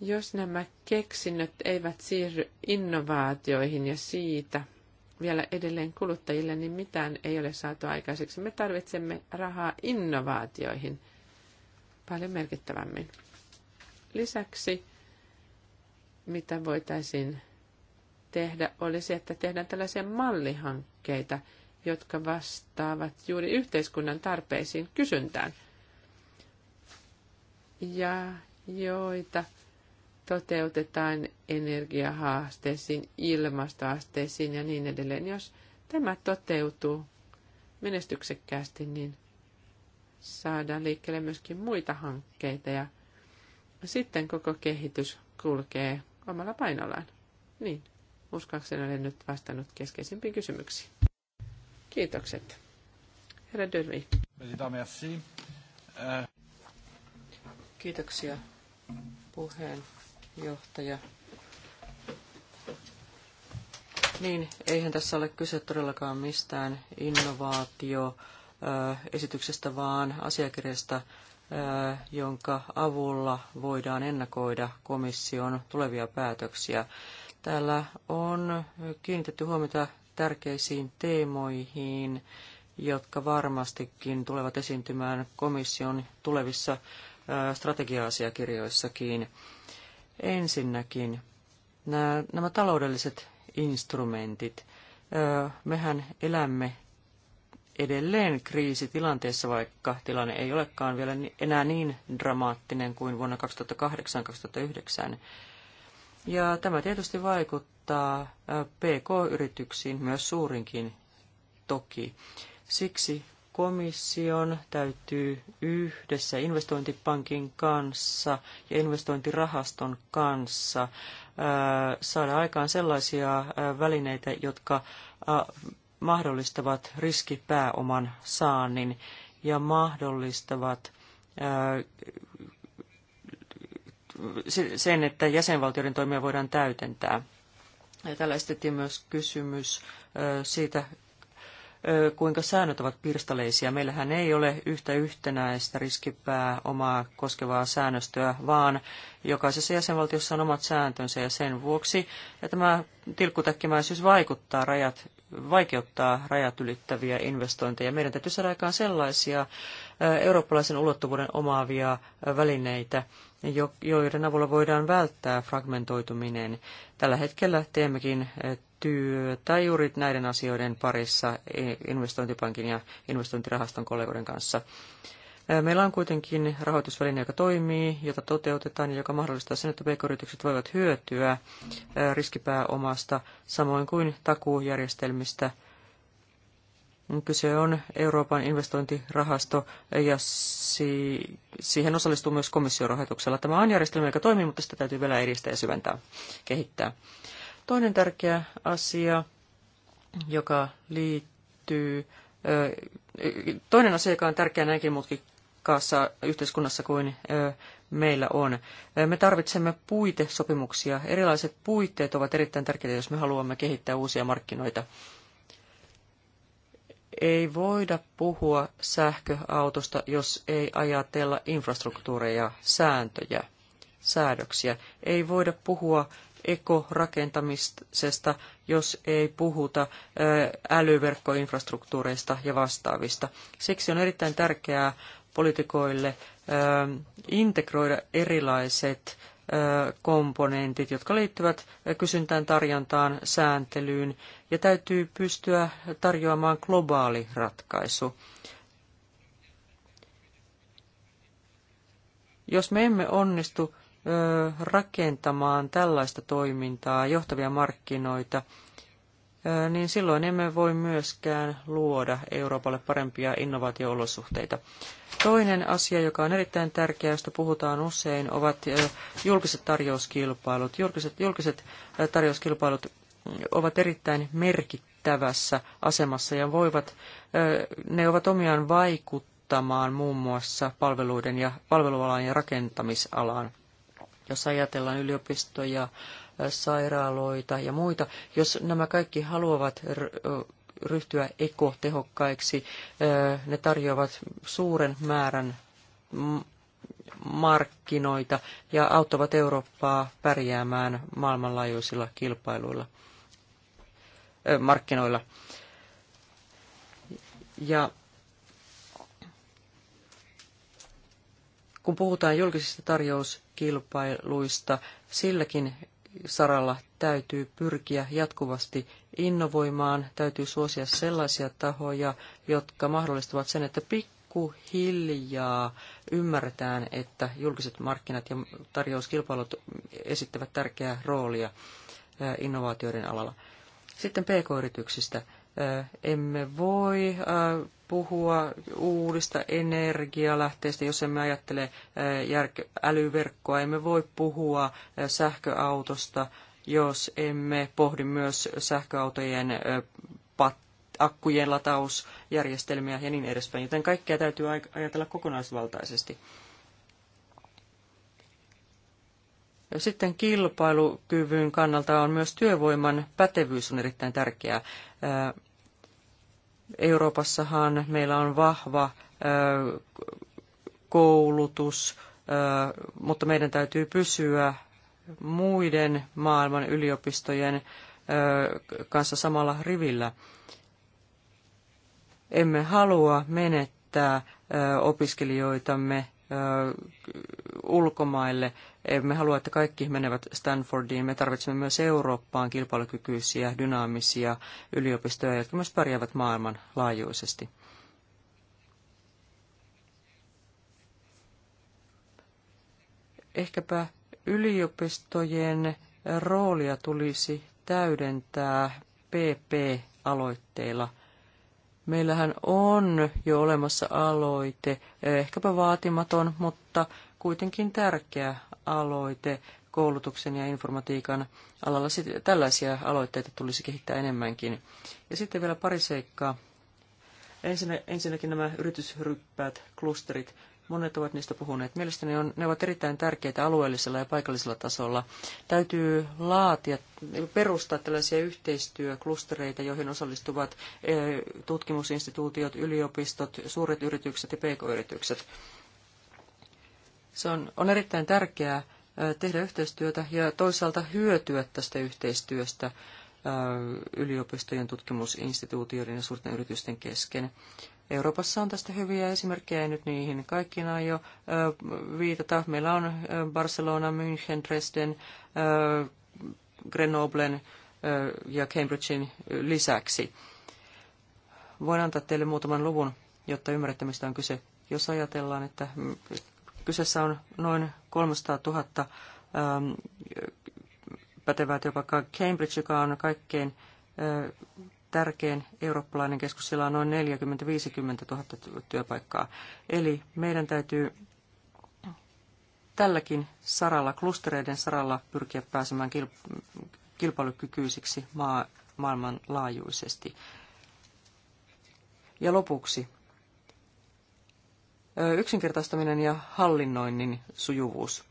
Jos nämä keksinnöt eivät siirry innovaatioihin ja siitä vielä edelleen kuluttajille, niin mitään ei ole saatu aikaiseksi. Me tarvitsemme rahaa innovaatioihin paljon merkittävämmin. Lisäksi, mitä voitaisiin tehdä, olisi, että tehdään tällaisia mallihankkeita, jotka vastaavat juuri yhteiskunnan tarpeisiin kysyntään. Ja joita toteutetaan energiahaasteisiin, ilmastohaasteisiin ja niin edelleen. Jos tämä toteutuu menestyksekkäästi, niin saadaan liikkeelle myöskin muita hankkeita ja sitten koko kehitys kulkee omalla painollaan. Niin, uskoakseni olen nyt vastannut keskeisimpiin kysymyksiin. Kiitokset. Herra Dörvi. Kiitoksia puheenjohtaja. Niin, eihän tässä ole kyse todellakaan mistään innovaatio Äh, esityksestä, vaan asiakirjasta, äh, jonka avulla voidaan ennakoida komission tulevia päätöksiä. Täällä on kiinnitetty huomiota tärkeisiin teemoihin, jotka varmastikin tulevat esiintymään komission tulevissa äh, strategia-asiakirjoissakin. Ensinnäkin nämä, nämä taloudelliset instrumentit. Mehän elämme edelleen kriisitilanteessa, vaikka tilanne ei olekaan vielä enää niin dramaattinen kuin vuonna 2008-2009. Ja tämä tietysti vaikuttaa äh, PK-yrityksiin, myös suurinkin toki. Siksi komission täytyy yhdessä investointipankin kanssa ja investointirahaston kanssa äh, saada aikaan sellaisia äh, välineitä, jotka mahdollistavat riskipääoman saannin ja mahdollistavat sen, että jäsenvaltioiden toimia voidaan täytentää. Ja täällä esitettiin myös kysymys siitä, kuinka säännöt ovat pirstaleisia. Meillähän ei ole yhtä yhtenäistä riskipää omaa koskevaa säännöstöä, vaan jokaisessa jäsenvaltiossa on omat sääntönsä ja sen vuoksi ja tämä tilkkutäkkimäisyys vaikuttaa rajat vaikeuttaa rajat ylittäviä investointeja. Meidän täytyy saada aikaan sellaisia eurooppalaisen ulottuvuuden omaavia välineitä, joiden avulla voidaan välttää fragmentoituminen. Tällä hetkellä teemmekin työtä juuri näiden asioiden parissa e, investointipankin ja investointirahaston kollegoiden kanssa. Meillä on kuitenkin rahoitusväline, joka toimii, jota toteutetaan ja joka mahdollistaa sen, että pk-yritykset voivat hyötyä riskipääomasta samoin kuin takuujärjestelmistä. Kyse on Euroopan investointirahasto ja si- siihen osallistuu myös komission rahoituksella. Tämä on järjestelmä, joka toimii, mutta sitä täytyy vielä edistää ja syventää, kehittää. Toinen tärkeä asia, joka liittyy Toinen asia, joka on tärkeä näinkin rikkaassa yhteiskunnassa kuin meillä on. Me tarvitsemme puitesopimuksia. Erilaiset puitteet ovat erittäin tärkeitä, jos me haluamme kehittää uusia markkinoita. Ei voida puhua sähköautosta, jos ei ajatella infrastruktuureja, sääntöjä, säädöksiä. Ei voida puhua ekorakentamisesta, jos ei puhuta älyverkkoinfrastruktuureista ja vastaavista. Siksi on erittäin tärkeää poliitikoille integroida erilaiset komponentit, jotka liittyvät kysyntään, tarjontaan, sääntelyyn, ja täytyy pystyä tarjoamaan globaali ratkaisu. Jos me emme onnistu rakentamaan tällaista toimintaa, johtavia markkinoita, niin silloin emme voi myöskään luoda Euroopalle parempia innovaatioolosuhteita. Toinen asia, joka on erittäin tärkeä, josta puhutaan usein, ovat julkiset tarjouskilpailut. Julkiset, julkiset tarjouskilpailut mm, ovat erittäin merkittävässä asemassa ja voivat, ne ovat omiaan vaikuttamaan muun muassa palveluiden ja palvelualan ja rakentamisalaan. Jos ajatellaan yliopistoja, sairaaloita ja muita. Jos nämä kaikki haluavat ryhtyä ekotehokkaiksi, ne tarjoavat suuren määrän markkinoita ja auttavat Eurooppaa pärjäämään maailmanlaajuisilla kilpailuilla markkinoilla. Ja kun puhutaan julkisista tarjouskilpailuista, silläkin saralla täytyy pyrkiä jatkuvasti innovoimaan, täytyy suosia sellaisia tahoja, jotka mahdollistavat sen, että pikkuhiljaa ymmärretään, että julkiset markkinat ja tarjouskilpailut esittävät tärkeää roolia innovaatioiden alalla. Sitten pk-yrityksistä. Emme voi puhua uudista energialähteistä, jos emme ajattele eh, älyverkkoa. Emme voi puhua eh, sähköautosta, jos emme pohdi myös sähköautojen eh, akkujen latausjärjestelmiä ja niin edespäin. Joten kaikkea täytyy ajatella kokonaisvaltaisesti. Sitten kilpailukyvyn kannalta on myös työvoiman pätevyys on erittäin tärkeää. Euroopassahan meillä on vahva koulutus, mutta meidän täytyy pysyä muiden maailman yliopistojen kanssa samalla rivillä. Emme halua menettää opiskelijoitamme ulkomaille. me halua, että kaikki menevät Stanfordiin. Me tarvitsemme myös Eurooppaan kilpailukykyisiä, dynaamisia yliopistoja, jotka myös pärjäävät maailmanlaajuisesti. Ehkäpä yliopistojen roolia tulisi täydentää PP-aloitteilla – Meillähän on jo olemassa aloite, ehkäpä vaatimaton, mutta kuitenkin tärkeä aloite koulutuksen ja informatiikan alalla. Tällaisia aloitteita tulisi kehittää enemmänkin. Ja sitten vielä pari seikkaa. Ensinnäkin nämä yritysryppäät, klusterit. Monet ovat niistä puhuneet. Mielestäni on, ne ovat erittäin tärkeitä alueellisella ja paikallisella tasolla. Täytyy laatia, perustaa tällaisia yhteistyöklustereita, joihin osallistuvat eh, tutkimusinstituutiot, yliopistot, suuret yritykset ja pk-yritykset. Se on, on erittäin tärkeää eh, tehdä yhteistyötä ja toisaalta hyötyä tästä yhteistyöstä eh, yliopistojen, tutkimusinstituutioiden ja suurten yritysten kesken. Euroopassa on tästä hyviä esimerkkejä, ei nyt niihin kaikkiin aio viitata. Meillä on Barcelona, München, Dresden, Grenoblen ja Cambridgein lisäksi. Voin antaa teille muutaman luvun, jotta ymmärrätte, mistä on kyse. Jos ajatellaan, että mm, kyseessä on noin 300 000 pätevää työpaikkaa Cambridge, joka on kaikkein tärkein eurooppalainen keskus, sillä on noin 40-50 000 työpaikkaa. Eli meidän täytyy tälläkin saralla, klustereiden saralla pyrkiä pääsemään kilpailukykyisiksi maa, maailmanlaajuisesti. Ja lopuksi yksinkertaistaminen ja hallinnoinnin sujuvuus.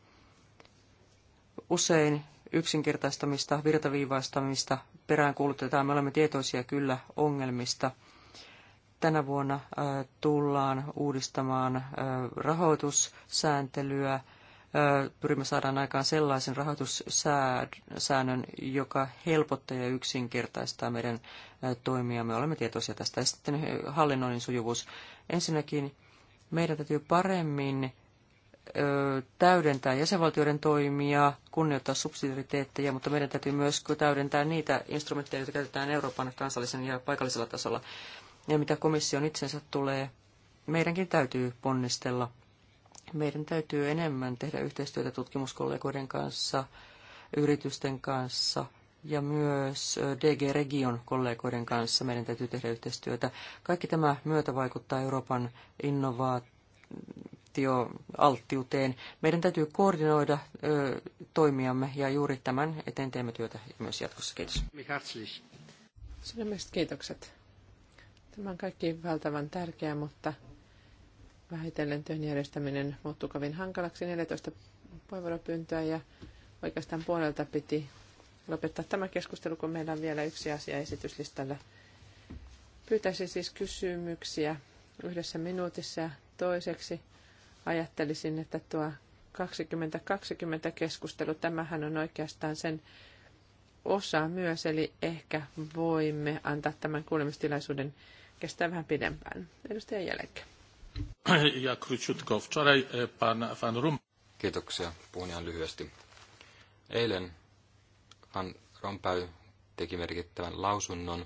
Usein yksinkertaistamista, virtaviivaistamista peräänkuulutetaan. Me olemme tietoisia kyllä ongelmista. Tänä vuonna tullaan uudistamaan rahoitussääntelyä. Pyrimme saadaan aikaan sellaisen rahoitussäännön, joka helpottaa ja yksinkertaistaa meidän toimia. Me olemme tietoisia tästä. Ja sitten hallinnoinnin sujuvuus. Ensinnäkin meidän täytyy paremmin täydentää jäsenvaltioiden toimia, kunnioittaa subsidiariteetteja, mutta meidän täytyy myös täydentää niitä instrumentteja, joita käytetään Euroopan kansallisen ja paikallisella tasolla. Ja mitä komission itsensä tulee, meidänkin täytyy ponnistella. Meidän täytyy enemmän tehdä yhteistyötä tutkimuskollegoiden kanssa, yritysten kanssa ja myös DG Region kollegoiden kanssa. Meidän täytyy tehdä yhteistyötä. Kaikki tämä myötä vaikuttaa Euroopan innovaatioon alttiuteen. Meidän täytyy koordinoida ö, toimiamme ja juuri tämän eteen teemme työtä myös jatkossa. Kiitos. myös kiitokset. Tämä on kaikki valtavan tärkeää, mutta vähitellen työn järjestäminen muuttuu kovin hankalaksi. 14 puheenvuoropyyntöä ja oikeastaan puolelta piti lopettaa tämä keskustelu, kun meillä on vielä yksi asia esityslistalla. Pyytäisin siis kysymyksiä yhdessä minuutissa ja toiseksi ajattelisin, että tuo 2020 keskustelu, tämähän on oikeastaan sen osa myös, eli ehkä voimme antaa tämän kuulemistilaisuuden kestää vähän pidempään. Edustaja Jälke. Van e, Kiitoksia. Puhun ihan lyhyesti. Eilen Van Rompuy teki merkittävän lausunnon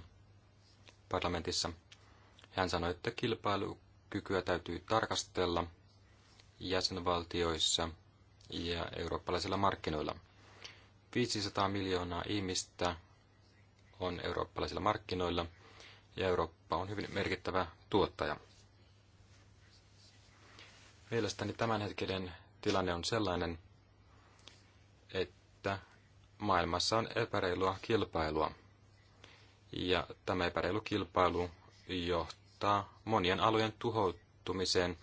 parlamentissa. Hän sanoi, että kilpailukykyä täytyy tarkastella – jäsenvaltioissa ja eurooppalaisilla markkinoilla. 500 miljoonaa ihmistä on eurooppalaisilla markkinoilla ja Eurooppa on hyvin merkittävä tuottaja. Mielestäni tämänhetkinen tilanne on sellainen, että maailmassa on epäreilua kilpailua. Ja tämä epäreilu kilpailu johtaa monien alojen tuhoutumiseen –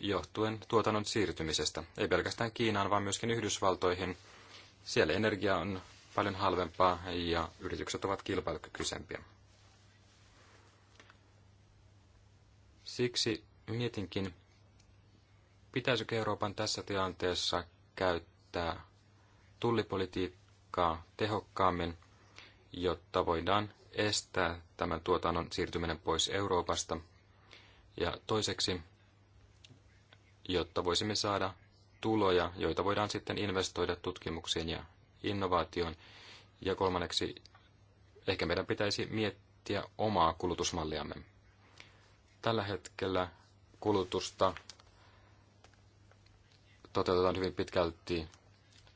johtuen tuotannon siirtymisestä, ei pelkästään Kiinaan, vaan myöskin Yhdysvaltoihin. Siellä energia on paljon halvempaa ja yritykset ovat kilpailukykyisempiä. Siksi mietinkin, pitäisikö Euroopan tässä tilanteessa käyttää tullipolitiikkaa tehokkaammin, jotta voidaan estää tämän tuotannon siirtyminen pois Euroopasta. Ja toiseksi jotta voisimme saada tuloja, joita voidaan sitten investoida tutkimukseen ja innovaatioon. Ja kolmanneksi, ehkä meidän pitäisi miettiä omaa kulutusmalliamme. Tällä hetkellä kulutusta toteutetaan hyvin pitkälti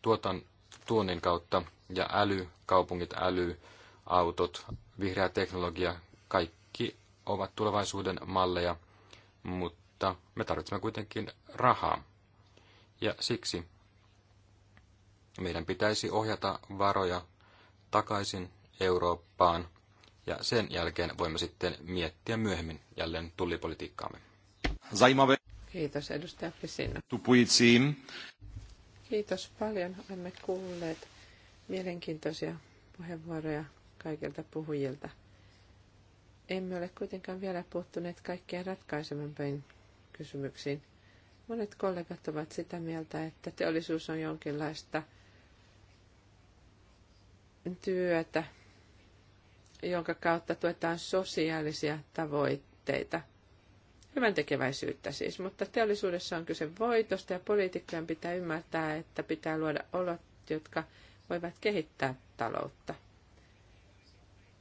tuotan, tuonnin kautta ja äly, kaupungit, äly, autot, vihreä teknologia, kaikki ovat tulevaisuuden malleja, mutta mutta me tarvitsemme kuitenkin rahaa. Ja siksi meidän pitäisi ohjata varoja takaisin Eurooppaan ja sen jälkeen voimme sitten miettiä myöhemmin jälleen tullipolitiikkaamme. Zaimave. Kiitos edustaja Pisina. Tupuitsiin. Kiitos paljon. Olemme kuulleet mielenkiintoisia puheenvuoroja kaikilta puhujilta. Emme ole kuitenkaan vielä puuttuneet kaikkien ratkaisemampiin kysymyksiin. Monet kollegat ovat sitä mieltä, että teollisuus on jonkinlaista työtä, jonka kautta tuetaan sosiaalisia tavoitteita. Hyvän tekeväisyyttä siis, mutta teollisuudessa on kyse voitosta ja poliitikkojen pitää ymmärtää, että pitää luoda olot, jotka voivat kehittää taloutta.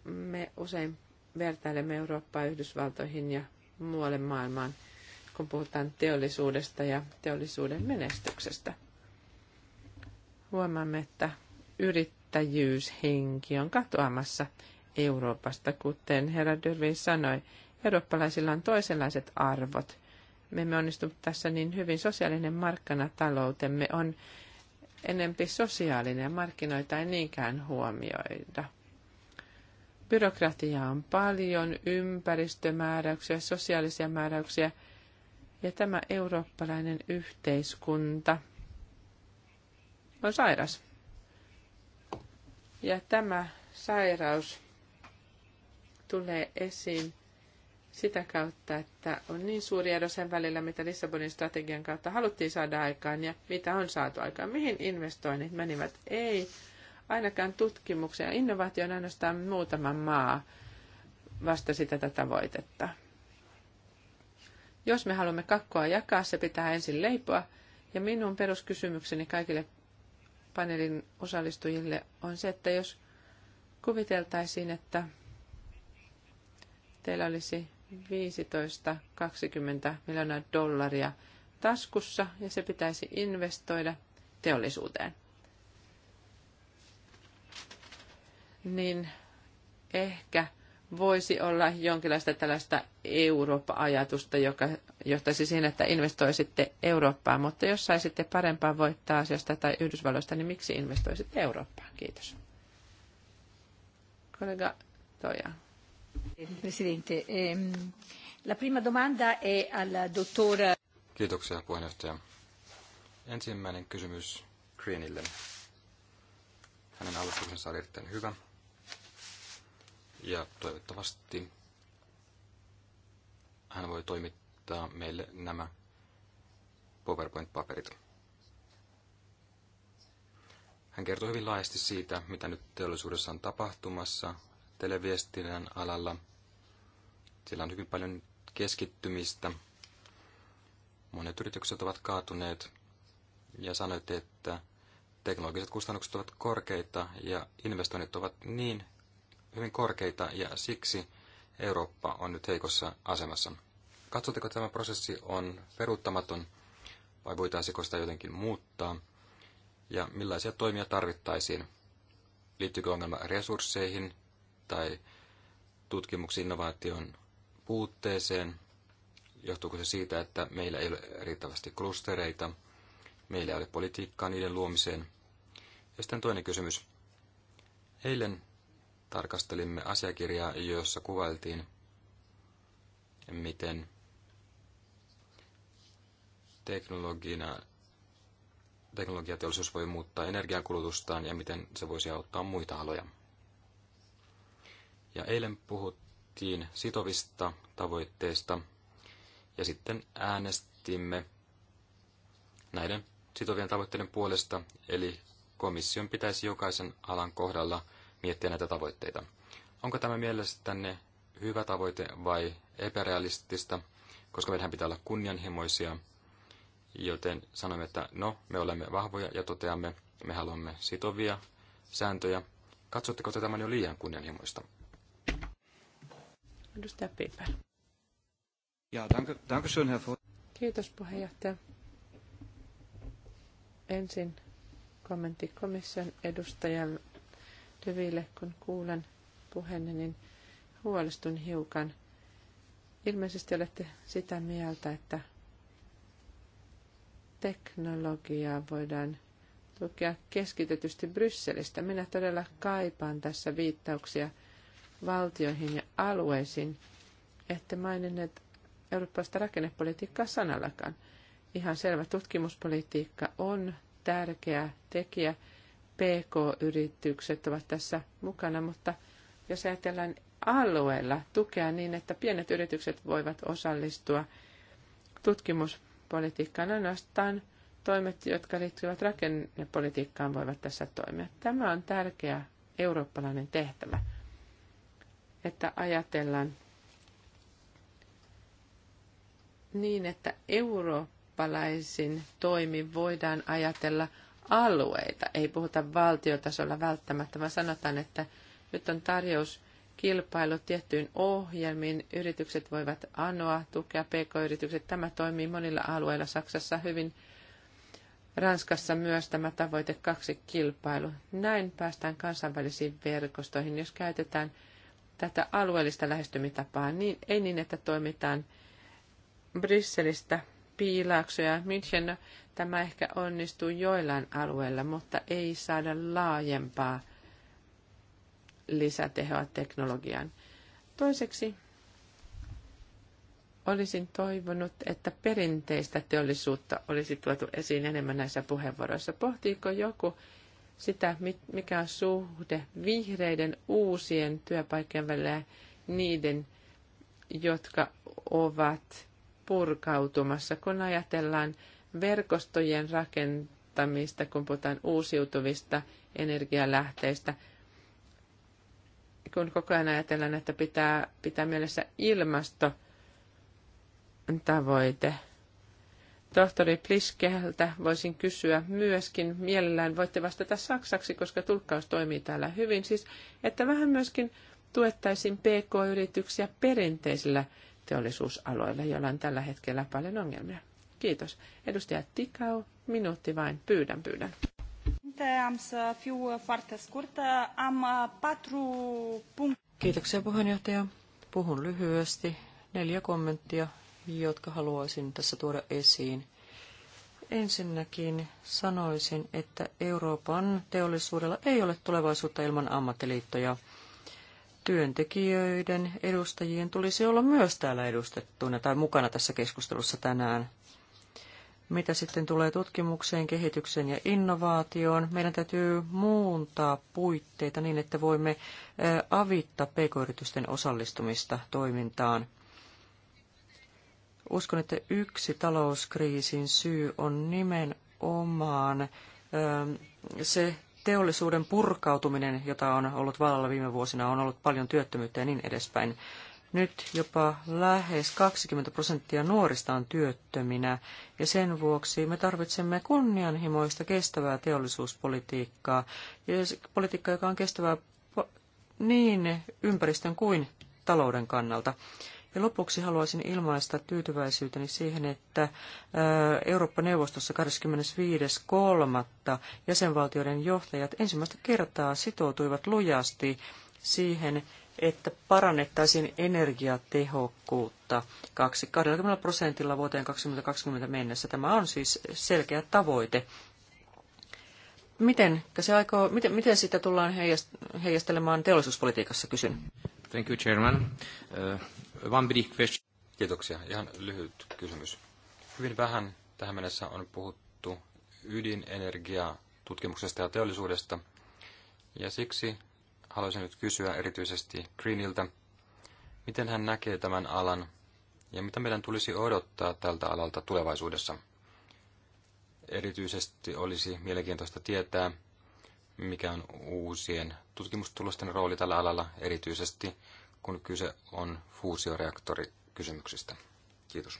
Me usein vertailemme Eurooppaa Yhdysvaltoihin ja muualle maailmaan – kun puhutaan teollisuudesta ja teollisuuden menestyksestä. Huomaamme, että yrittäjyyshenki on katoamassa Euroopasta, kuten herra Dyrvin sanoi. Eurooppalaisilla on toisenlaiset arvot. Me emme onnistu tässä niin hyvin. Sosiaalinen markkinataloutemme on enempi sosiaalinen ja markkinoita ei niinkään huomioida. Byrokratiaa on paljon, ympäristömääräyksiä, sosiaalisia määräyksiä – ja tämä eurooppalainen yhteiskunta on sairas. Ja tämä sairaus tulee esiin sitä kautta, että on niin suuri ero sen välillä, mitä Lissabonin strategian kautta haluttiin saada aikaan ja mitä on saatu aikaan. Mihin investoinnit menivät? Ei ainakaan tutkimuksia. ja innovaatioon ainoastaan muutama maa vastasi tätä tavoitetta. Jos me haluamme kakkoa jakaa, se pitää ensin leipoa. Ja minun peruskysymykseni kaikille paneelin osallistujille on se, että jos kuviteltaisiin, että teillä olisi 15-20 miljoonaa dollaria taskussa ja se pitäisi investoida teollisuuteen. Niin ehkä voisi olla jonkinlaista tällaista Eurooppa-ajatusta, joka johtaisi siihen, että investoisitte Eurooppaan, mutta jos saisitte parempaa voittaa asiasta tai Yhdysvalloista, niin miksi investoisitte Eurooppaan? Kiitos. Kollega Toja. Presidente, ehm, la prima domanda è al dottor... Kiitoksia puheenjohtaja. Ensimmäinen kysymys Greenille. Hänen alustuksensa oli erittäin hyvä ja toivottavasti hän voi toimittaa meille nämä PowerPoint-paperit. Hän kertoi hyvin laajasti siitä, mitä nyt teollisuudessa on tapahtumassa televiestinnän alalla. Siellä on hyvin paljon keskittymistä. Monet yritykset ovat kaatuneet ja sanoit, että teknologiset kustannukset ovat korkeita ja investoinnit ovat niin hyvin korkeita ja siksi Eurooppa on nyt heikossa asemassa. Katsotteko, että tämä prosessi on peruuttamaton vai voitaisiko sitä jotenkin muuttaa? Ja millaisia toimia tarvittaisiin? Liittyykö ongelma resursseihin tai tutkimuksen innovaation puutteeseen? Johtuuko se siitä, että meillä ei ole riittävästi klustereita? Meillä ei ole politiikkaa niiden luomiseen? Ja sitten toinen kysymys. Eilen tarkastelimme asiakirjaa, jossa kuvailtiin, miten teknologina, teknologiateollisuus voi muuttaa energiankulutustaan ja miten se voisi auttaa muita aloja. Ja eilen puhuttiin sitovista tavoitteista ja sitten äänestimme näiden sitovien tavoitteiden puolesta, eli komission pitäisi jokaisen alan kohdalla – miettiä näitä tavoitteita. Onko tämä mielestänne hyvä tavoite vai epärealistista, koska meidän pitää olla kunnianhimoisia, joten sanomme, että no, me olemme vahvoja ja toteamme, me haluamme sitovia sääntöjä. Katsotteko te tämän jo liian kunnianhimoista? Edustaja Piper. Ja, danke, danke schön, Herr Kiitos puheenjohtaja. Ensin kommentti komission edustajalle. Tyville, kun kuulen puheenne, niin huolestun hiukan. Ilmeisesti olette sitä mieltä, että teknologiaa voidaan tukea keskitetysti Brysselistä. Minä todella kaipaan tässä viittauksia valtioihin ja alueisiin, ette maininneet eurooppalaista rakennepolitiikkaa sanallakaan. Ihan selvä tutkimuspolitiikka on tärkeä tekijä PK-yritykset ovat tässä mukana, mutta jos ajatellaan alueella tukea niin, että pienet yritykset voivat osallistua tutkimuspolitiikkaan ainoastaan toimet, jotka liittyvät rakennepolitiikkaan, voivat tässä toimia. Tämä on tärkeä eurooppalainen tehtävä, että ajatellaan niin, että eurooppalaisin toimin voidaan ajatella – alueita. Ei puhuta valtiotasolla välttämättä, vaan sanotaan, että nyt on tarjous kilpailu tiettyyn ohjelmiin. Yritykset voivat anoa tukea pk-yritykset. Tämä toimii monilla alueilla Saksassa hyvin. Ranskassa myös tämä tavoite kaksi kilpailu. Näin päästään kansainvälisiin verkostoihin, jos käytetään tätä alueellista lähestymitapaa, niin, ei niin, että toimitaan Brysselistä piilaaksoja München Tämä ehkä onnistuu joillain alueilla, mutta ei saada laajempaa lisätehoa teknologiaan. Toiseksi olisin toivonut, että perinteistä teollisuutta olisi tuotu esiin enemmän näissä puheenvuoroissa. Pohtiiko joku sitä, mikä on suhde vihreiden uusien työpaikkojen välillä ja niiden, jotka ovat purkautumassa, kun ajatellaan verkostojen rakentamista, kun puhutaan uusiutuvista energialähteistä, kun koko ajan ajatellaan, että pitää, pitää mielessä ilmastotavoite. Tohtori Pliskeltä voisin kysyä myöskin, mielellään voitte vastata saksaksi, koska tulkkaus toimii täällä hyvin, siis että vähän myöskin tuettaisiin PK-yrityksiä perinteisillä teollisuusaloilla, joilla on tällä hetkellä paljon ongelmia. Kiitos. Edustaja Tikau, minuutti vain. Pyydän, pyydän. Am să fiu foarte scurtă. Am uh, patru Kiitoksia puheenjohtaja. Puhun lyhyesti. Neljä kommenttia, jotka haluaisin tässä tuoda esiin. Ensinnäkin sanoisin, että Euroopan teollisuudella ei ole tulevaisuutta ilman ammattiliittoja. Työntekijöiden edustajien tulisi olla myös täällä edustettuina tai mukana tässä keskustelussa tänään. Mitä sitten tulee tutkimukseen, kehitykseen ja innovaatioon, meidän täytyy muuntaa puitteita niin, että voimme avittaa pk-yritysten osallistumista toimintaan. Uskon, että yksi talouskriisin syy on nimenomaan se teollisuuden purkautuminen, jota on ollut vallalla viime vuosina, on ollut paljon työttömyyttä ja niin edespäin. Nyt jopa lähes 20 prosenttia nuorista on työttöminä, ja sen vuoksi me tarvitsemme kunnianhimoista kestävää teollisuuspolitiikkaa, ja politiikkaa, joka on kestävää niin ympäristön kuin talouden kannalta. Ja lopuksi haluaisin ilmaista tyytyväisyyteni siihen, että Eurooppa-neuvostossa 25.3. jäsenvaltioiden johtajat ensimmäistä kertaa sitoutuivat lujasti siihen, että parannettaisiin energiatehokkuutta 20 prosentilla vuoteen 2020 mennessä. Tämä on siis selkeä tavoite. Miten, se aikoo, miten, miten sitä tullaan heijastelemaan teollisuuspolitiikassa, kysyn. Thank you, Chairman. Uh, one brief question. Kiitoksia. Ihan lyhyt kysymys. Hyvin vähän tähän mennessä on puhuttu ydinenergiatutkimuksesta ja teollisuudesta, ja siksi haluaisin nyt kysyä erityisesti Greeniltä, miten hän näkee tämän alan ja mitä meidän tulisi odottaa tältä alalta tulevaisuudessa. Erityisesti olisi mielenkiintoista tietää, mikä on uusien tutkimustulosten rooli tällä alalla, erityisesti kun kyse on fuusioreaktorikysymyksistä. Kiitos.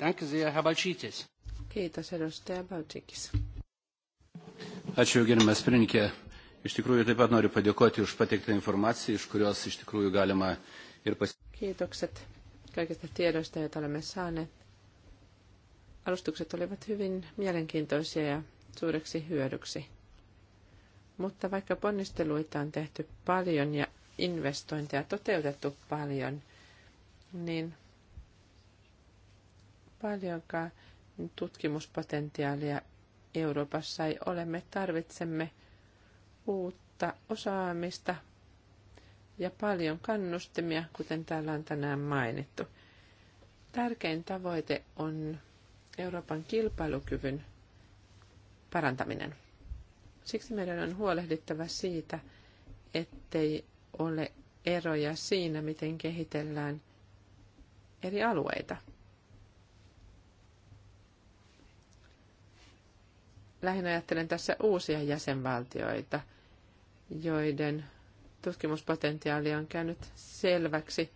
Danke sehr, Herr Kiitos, edustaja Balčitis. Iš tikrųjų, taip pat noriu padėkoti už pateiktą informaciją, iš kurios iš tikrųjų galima ir pasiekti. Kiitokset kaikista tiedoista, joita olemme saaneet. Alustukset olivat hyvin mielenkiintoisia ja suureksi hyödyksi. Mutta vaikka ponnisteluita on tehty paljon ja investointeja toteutettu paljon, niin paljonkaan tutkimuspotentiaalia Euroopassa ei ole. Me tarvitsemme uutta osaamista ja paljon kannustimia, kuten täällä on tänään mainittu. Tärkein tavoite on Euroopan kilpailukyvyn parantaminen. Siksi meidän on huolehdittava siitä, ettei ole eroja siinä, miten kehitellään eri alueita. Lähinnä ajattelen tässä uusia jäsenvaltioita – joiden tutkimuspotentiaali on käynyt selväksi.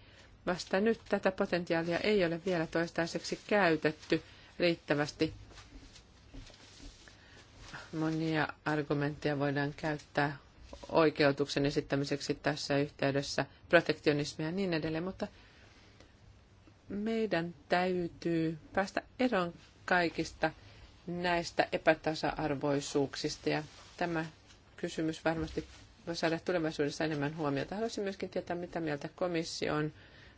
Vasta nyt tätä potentiaalia ei ole vielä toistaiseksi käytetty riittävästi. Monia argumentteja voidaan käyttää oikeutuksen esittämiseksi tässä yhteydessä, protektionismia ja niin edelleen, mutta meidän täytyy päästä eroon kaikista näistä epätasa-arvoisuuksista ja tämä kysymys varmasti voi saada tulevaisuudessa enemmän huomiota. Haluaisin myöskin tietää, mitä mieltä komissio on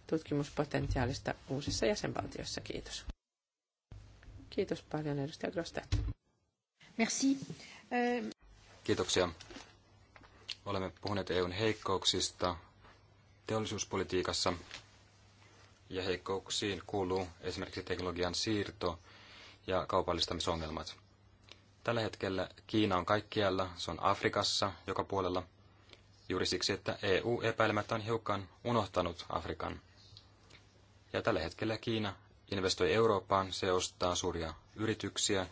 tutkimuspotentiaalista uusissa jäsenvaltioissa. Kiitos. Kiitos paljon, edustaja Grostet. Merci. Euh, Kiitoksia. Olemme puhuneet EUn heikkouksista teollisuuspolitiikassa, ja heikkouksiin kuuluu esimerkiksi teknologian siirto ja kaupallistamisongelmat. Tällä hetkellä Kiina on kaikkialla, se on Afrikassa joka puolella, juuri siksi, että EU epäilemättä on hiukan unohtanut Afrikan. Ja tällä hetkellä Kiina investoi Eurooppaan, se ostaa suuria yrityksiä.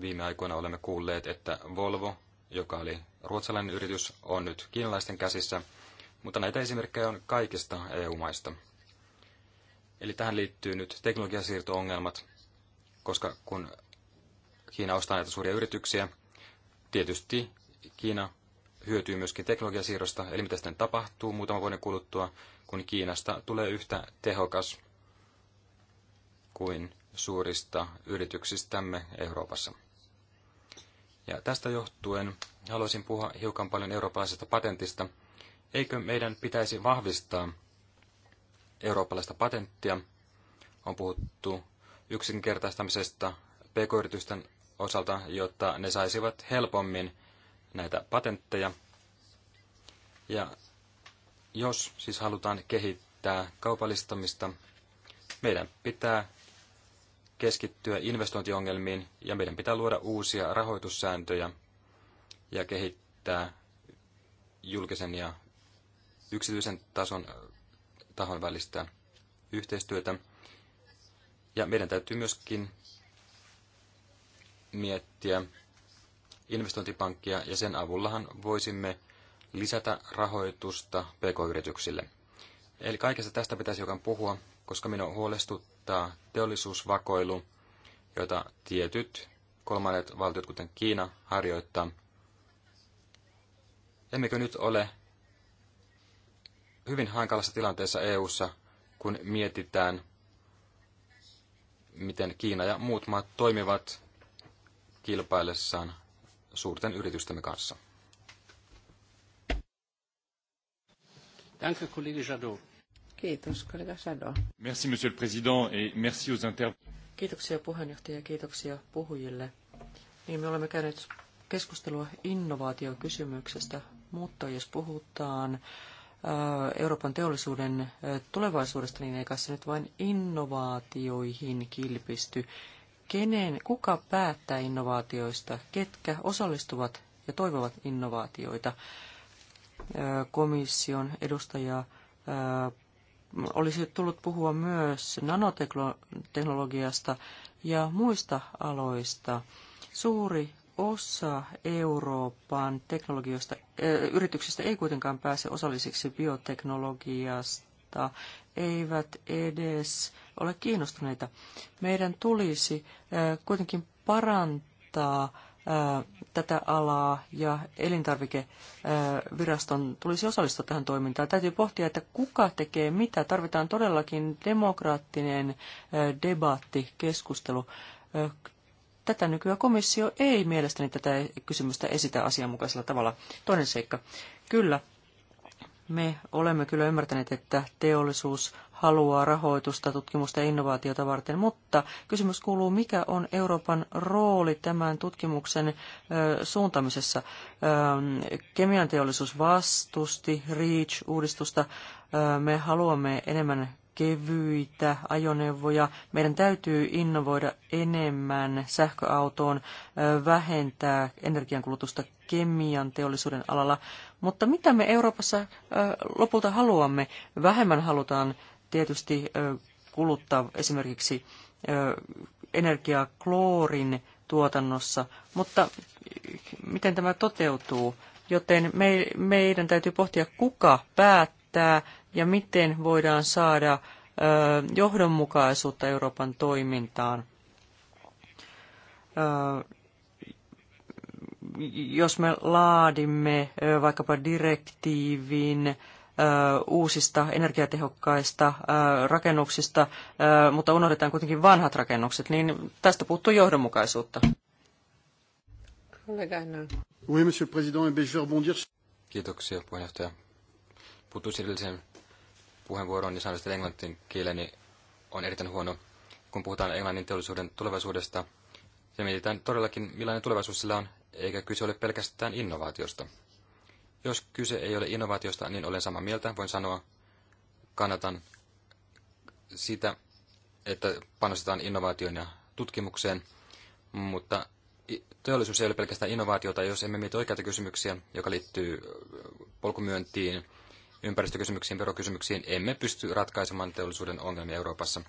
Viime aikoina olemme kuulleet, että Volvo, joka oli ruotsalainen yritys, on nyt kiinalaisten käsissä, mutta näitä esimerkkejä on kaikista EU-maista. Eli tähän liittyy nyt teknologiasiirto-ongelmat, koska kun Kiina ostaa näitä suuria yrityksiä, tietysti Kiina hyötyy myöskin teknologiasiirrosta, eli mitä sitten tapahtuu muutaman vuoden kuluttua, kun Kiinasta tulee yhtä tehokas kuin suurista yrityksistämme Euroopassa. Ja tästä johtuen haluaisin puhua hiukan paljon eurooppalaisesta patentista. Eikö meidän pitäisi vahvistaa eurooppalaista patenttia? On puhuttu yksinkertaistamisesta pk-yritysten osalta, jotta ne saisivat helpommin näitä patentteja. Ja jos siis halutaan kehittää kaupallistamista, meidän pitää keskittyä investointiongelmiin ja meidän pitää luoda uusia rahoitussääntöjä ja kehittää julkisen ja yksityisen tason tahon välistä yhteistyötä. Ja meidän täytyy myöskin miettiä investointipankkia, ja sen avullahan voisimme lisätä rahoitusta pk-yrityksille. Eli kaikesta tästä pitäisi jokan puhua, koska minua huolestuttaa teollisuusvakoilu, jota tietyt kolmannet valtiot, kuten Kiina, harjoittaa. Emmekö nyt ole hyvin hankalassa tilanteessa EU:ssa, kun mietitään miten Kiina ja muut maat toimivat kilpaillessaan suurten yritystemme kanssa. Danke, kollega Jadot. Kiitos, kollega Jadot. Merci, monsieur le président, et merci aux inter... Kiitoksia puheenjohtaja ja kiitoksia puhujille. Niin, me olemme käyneet keskustelua innovaatiokysymyksestä, mutta jos puhutaan Äh, Euroopan teollisuuden äh, tulevaisuudesta, niin ei kai se nyt vain innovaatioihin kilpisty. Kenen, kuka päättää innovaatioista, ketkä osallistuvat ja toivovat innovaatioita? Äh, komission edustaja olisi tullut puhua myös nanoteknologiasta ja muista aloista. Suuri osa Euroopan teknologioista, eh, yrityksistä ei kuitenkaan pääse osalliseksi bioteknologiasta, eivät edes ole kiinnostuneita. Meidän tulisi eh, kuitenkin parantaa eh, tätä alaa ja elintarvikeviraston tulisi osallistua tähän toimintaan. Täytyy pohtia, että kuka tekee mitä. Tarvitaan todellakin demokraattinen debatti, keskustelu Tätä nykyä komissio ei mielestäni tätä kysymystä esitä asianmukaisella tavalla. Toinen seikka. Kyllä, me olemme kyllä ymmärtäneet, että teollisuus haluaa rahoitusta tutkimusta ja innovaatiota varten, mutta kysymys kuuluu, mikä on Euroopan rooli tämän tutkimuksen suuntaamisessa? Kemian teollisuus vastusti REACH-uudistusta. Me haluamme enemmän kevyitä ajoneuvoja. Meidän täytyy innovoida enemmän sähköautoon, vähentää energiankulutusta kemian teollisuuden alalla. Mutta mitä me Euroopassa lopulta haluamme? Vähemmän halutaan tietysti kuluttaa esimerkiksi energiaa kloorin tuotannossa, mutta miten tämä toteutuu? Joten meidän täytyy pohtia, kuka päättää, ja miten voidaan saada johdonmukaisuutta Euroopan toimintaan. Jos me laadimme vaikkapa direktiivin uusista energiatehokkaista rakennuksista, mutta unohdetaan kuitenkin vanhat rakennukset, niin tästä puuttuu johdonmukaisuutta. Kiitoksia puheenjohtaja. Puuttuisin edelliseen puheenvuoroon, niin sanoisin, että englantin kieleni on erittäin huono. Kun puhutaan englannin teollisuuden tulevaisuudesta, se mietitään todellakin, millainen tulevaisuus sillä on, eikä kyse ole pelkästään innovaatiosta. Jos kyse ei ole innovaatiosta, niin olen samaa mieltä. Voin sanoa, kannatan sitä, että panostetaan innovaatioon ja tutkimukseen, mutta teollisuus ei ole pelkästään innovaatiota, jos emme mieti oikeita kysymyksiä, joka liittyy polkumyöntiin, ympäristökysymyksiin, verokysymyksiin emme pysty ratkaisemaan teollisuuden ongelmia Euroopassa.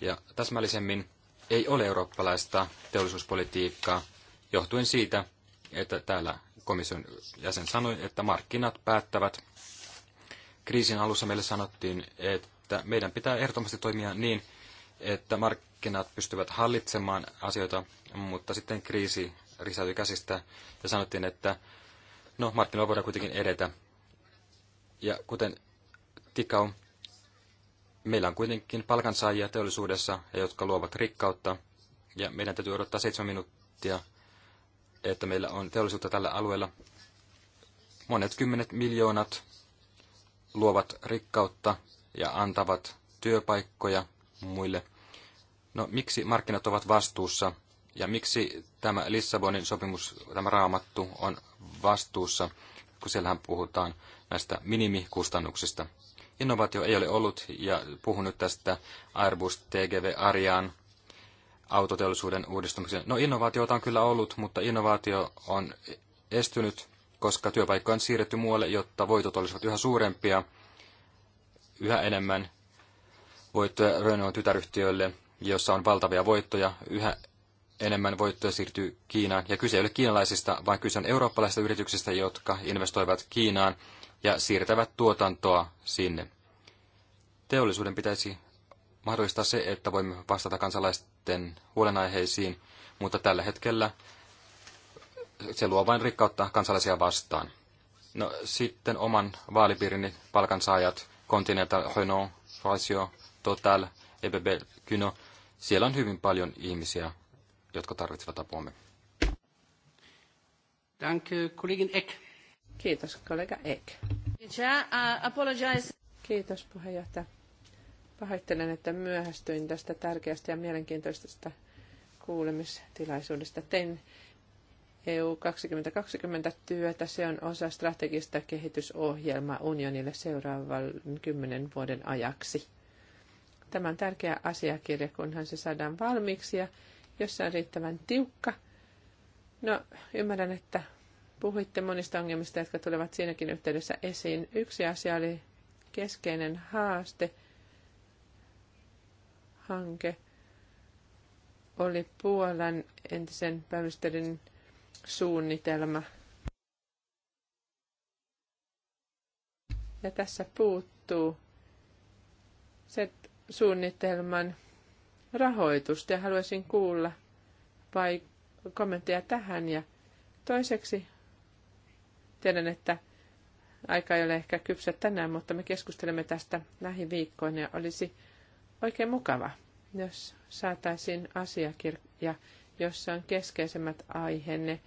Ja täsmällisemmin ei ole eurooppalaista teollisuuspolitiikkaa johtuen siitä, että täällä komission jäsen sanoi, että markkinat päättävät. Kriisin alussa meille sanottiin, että meidän pitää ehdottomasti toimia niin, että markkinat pystyvät hallitsemaan asioita, mutta sitten kriisi risäytyi käsistä ja sanottiin, että no markkinoilla voidaan kuitenkin edetä. Ja kuten Tikau, meillä on kuitenkin palkansaajia teollisuudessa, jotka luovat rikkautta, ja meidän täytyy odottaa seitsemän minuuttia, että meillä on teollisuutta tällä alueella. Monet kymmenet miljoonat luovat rikkautta ja antavat työpaikkoja muille. No miksi markkinat ovat vastuussa ja miksi tämä Lissabonin sopimus, tämä raamattu on vastuussa, kun siellähän puhutaan näistä minimikustannuksista. Innovaatio ei ole ollut, ja puhun nyt tästä Airbus TGV Ariaan autoteollisuuden uudistumisen. No innovaatiota on kyllä ollut, mutta innovaatio on estynyt, koska työpaikkoja on siirretty muualle, jotta voitot olisivat yhä suurempia, yhä enemmän voittoja Renault tytäryhtiöille, jossa on valtavia voittoja, yhä enemmän voittoja siirtyy Kiinaan. Ja kyse ei ole kiinalaisista, vaan kyse on eurooppalaisista yrityksistä, jotka investoivat Kiinaan ja siirtävät tuotantoa sinne. Teollisuuden pitäisi mahdollistaa se, että voimme vastata kansalaisten huolenaiheisiin, mutta tällä hetkellä se luo vain rikkautta kansalaisia vastaan. No sitten oman vaalipiirini palkansaajat, Continental, Renault, Fasio, Total, EBB, Kyno, siellä on hyvin paljon ihmisiä, jotka tarvitsevat apuamme. Danke, Kollegin Eck. Kiitos, kollega Ek. Kiitos, puheenjohtaja. Pahoittelen, että myöhästyin tästä tärkeästä ja mielenkiintoisesta kuulemistilaisuudesta. Tein EU 2020 työtä. Se on osa strategista kehitysohjelmaa unionille seuraavan kymmenen vuoden ajaksi. Tämä on tärkeä asiakirja, kunhan se saadaan valmiiksi ja jos se on riittävän tiukka. No, ymmärrän, että Puhuitte monista ongelmista, jotka tulevat siinäkin yhteydessä esiin. Yksi asia oli keskeinen haaste, hanke, oli Puolan entisen pääministerin suunnitelma. Ja tässä puuttuu se suunnitelman rahoitusta ja haluaisin kuulla vai kommentteja tähän. Ja toiseksi Tiedän, että aika ei ole ehkä kypsä tänään, mutta me keskustelemme tästä lähiviikkoina ja olisi oikein mukava, jos saataisiin asiakirja, jossa on keskeisemmät aiheenne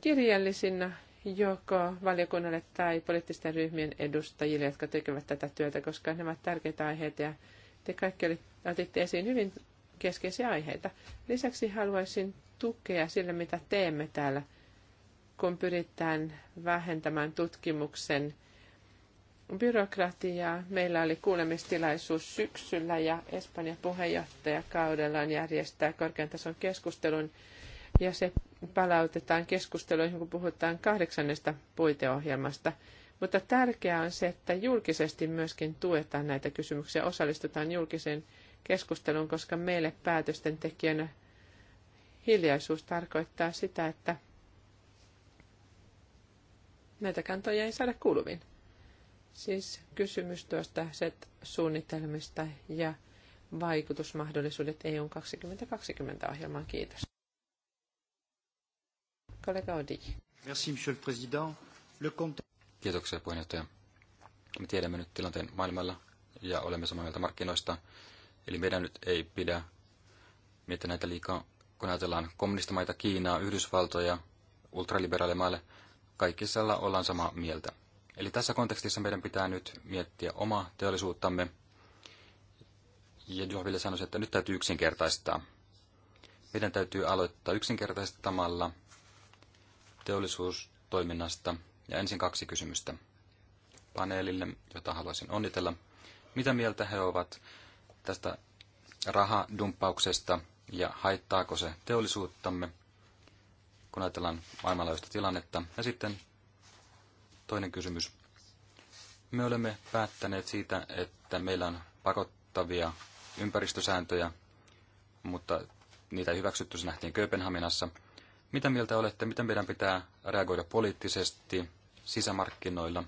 kirjallisina joko valiokunnalle tai poliittisten ryhmien edustajille, jotka tekevät tätä työtä, koska nämä ovat tärkeitä aiheita ja te kaikki otitte esiin hyvin keskeisiä aiheita. Lisäksi haluaisin tukea sille, mitä teemme täällä – kun pyritään vähentämään tutkimuksen byrokratiaa. Meillä oli kuulemistilaisuus syksyllä ja Espanjan puheenjohtajakaudellaan järjestää korkean tason keskustelun ja se palautetaan keskusteluihin, kun puhutaan kahdeksannesta puiteohjelmasta. Mutta tärkeää on se, että julkisesti myöskin tuetaan näitä kysymyksiä, osallistutaan julkiseen keskusteluun, koska meille päätösten tekijänä hiljaisuus tarkoittaa sitä, että näitä kantoja ei saada kuuluviin. Siis kysymys tuosta SET-suunnitelmista ja vaikutusmahdollisuudet EU: 2020-ohjelmaan. Kiitos. Kollega Odi. Merci, monsieur le président. Le Kiitoksia, puheenjohtaja. Me tiedämme nyt tilanteen maailmalla ja olemme samaa mieltä markkinoista. Eli meidän nyt ei pidä miettiä näitä liikaa, kun ajatellaan kommunistimaita, Kiinaa, Yhdysvaltoja, ultraliberaalimaille kaikisella ollaan samaa mieltä. Eli tässä kontekstissa meidän pitää nyt miettiä omaa teollisuuttamme. Ja Johville sanoisi, että nyt täytyy yksinkertaistaa. Meidän täytyy aloittaa yksinkertaistamalla teollisuustoiminnasta. Ja ensin kaksi kysymystä paneelille, jota haluaisin onnitella. Mitä mieltä he ovat tästä rahadumppauksesta ja haittaako se teollisuuttamme? kun ajatellaan maailmanlaajuista tilannetta. Ja sitten toinen kysymys. Me olemme päättäneet siitä, että meillä on pakottavia ympäristösääntöjä, mutta niitä ei hyväksytty, se nähtiin Kööpenhaminassa. Mitä mieltä olette, miten meidän pitää reagoida poliittisesti sisämarkkinoilla?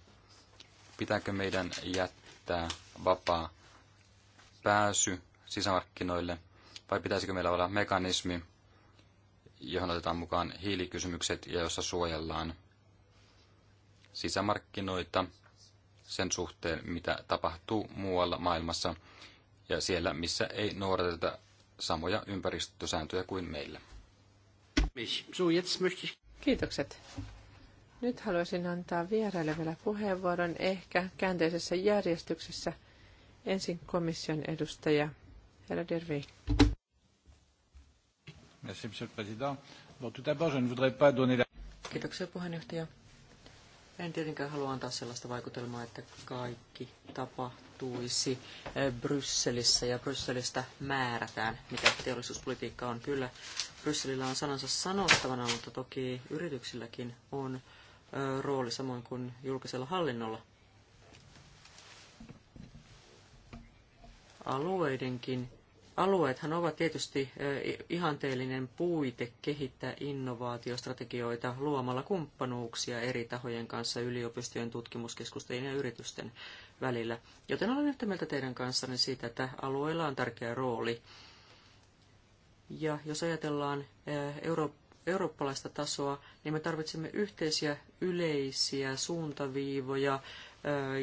Pitääkö meidän jättää vapaa pääsy sisämarkkinoille vai pitäisikö meillä olla mekanismi, johon otetaan mukaan hiilikysymykset ja jossa suojellaan sisämarkkinoita sen suhteen, mitä tapahtuu muualla maailmassa ja siellä, missä ei noudateta samoja ympäristösääntöjä kuin meillä. Kiitokset. Nyt haluaisin antaa vieraille vielä puheenvuoron ehkä käänteisessä järjestyksessä. Ensin komission edustaja Herra Dervi. Merci, Monsieur le Président. Bon, tout d'abord, je ne voudrais pas donner la... Kiitoksia puheenjohtaja. En tietenkään halua antaa sellaista vaikutelmaa, että kaikki tapahtuisi eh, Brysselissä ja Brysselistä määrätään, mitä teollisuuspolitiikka on. Kyllä Brysselillä on sanansa sanottavana, mutta toki yrityksilläkin on eh, rooli samoin kuin julkisella hallinnolla. Alueidenkin Alueethan ovat tietysti ihanteellinen puite kehittää innovaatiostrategioita luomalla kumppanuuksia eri tahojen kanssa yliopistojen, tutkimuskeskusten ja yritysten välillä. Joten olen yhtä mieltä teidän kanssanne siitä, että alueilla on tärkeä rooli. Ja jos ajatellaan Euro- eurooppalaista tasoa, niin me tarvitsemme yhteisiä yleisiä suuntaviivoja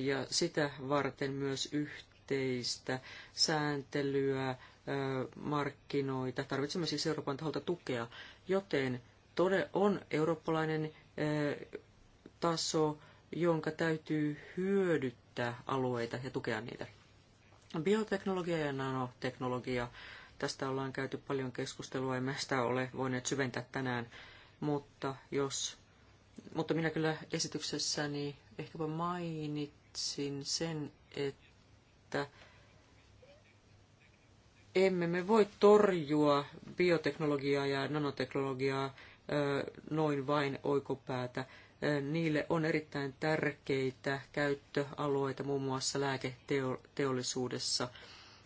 ja sitä varten myös yhteistä sääntelyä, markkinoita. Tarvitsemme siis Euroopan taholta tukea, joten tode on eurooppalainen taso, jonka täytyy hyödyttää alueita ja tukea niitä. Bioteknologia ja nanoteknologia. Tästä ollaan käyty paljon keskustelua, emme sitä ole voineet syventää tänään, mutta, jos, mutta minä kyllä esityksessäni ehkäpä mainitsin sen, että emme me voi torjua bioteknologiaa ja nanoteknologiaa noin vain oikopäätä. Niille on erittäin tärkeitä käyttöalueita muun muassa lääketeollisuudessa,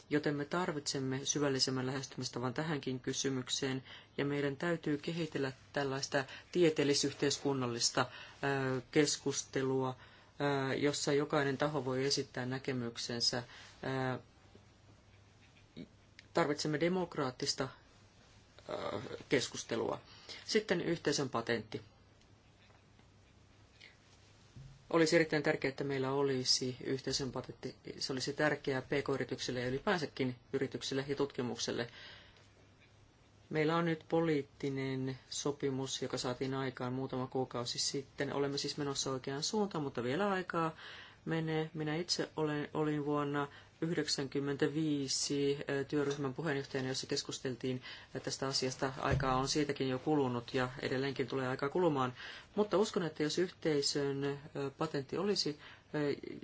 joten me tarvitsemme syvällisemmän lähestymistavan tähänkin kysymykseen, ja meidän täytyy kehitellä tällaista tieteellisyhteiskunnallista keskustelua, jossa jokainen taho voi esittää näkemyksensä Tarvitsemme demokraattista keskustelua. Sitten yhteisön patentti. Olisi erittäin tärkeää, että meillä olisi yhteisön patentti. Se olisi tärkeää pk-yrityksille ja ylipäänsäkin yrityksille ja tutkimukselle. Meillä on nyt poliittinen sopimus, joka saatiin aikaan muutama kuukausi sitten. Olemme siis menossa oikeaan suuntaan, mutta vielä aikaa menee. Minä itse olen, olin vuonna Yhdeksänkymmentäviisi työryhmän puheenjohtajana, jossa keskusteltiin tästä asiasta. Aikaa on siitäkin jo kulunut ja edelleenkin tulee aikaa kulumaan. Mutta uskon, että jos yhteisön patentti olisi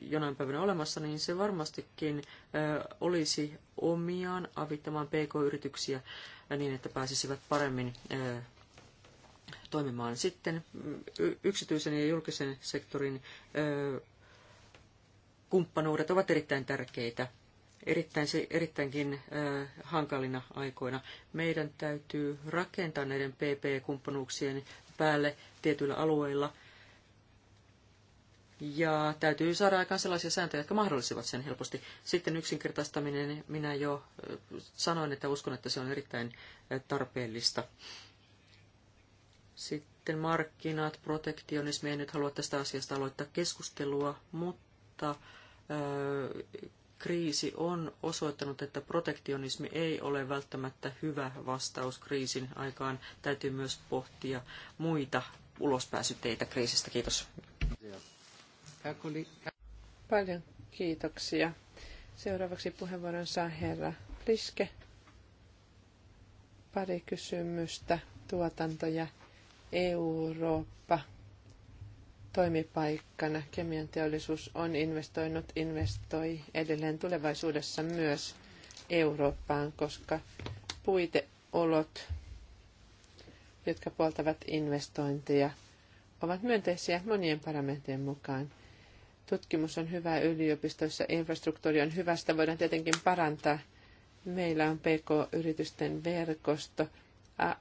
jonain päivänä olemassa, niin se varmastikin olisi omiaan avittamaan pk-yrityksiä niin, että pääsisivät paremmin toimimaan. Sitten yksityisen ja julkisen sektorin kumppanuudet ovat erittäin tärkeitä, erittäin, erittäinkin äh, hankalina aikoina. Meidän täytyy rakentaa näiden PP-kumppanuuksien päälle tietyillä alueilla, ja täytyy saada aikaan sellaisia sääntöjä, jotka mahdollisivat sen helposti. Sitten yksinkertaistaminen, minä jo sanoin, että uskon, että se on erittäin tarpeellista. Sitten markkinat, protektionismi, en nyt halua tästä asiasta aloittaa keskustelua, mutta kriisi on osoittanut, että protektionismi ei ole välttämättä hyvä vastaus kriisin aikaan. Täytyy myös pohtia muita ulospääsyteitä kriisistä. Kiitos. Paljon kiitoksia. Seuraavaksi puheenvuoron saa herra Pliske. Pari kysymystä. Tuotanto ja Eurooppa toimipaikkana. Kemian teollisuus on investoinut, investoi edelleen tulevaisuudessa myös Eurooppaan, koska puiteolot, jotka puoltavat investointeja, ovat myönteisiä monien parametrien mukaan. Tutkimus on hyvää yliopistoissa, infrastruktuuri on hyvästä, voidaan tietenkin parantaa. Meillä on PK-yritysten verkosto,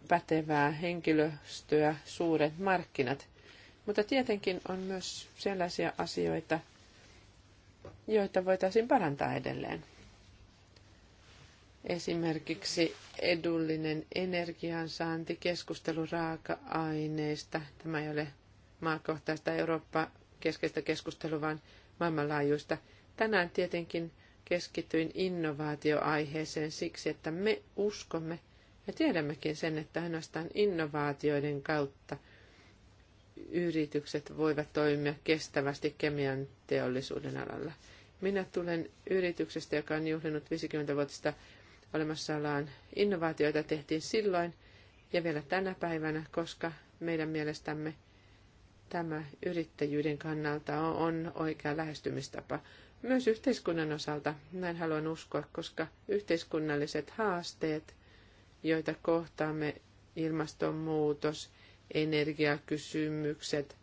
pätevää henkilöstöä, suuret markkinat. Mutta tietenkin on myös sellaisia asioita, joita voitaisiin parantaa edelleen. Esimerkiksi edullinen energiansaanti, keskustelu raaka-aineista. Tämä ei ole maakohtaista Eurooppa-keskeistä keskustelua, vaan maailmanlaajuista. Tänään tietenkin keskityin innovaatioaiheeseen siksi, että me uskomme ja tiedämmekin sen, että ainoastaan innovaatioiden kautta – yritykset voivat toimia kestävästi kemian teollisuuden alalla. Minä tulen yrityksestä, joka on juhlinut 50-vuotista olemassaolaan innovaatioita tehtiin silloin ja vielä tänä päivänä, koska meidän mielestämme tämä yrittäjyyden kannalta on oikea lähestymistapa. Myös yhteiskunnan osalta, näin haluan uskoa, koska yhteiskunnalliset haasteet, joita kohtaamme, ilmastonmuutos – energiakysymykset,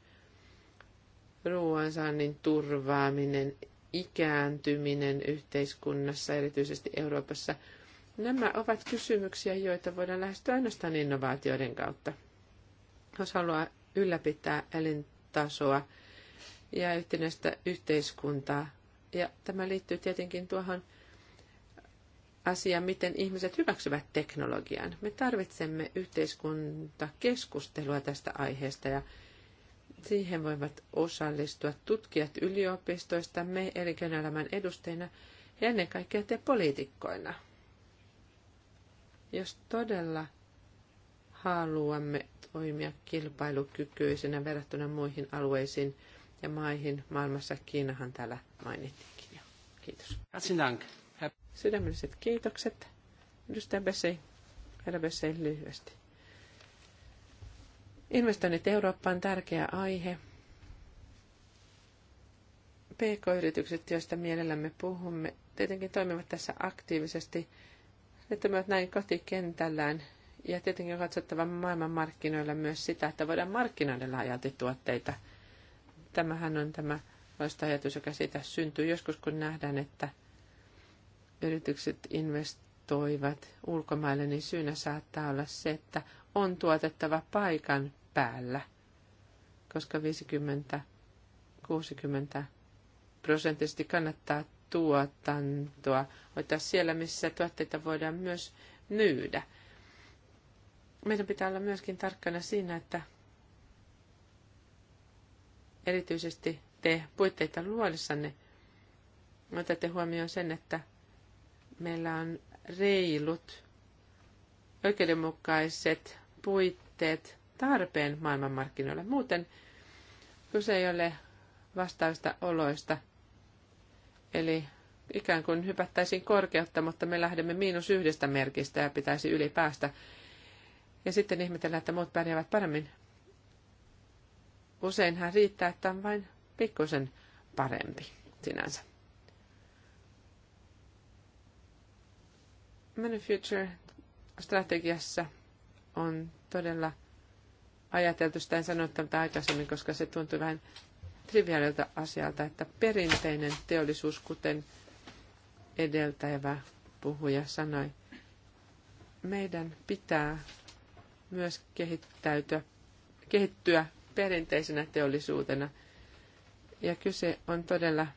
ruoansaannin turvaaminen, ikääntyminen yhteiskunnassa, erityisesti Euroopassa. Nämä ovat kysymyksiä, joita voidaan lähestyä ainoastaan innovaatioiden kautta. Jos haluaa ylläpitää elintasoa ja yhtenäistä yhteiskuntaa, ja tämä liittyy tietenkin tuohon asia, miten ihmiset hyväksyvät teknologian. Me tarvitsemme yhteiskuntakeskustelua tästä aiheesta ja siihen voivat osallistua tutkijat yliopistoista, me elinkeinoelämän edustajina ja ennen kaikkea te poliitikkoina. Jos todella haluamme toimia kilpailukykyisenä verrattuna muihin alueisiin ja maihin maailmassa, Kiinahan täällä mainittiinkin jo. Kiitos. Herzlichen Dank. Sydämelliset kiitokset. Edustaja Bessei, herra Bessei lyhyesti. Investoinnit Eurooppaan tärkeä aihe. PK-yritykset, joista mielellämme puhumme, tietenkin toimivat tässä aktiivisesti. Ne toimivat näin kotikentällään ja tietenkin on katsottava markkinoilla myös sitä, että voidaan markkinoida laajalti tuotteita. Tämähän on tämä loista ajatus, joka siitä syntyy joskus, kun nähdään, että – yritykset investoivat ulkomaille, niin syynä saattaa olla se, että on tuotettava paikan päällä, koska 50 60 prosenttisesti kannattaa tuotantoa hoitaa siellä, missä tuotteita voidaan myös myydä. Meidän pitää olla myöskin tarkkana siinä, että erityisesti te puitteita luodessanne otatte huomioon sen, että meillä on reilut, oikeudenmukaiset puitteet tarpeen maailmanmarkkinoilla. Muuten kyse ei ole vastaavista oloista, eli ikään kuin hypättäisiin korkeutta, mutta me lähdemme miinus yhdestä merkistä ja pitäisi ylipäästä. Ja sitten ihmetellään, että muut pärjäävät paremmin. Useinhan riittää, että on vain pikkusen parempi sinänsä. Many Future-strategiassa on todella ajateltu, sitä en sano tätä aikaisemmin, koska se tuntuu vähän triviaalilta asialta, että perinteinen teollisuus, kuten edeltävä puhuja sanoi, meidän pitää myös kehittäytyä, kehittyä perinteisenä teollisuutena. Ja kyse on todella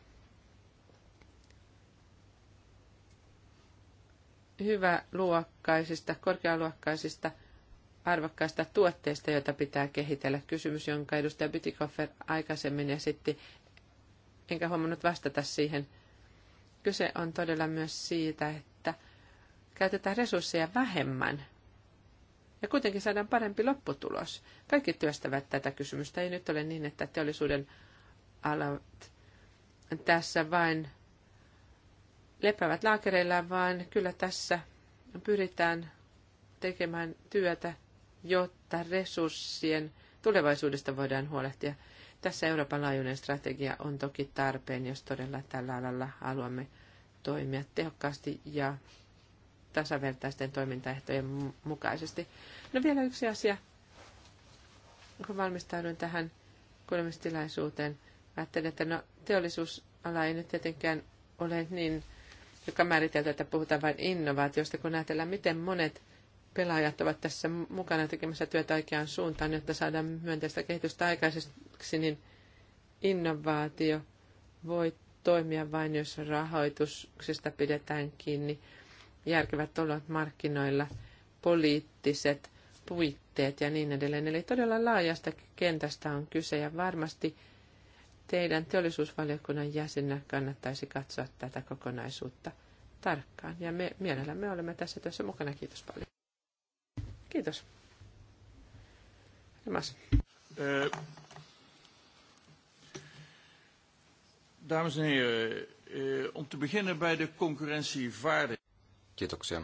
hyväluokkaisista, korkealuokkaisista, arvokkaista tuotteista, joita pitää kehitellä. Kysymys, jonka edustaja Bytikoffer aikaisemmin esitti, enkä huomannut vastata siihen. Kyse on todella myös siitä, että käytetään resursseja vähemmän ja kuitenkin saadaan parempi lopputulos. Kaikki työstävät tätä kysymystä. Ei nyt ole niin, että teollisuuden alat tässä vain lepäävät laakereillaan, vaan kyllä tässä pyritään tekemään työtä, jotta resurssien tulevaisuudesta voidaan huolehtia. Tässä Euroopan laajuinen strategia on toki tarpeen, jos todella tällä alalla haluamme toimia tehokkaasti ja tasavertaisten toimintaehtojen mukaisesti. No vielä yksi asia, kun valmistauduin tähän kuulemistilaisuuteen, ajattelin, että no, teollisuusala ei nyt tietenkään ole niin joka määritelty, että puhutaan vain innovaatiosta, kun ajatellaan, miten monet pelaajat ovat tässä mukana tekemässä työtä oikeaan suuntaan, jotta saadaan myönteistä kehitystä aikaiseksi, niin innovaatio voi toimia vain, jos rahoituksesta pidetään kiinni järkevät olot markkinoilla, poliittiset puitteet ja niin edelleen. Eli todella laajasta kentästä on kyse ja varmasti – teidän teollisuusvaliokunnan jäsenä kannattaisi katsoa tätä kokonaisuutta tarkkaan. Ja me mielellämme olemme tässä työssä mukana. Kiitos paljon. Kiitos. Rimas. Dames en heren, om te beginnen bij de concurrentievaardig. Kiitoksia.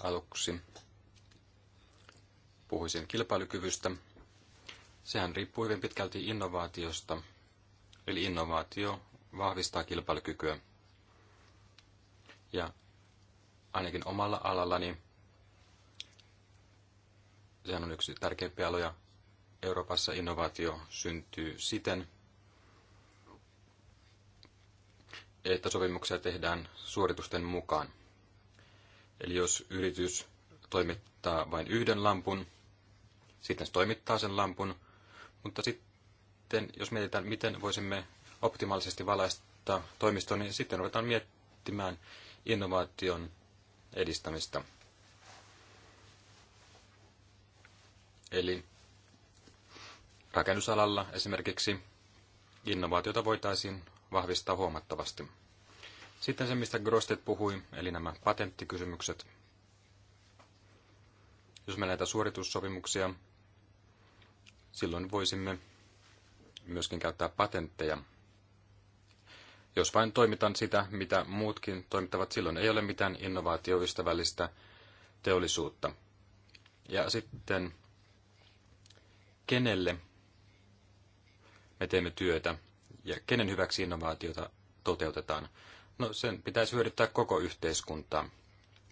Aluksi puhuisin kilpailukyvystä. Sehän riippuu hyvin pitkälti innovaatiosta, eli innovaatio vahvistaa kilpailukykyä. Ja ainakin omalla alallani, sehän on yksi tärkeimpiä aloja, Euroopassa innovaatio syntyy siten, että sopimuksia tehdään suoritusten mukaan. Eli jos yritys toimittaa vain yhden lampun, sitten se toimittaa sen lampun, mutta sitten, jos mietitään, miten voisimme optimaalisesti valaista toimistoa, niin sitten ruvetaan miettimään innovaation edistämistä. Eli rakennusalalla esimerkiksi innovaatiota voitaisiin vahvistaa huomattavasti. Sitten se, mistä Grosted puhui, eli nämä patenttikysymykset. Jos meillä näitä suoritussopimuksia, Silloin voisimme myöskin käyttää patentteja. Jos vain toimitan sitä, mitä muutkin toimittavat, silloin ei ole mitään innovaatioystävällistä teollisuutta. Ja sitten, kenelle me teemme työtä ja kenen hyväksi innovaatiota toteutetaan? No sen pitäisi hyödyttää koko yhteiskuntaa.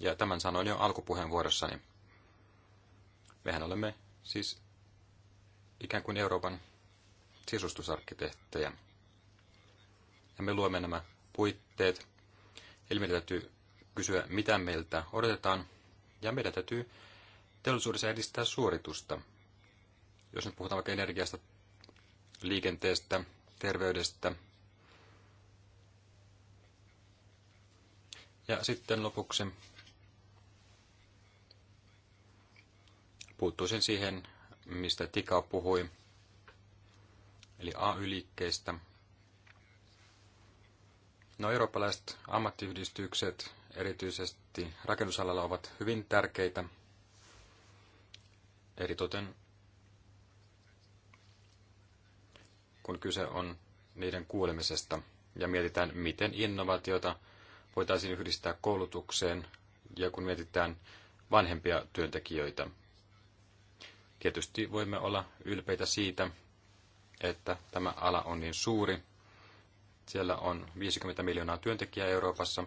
Ja tämän sanoin jo alkupuheenvuorossani. Mehän olemme siis ikään kuin Euroopan sisustusarkkitehtejä. Ja me luomme nämä puitteet. Eli meidän täytyy kysyä, mitä meiltä odotetaan. Ja meidän täytyy teollisuudessa edistää suoritusta. Jos nyt puhutaan vaikka energiasta, liikenteestä, terveydestä. Ja sitten lopuksi puuttuisin siihen mistä Tika puhui, eli AY-liikkeistä. No, eurooppalaiset ammattiyhdistykset, erityisesti rakennusalalla, ovat hyvin tärkeitä, eritoten kun kyse on niiden kuulemisesta ja mietitään, miten innovaatiota voitaisiin yhdistää koulutukseen ja kun mietitään vanhempia työntekijöitä – Tietysti voimme olla ylpeitä siitä, että tämä ala on niin suuri. Siellä on 50 miljoonaa työntekijää Euroopassa,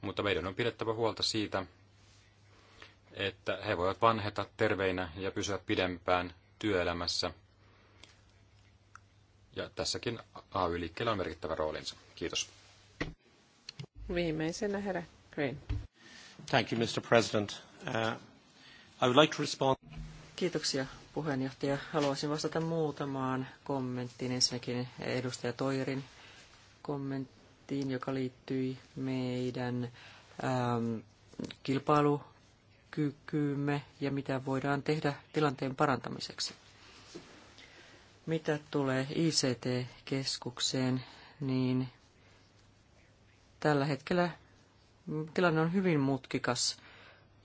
mutta meidän on pidettävä huolta siitä, että he voivat vanheta terveinä ja pysyä pidempään työelämässä. Ja tässäkin AY-liikkeellä on merkittävä roolinsa. Kiitos. Viimeisenä herra Green. Thank you, Mr. President. Uh, I would like to respond... Kiitoksia puheenjohtaja. Haluaisin vastata muutamaan kommenttiin. Ensinnäkin edustaja Toirin kommenttiin, joka liittyi meidän ähm, kilpailukykyymme ja mitä voidaan tehdä tilanteen parantamiseksi. Mitä tulee ICT-keskukseen, niin tällä hetkellä tilanne on hyvin mutkikas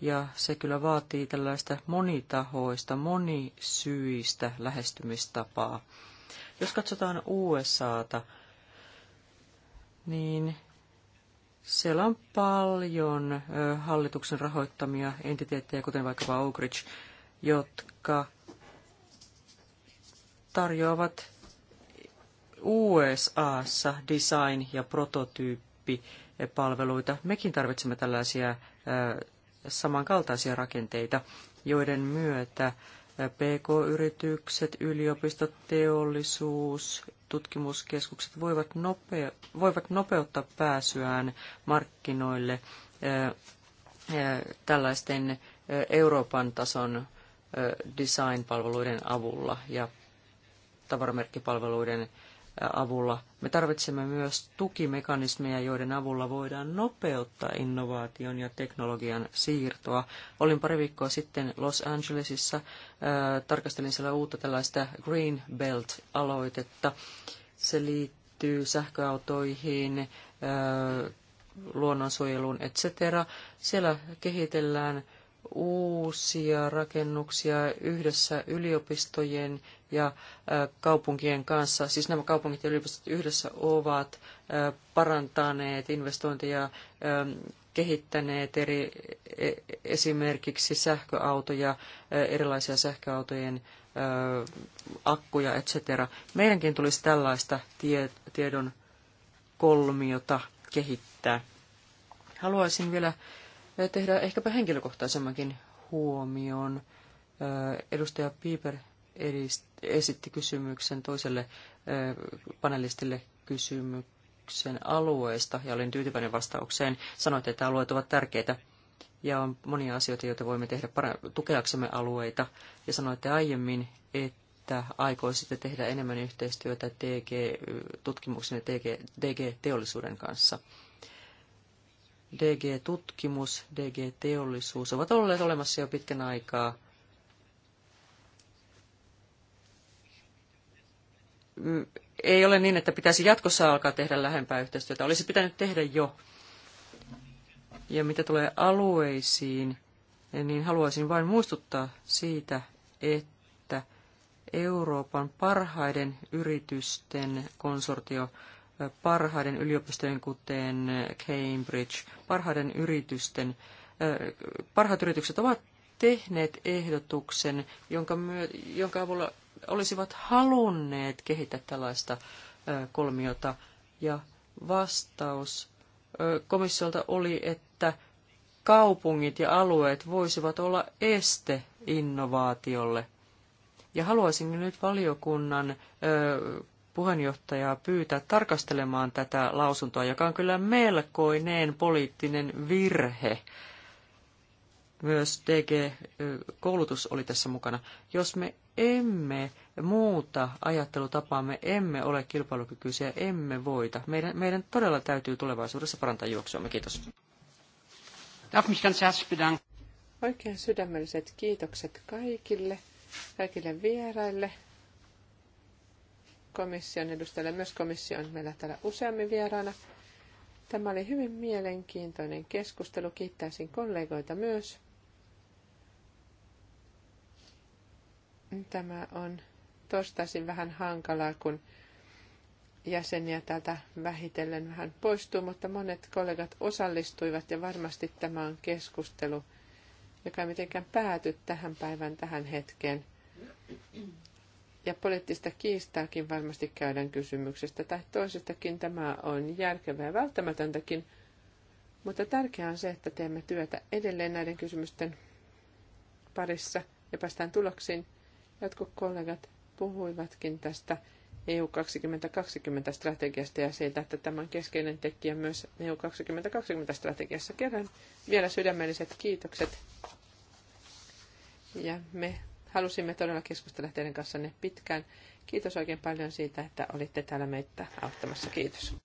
ja se kyllä vaatii tällaista monitahoista, monisyistä lähestymistapaa. Jos katsotaan USAta, niin siellä on paljon hallituksen rahoittamia entiteettejä, kuten vaikkapa Oak Ridge, jotka tarjoavat USAssa design- ja prototyyppipalveluita. Mekin tarvitsemme tällaisia samankaltaisia rakenteita, joiden myötä PK-yritykset, yliopistot, teollisuus, tutkimuskeskukset voivat, nopea, voivat nopeuttaa pääsyään markkinoille eh, eh, tällaisten eh, Euroopan tason design-palveluiden avulla ja tavaramerkkipalveluiden ää, avulla. Me tarvitsemme myös tukimekanismeja, joiden avulla voidaan nopeuttaa innovaation ja teknologian siirtoa. Olin pari viikkoa sitten Los Angelesissa, äh, tarkastelin siellä uutta tällaista Green Belt-aloitetta. Se liittyy sähköautoihin, äh, luonnonsuojeluun, etc. Siellä kehitellään äh, uusia rakennuksia yhdessä yliopistojen ja äh, kaupunkien kanssa. Siis nämä kaupungit ja yliopistot yhdessä ovat äh, parantaneet investointeja, ähm, kehittäneet eri, e, esimerkiksi sähköautoja, äh, erilaisia sähköautojen akkuja, etc. Meidänkin tulisi tällaista tie, tiedon kolmiota kehittää. Haluaisin vielä tehdä ehkäpä henkilökohtaisemmankin huomion. Edustaja Piper esitti kysymyksen toiselle panelistille kysymyksen alueesta, ja olin tyytyväinen vastaukseen. Sanoitte, että alueet ovat tärkeitä ja on monia asioita, joita voimme tehdä tukeaksemme alueita. Ja sanoitte aiemmin, että aikoisitte tehdä enemmän yhteistyötä TG-tutkimuksen ja TG-teollisuuden kanssa. DG-tutkimus, DG-teollisuus ovat olleet olemassa jo pitkän aikaa. Mm, ei ole niin, että pitäisi jatkossa alkaa tehdä lähempää yhteistyötä. Olisi pitänyt tehdä jo. Ja mitä tulee alueisiin, niin haluaisin vain muistuttaa siitä, että Euroopan parhaiden yritysten konsortio parhaiden yliopistojen, kuten Cambridge, parhaiden yritysten, parhaat yritykset ovat tehneet ehdotuksen, jonka, myö, jonka avulla olisivat halunneet kehittää tällaista kolmiota. Ja vastaus komissiolta oli, että kaupungit ja alueet voisivat olla este innovaatiolle. Ja haluaisin nyt valiokunnan puheenjohtajaa pyytää tarkastelemaan tätä lausuntoa, joka on kyllä melkoinen poliittinen virhe. Myös DG-koulutus oli tässä mukana. Jos me emme muuta ajattelutapaamme, emme ole kilpailukykyisiä, emme voita. Meidän, meidän todella täytyy tulevaisuudessa parantaa juoksuamme. Kiitos. Oikein sydämelliset kiitokset kaikille, kaikille vieraille komission edustajalle, myös komissio on meillä täällä useammin vieraana. Tämä oli hyvin mielenkiintoinen keskustelu. Kiittäisin kollegoita myös. Tämä on torstaisin vähän hankalaa, kun jäseniä täältä vähitellen vähän poistuu, mutta monet kollegat osallistuivat ja varmasti tämä on keskustelu, joka ei mitenkään pääty tähän päivään, tähän hetkeen. Ja poliittista kiistaakin varmasti käydään kysymyksestä tai toisestakin. Tämä on järkevää ja välttämätöntäkin. Mutta tärkeää on se, että teemme työtä edelleen näiden kysymysten parissa ja päästään tuloksiin. Jotkut kollegat puhuivatkin tästä EU 2020 strategiasta ja siitä, että tämän keskeinen tekijä myös EU 2020 strategiassa. Kerran vielä sydämelliset kiitokset. Ja me halusimme todella keskustella teidän kanssanne pitkään. Kiitos oikein paljon siitä, että olitte täällä meitä auttamassa. Kiitos.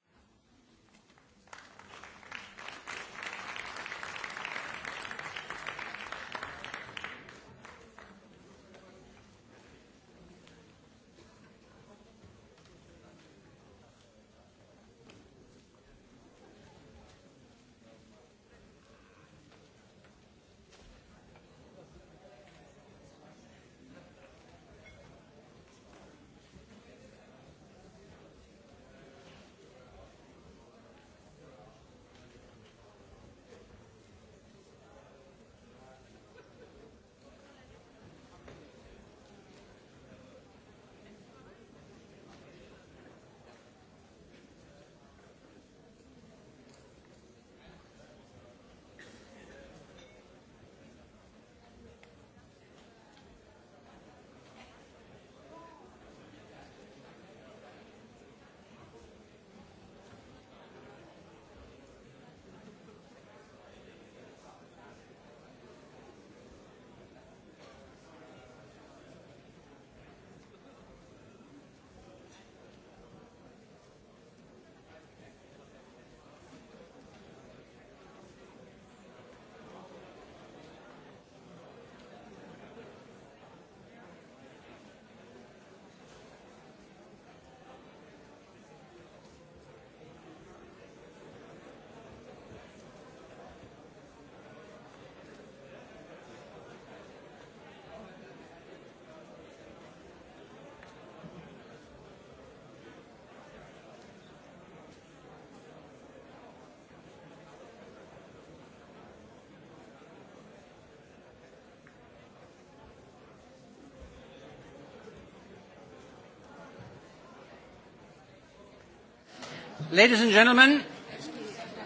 Ladies and gentlemen.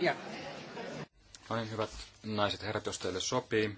Yeah. No niin, hyvät naiset herrat, jos teille sopii.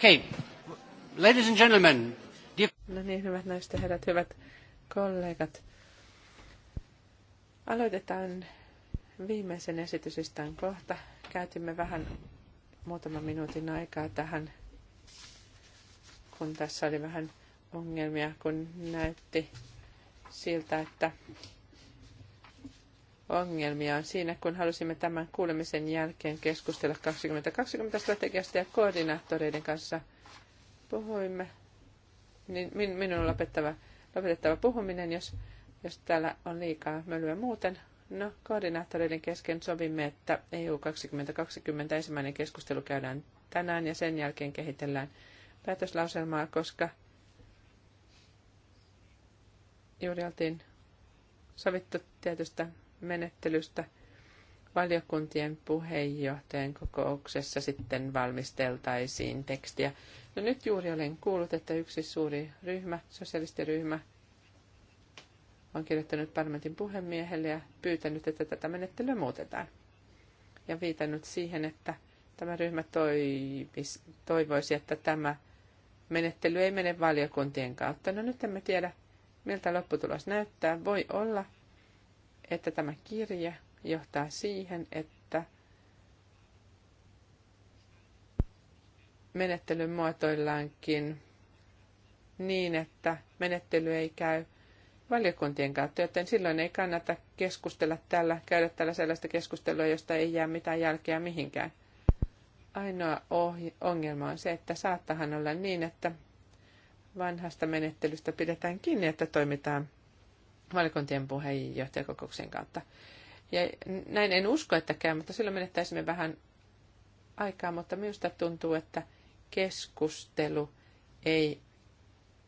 Okay. Ladies and gentlemen. No niin, hyvät naiset ja herrat, hyvät kollegat. Aloitetaan viimeisen esitysistään kohta. Käytimme vähän muutaman minuutin aikaa tähän, kun tässä oli vähän ongelmia, kun näytti siltä, että ongelmia on siinä, kun halusimme tämän kuulemisen jälkeen keskustella 2020-strategiasta ja koordinaattoreiden kanssa puhuimme. Niin minun on lopettava, lopetettava puhuminen, jos, jos täällä on liikaa mölyä muuten. No, koordinaattoreiden kesken sovimme, että EU 2020 ensimmäinen keskustelu käydään tänään ja sen jälkeen kehitellään päätöslauselmaa, koska juuri oltiin sovittu tietystä menettelystä valiokuntien puheenjohtajan kokouksessa sitten valmisteltaisiin tekstiä. No nyt juuri olen kuullut, että yksi suuri ryhmä, sosialistiryhmä, on kirjoittanut parlamentin puhemiehelle ja pyytänyt, että tätä menettelyä muutetaan. Ja viitannut siihen, että tämä ryhmä toivis, toivoisi, että tämä menettely ei mene valiokuntien kautta. No nyt emme tiedä, miltä lopputulos näyttää. Voi olla, että tämä kirje johtaa siihen, että menettely muotoillaankin niin, että menettely ei käy valiokuntien kautta, joten silloin ei kannata keskustella tällä, käydä tällä sellaista keskustelua, josta ei jää mitään jälkeä mihinkään. Ainoa ongelma on se, että saattahan olla niin, että vanhasta menettelystä pidetään kiinni, että toimitaan valikointien puheenjohtajakokouksen kautta. Ja näin en usko, että käy, mutta silloin menettäisimme vähän aikaa, mutta minusta tuntuu, että keskustelu ei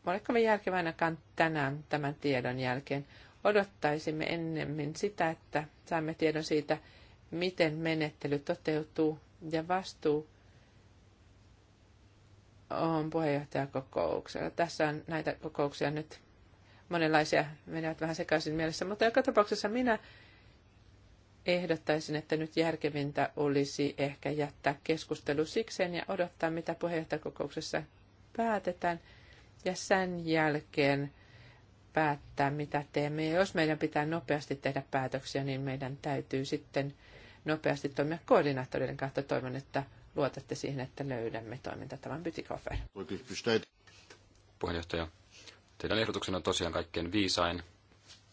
ole kovin järkevä ainakaan tänään tämän tiedon jälkeen. Odottaisimme ennemmin sitä, että saamme tiedon siitä, miten menettely toteutuu ja vastuu on puheenjohtajakokouksella. Tässä on näitä kokouksia nyt monenlaisia menevät vähän sekaisin mielessä, mutta joka tapauksessa minä ehdottaisin, että nyt järkevintä olisi ehkä jättää keskustelu sikseen ja odottaa, mitä puheenjohtajakokouksessa päätetään, ja sen jälkeen päättää, mitä teemme. Ja jos meidän pitää nopeasti tehdä päätöksiä, niin meidän täytyy sitten nopeasti toimia koordinaattoreiden kautta. Toivon, että luotatte siihen, että löydämme toimintatavan Bytikofer. Puheenjohtaja, Teidän ehdotuksena on tosiaan kaikkein viisain,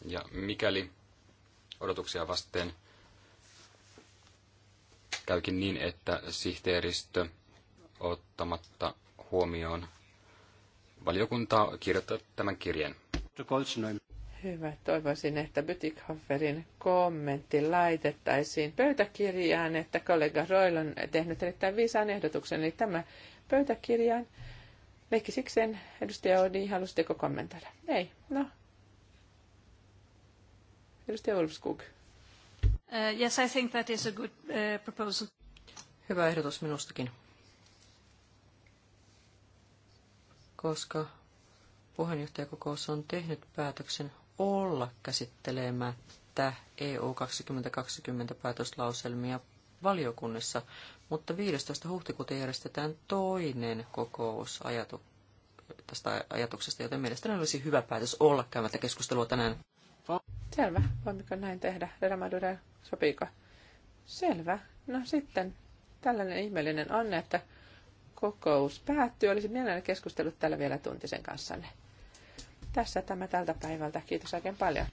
ja mikäli odotuksia vasten käykin niin, että sihteeristö ottamatta huomioon valiokuntaa kirjoittaa tämän kirjeen. Hyvä. Toivoisin, että Bytikhofferin kommentti laitettaisiin pöytäkirjaan, että kollega Roil on tehnyt erittäin viisaan ehdotuksen, eli tämä pöytäkirjaan Leikkisikseen, edustaja Odi, halusitteko kommentoida? Ei, no. Edustaja Ulfskog. Uh, yes, I think that is a good uh, proposal. Hyvä ehdotus minustakin. Koska puheenjohtajakokous on tehnyt päätöksen olla käsittelemättä EU 2020 päätöslauselmia valiokunnissa. Mutta 15. huhtikuuta järjestetään toinen kokous ajatu, tästä ajatuksesta, joten mielestäni olisi hyvä päätös olla käymättä keskustelua tänään. Selvä. Voimmeko näin tehdä? Redamadure, sopiiko? Selvä. No sitten tällainen ihmeellinen on, että kokous päättyy. Olisi mielelläni keskustellut täällä vielä tuntisen kanssanne. Tässä tämä tältä päivältä. Kiitos oikein paljon.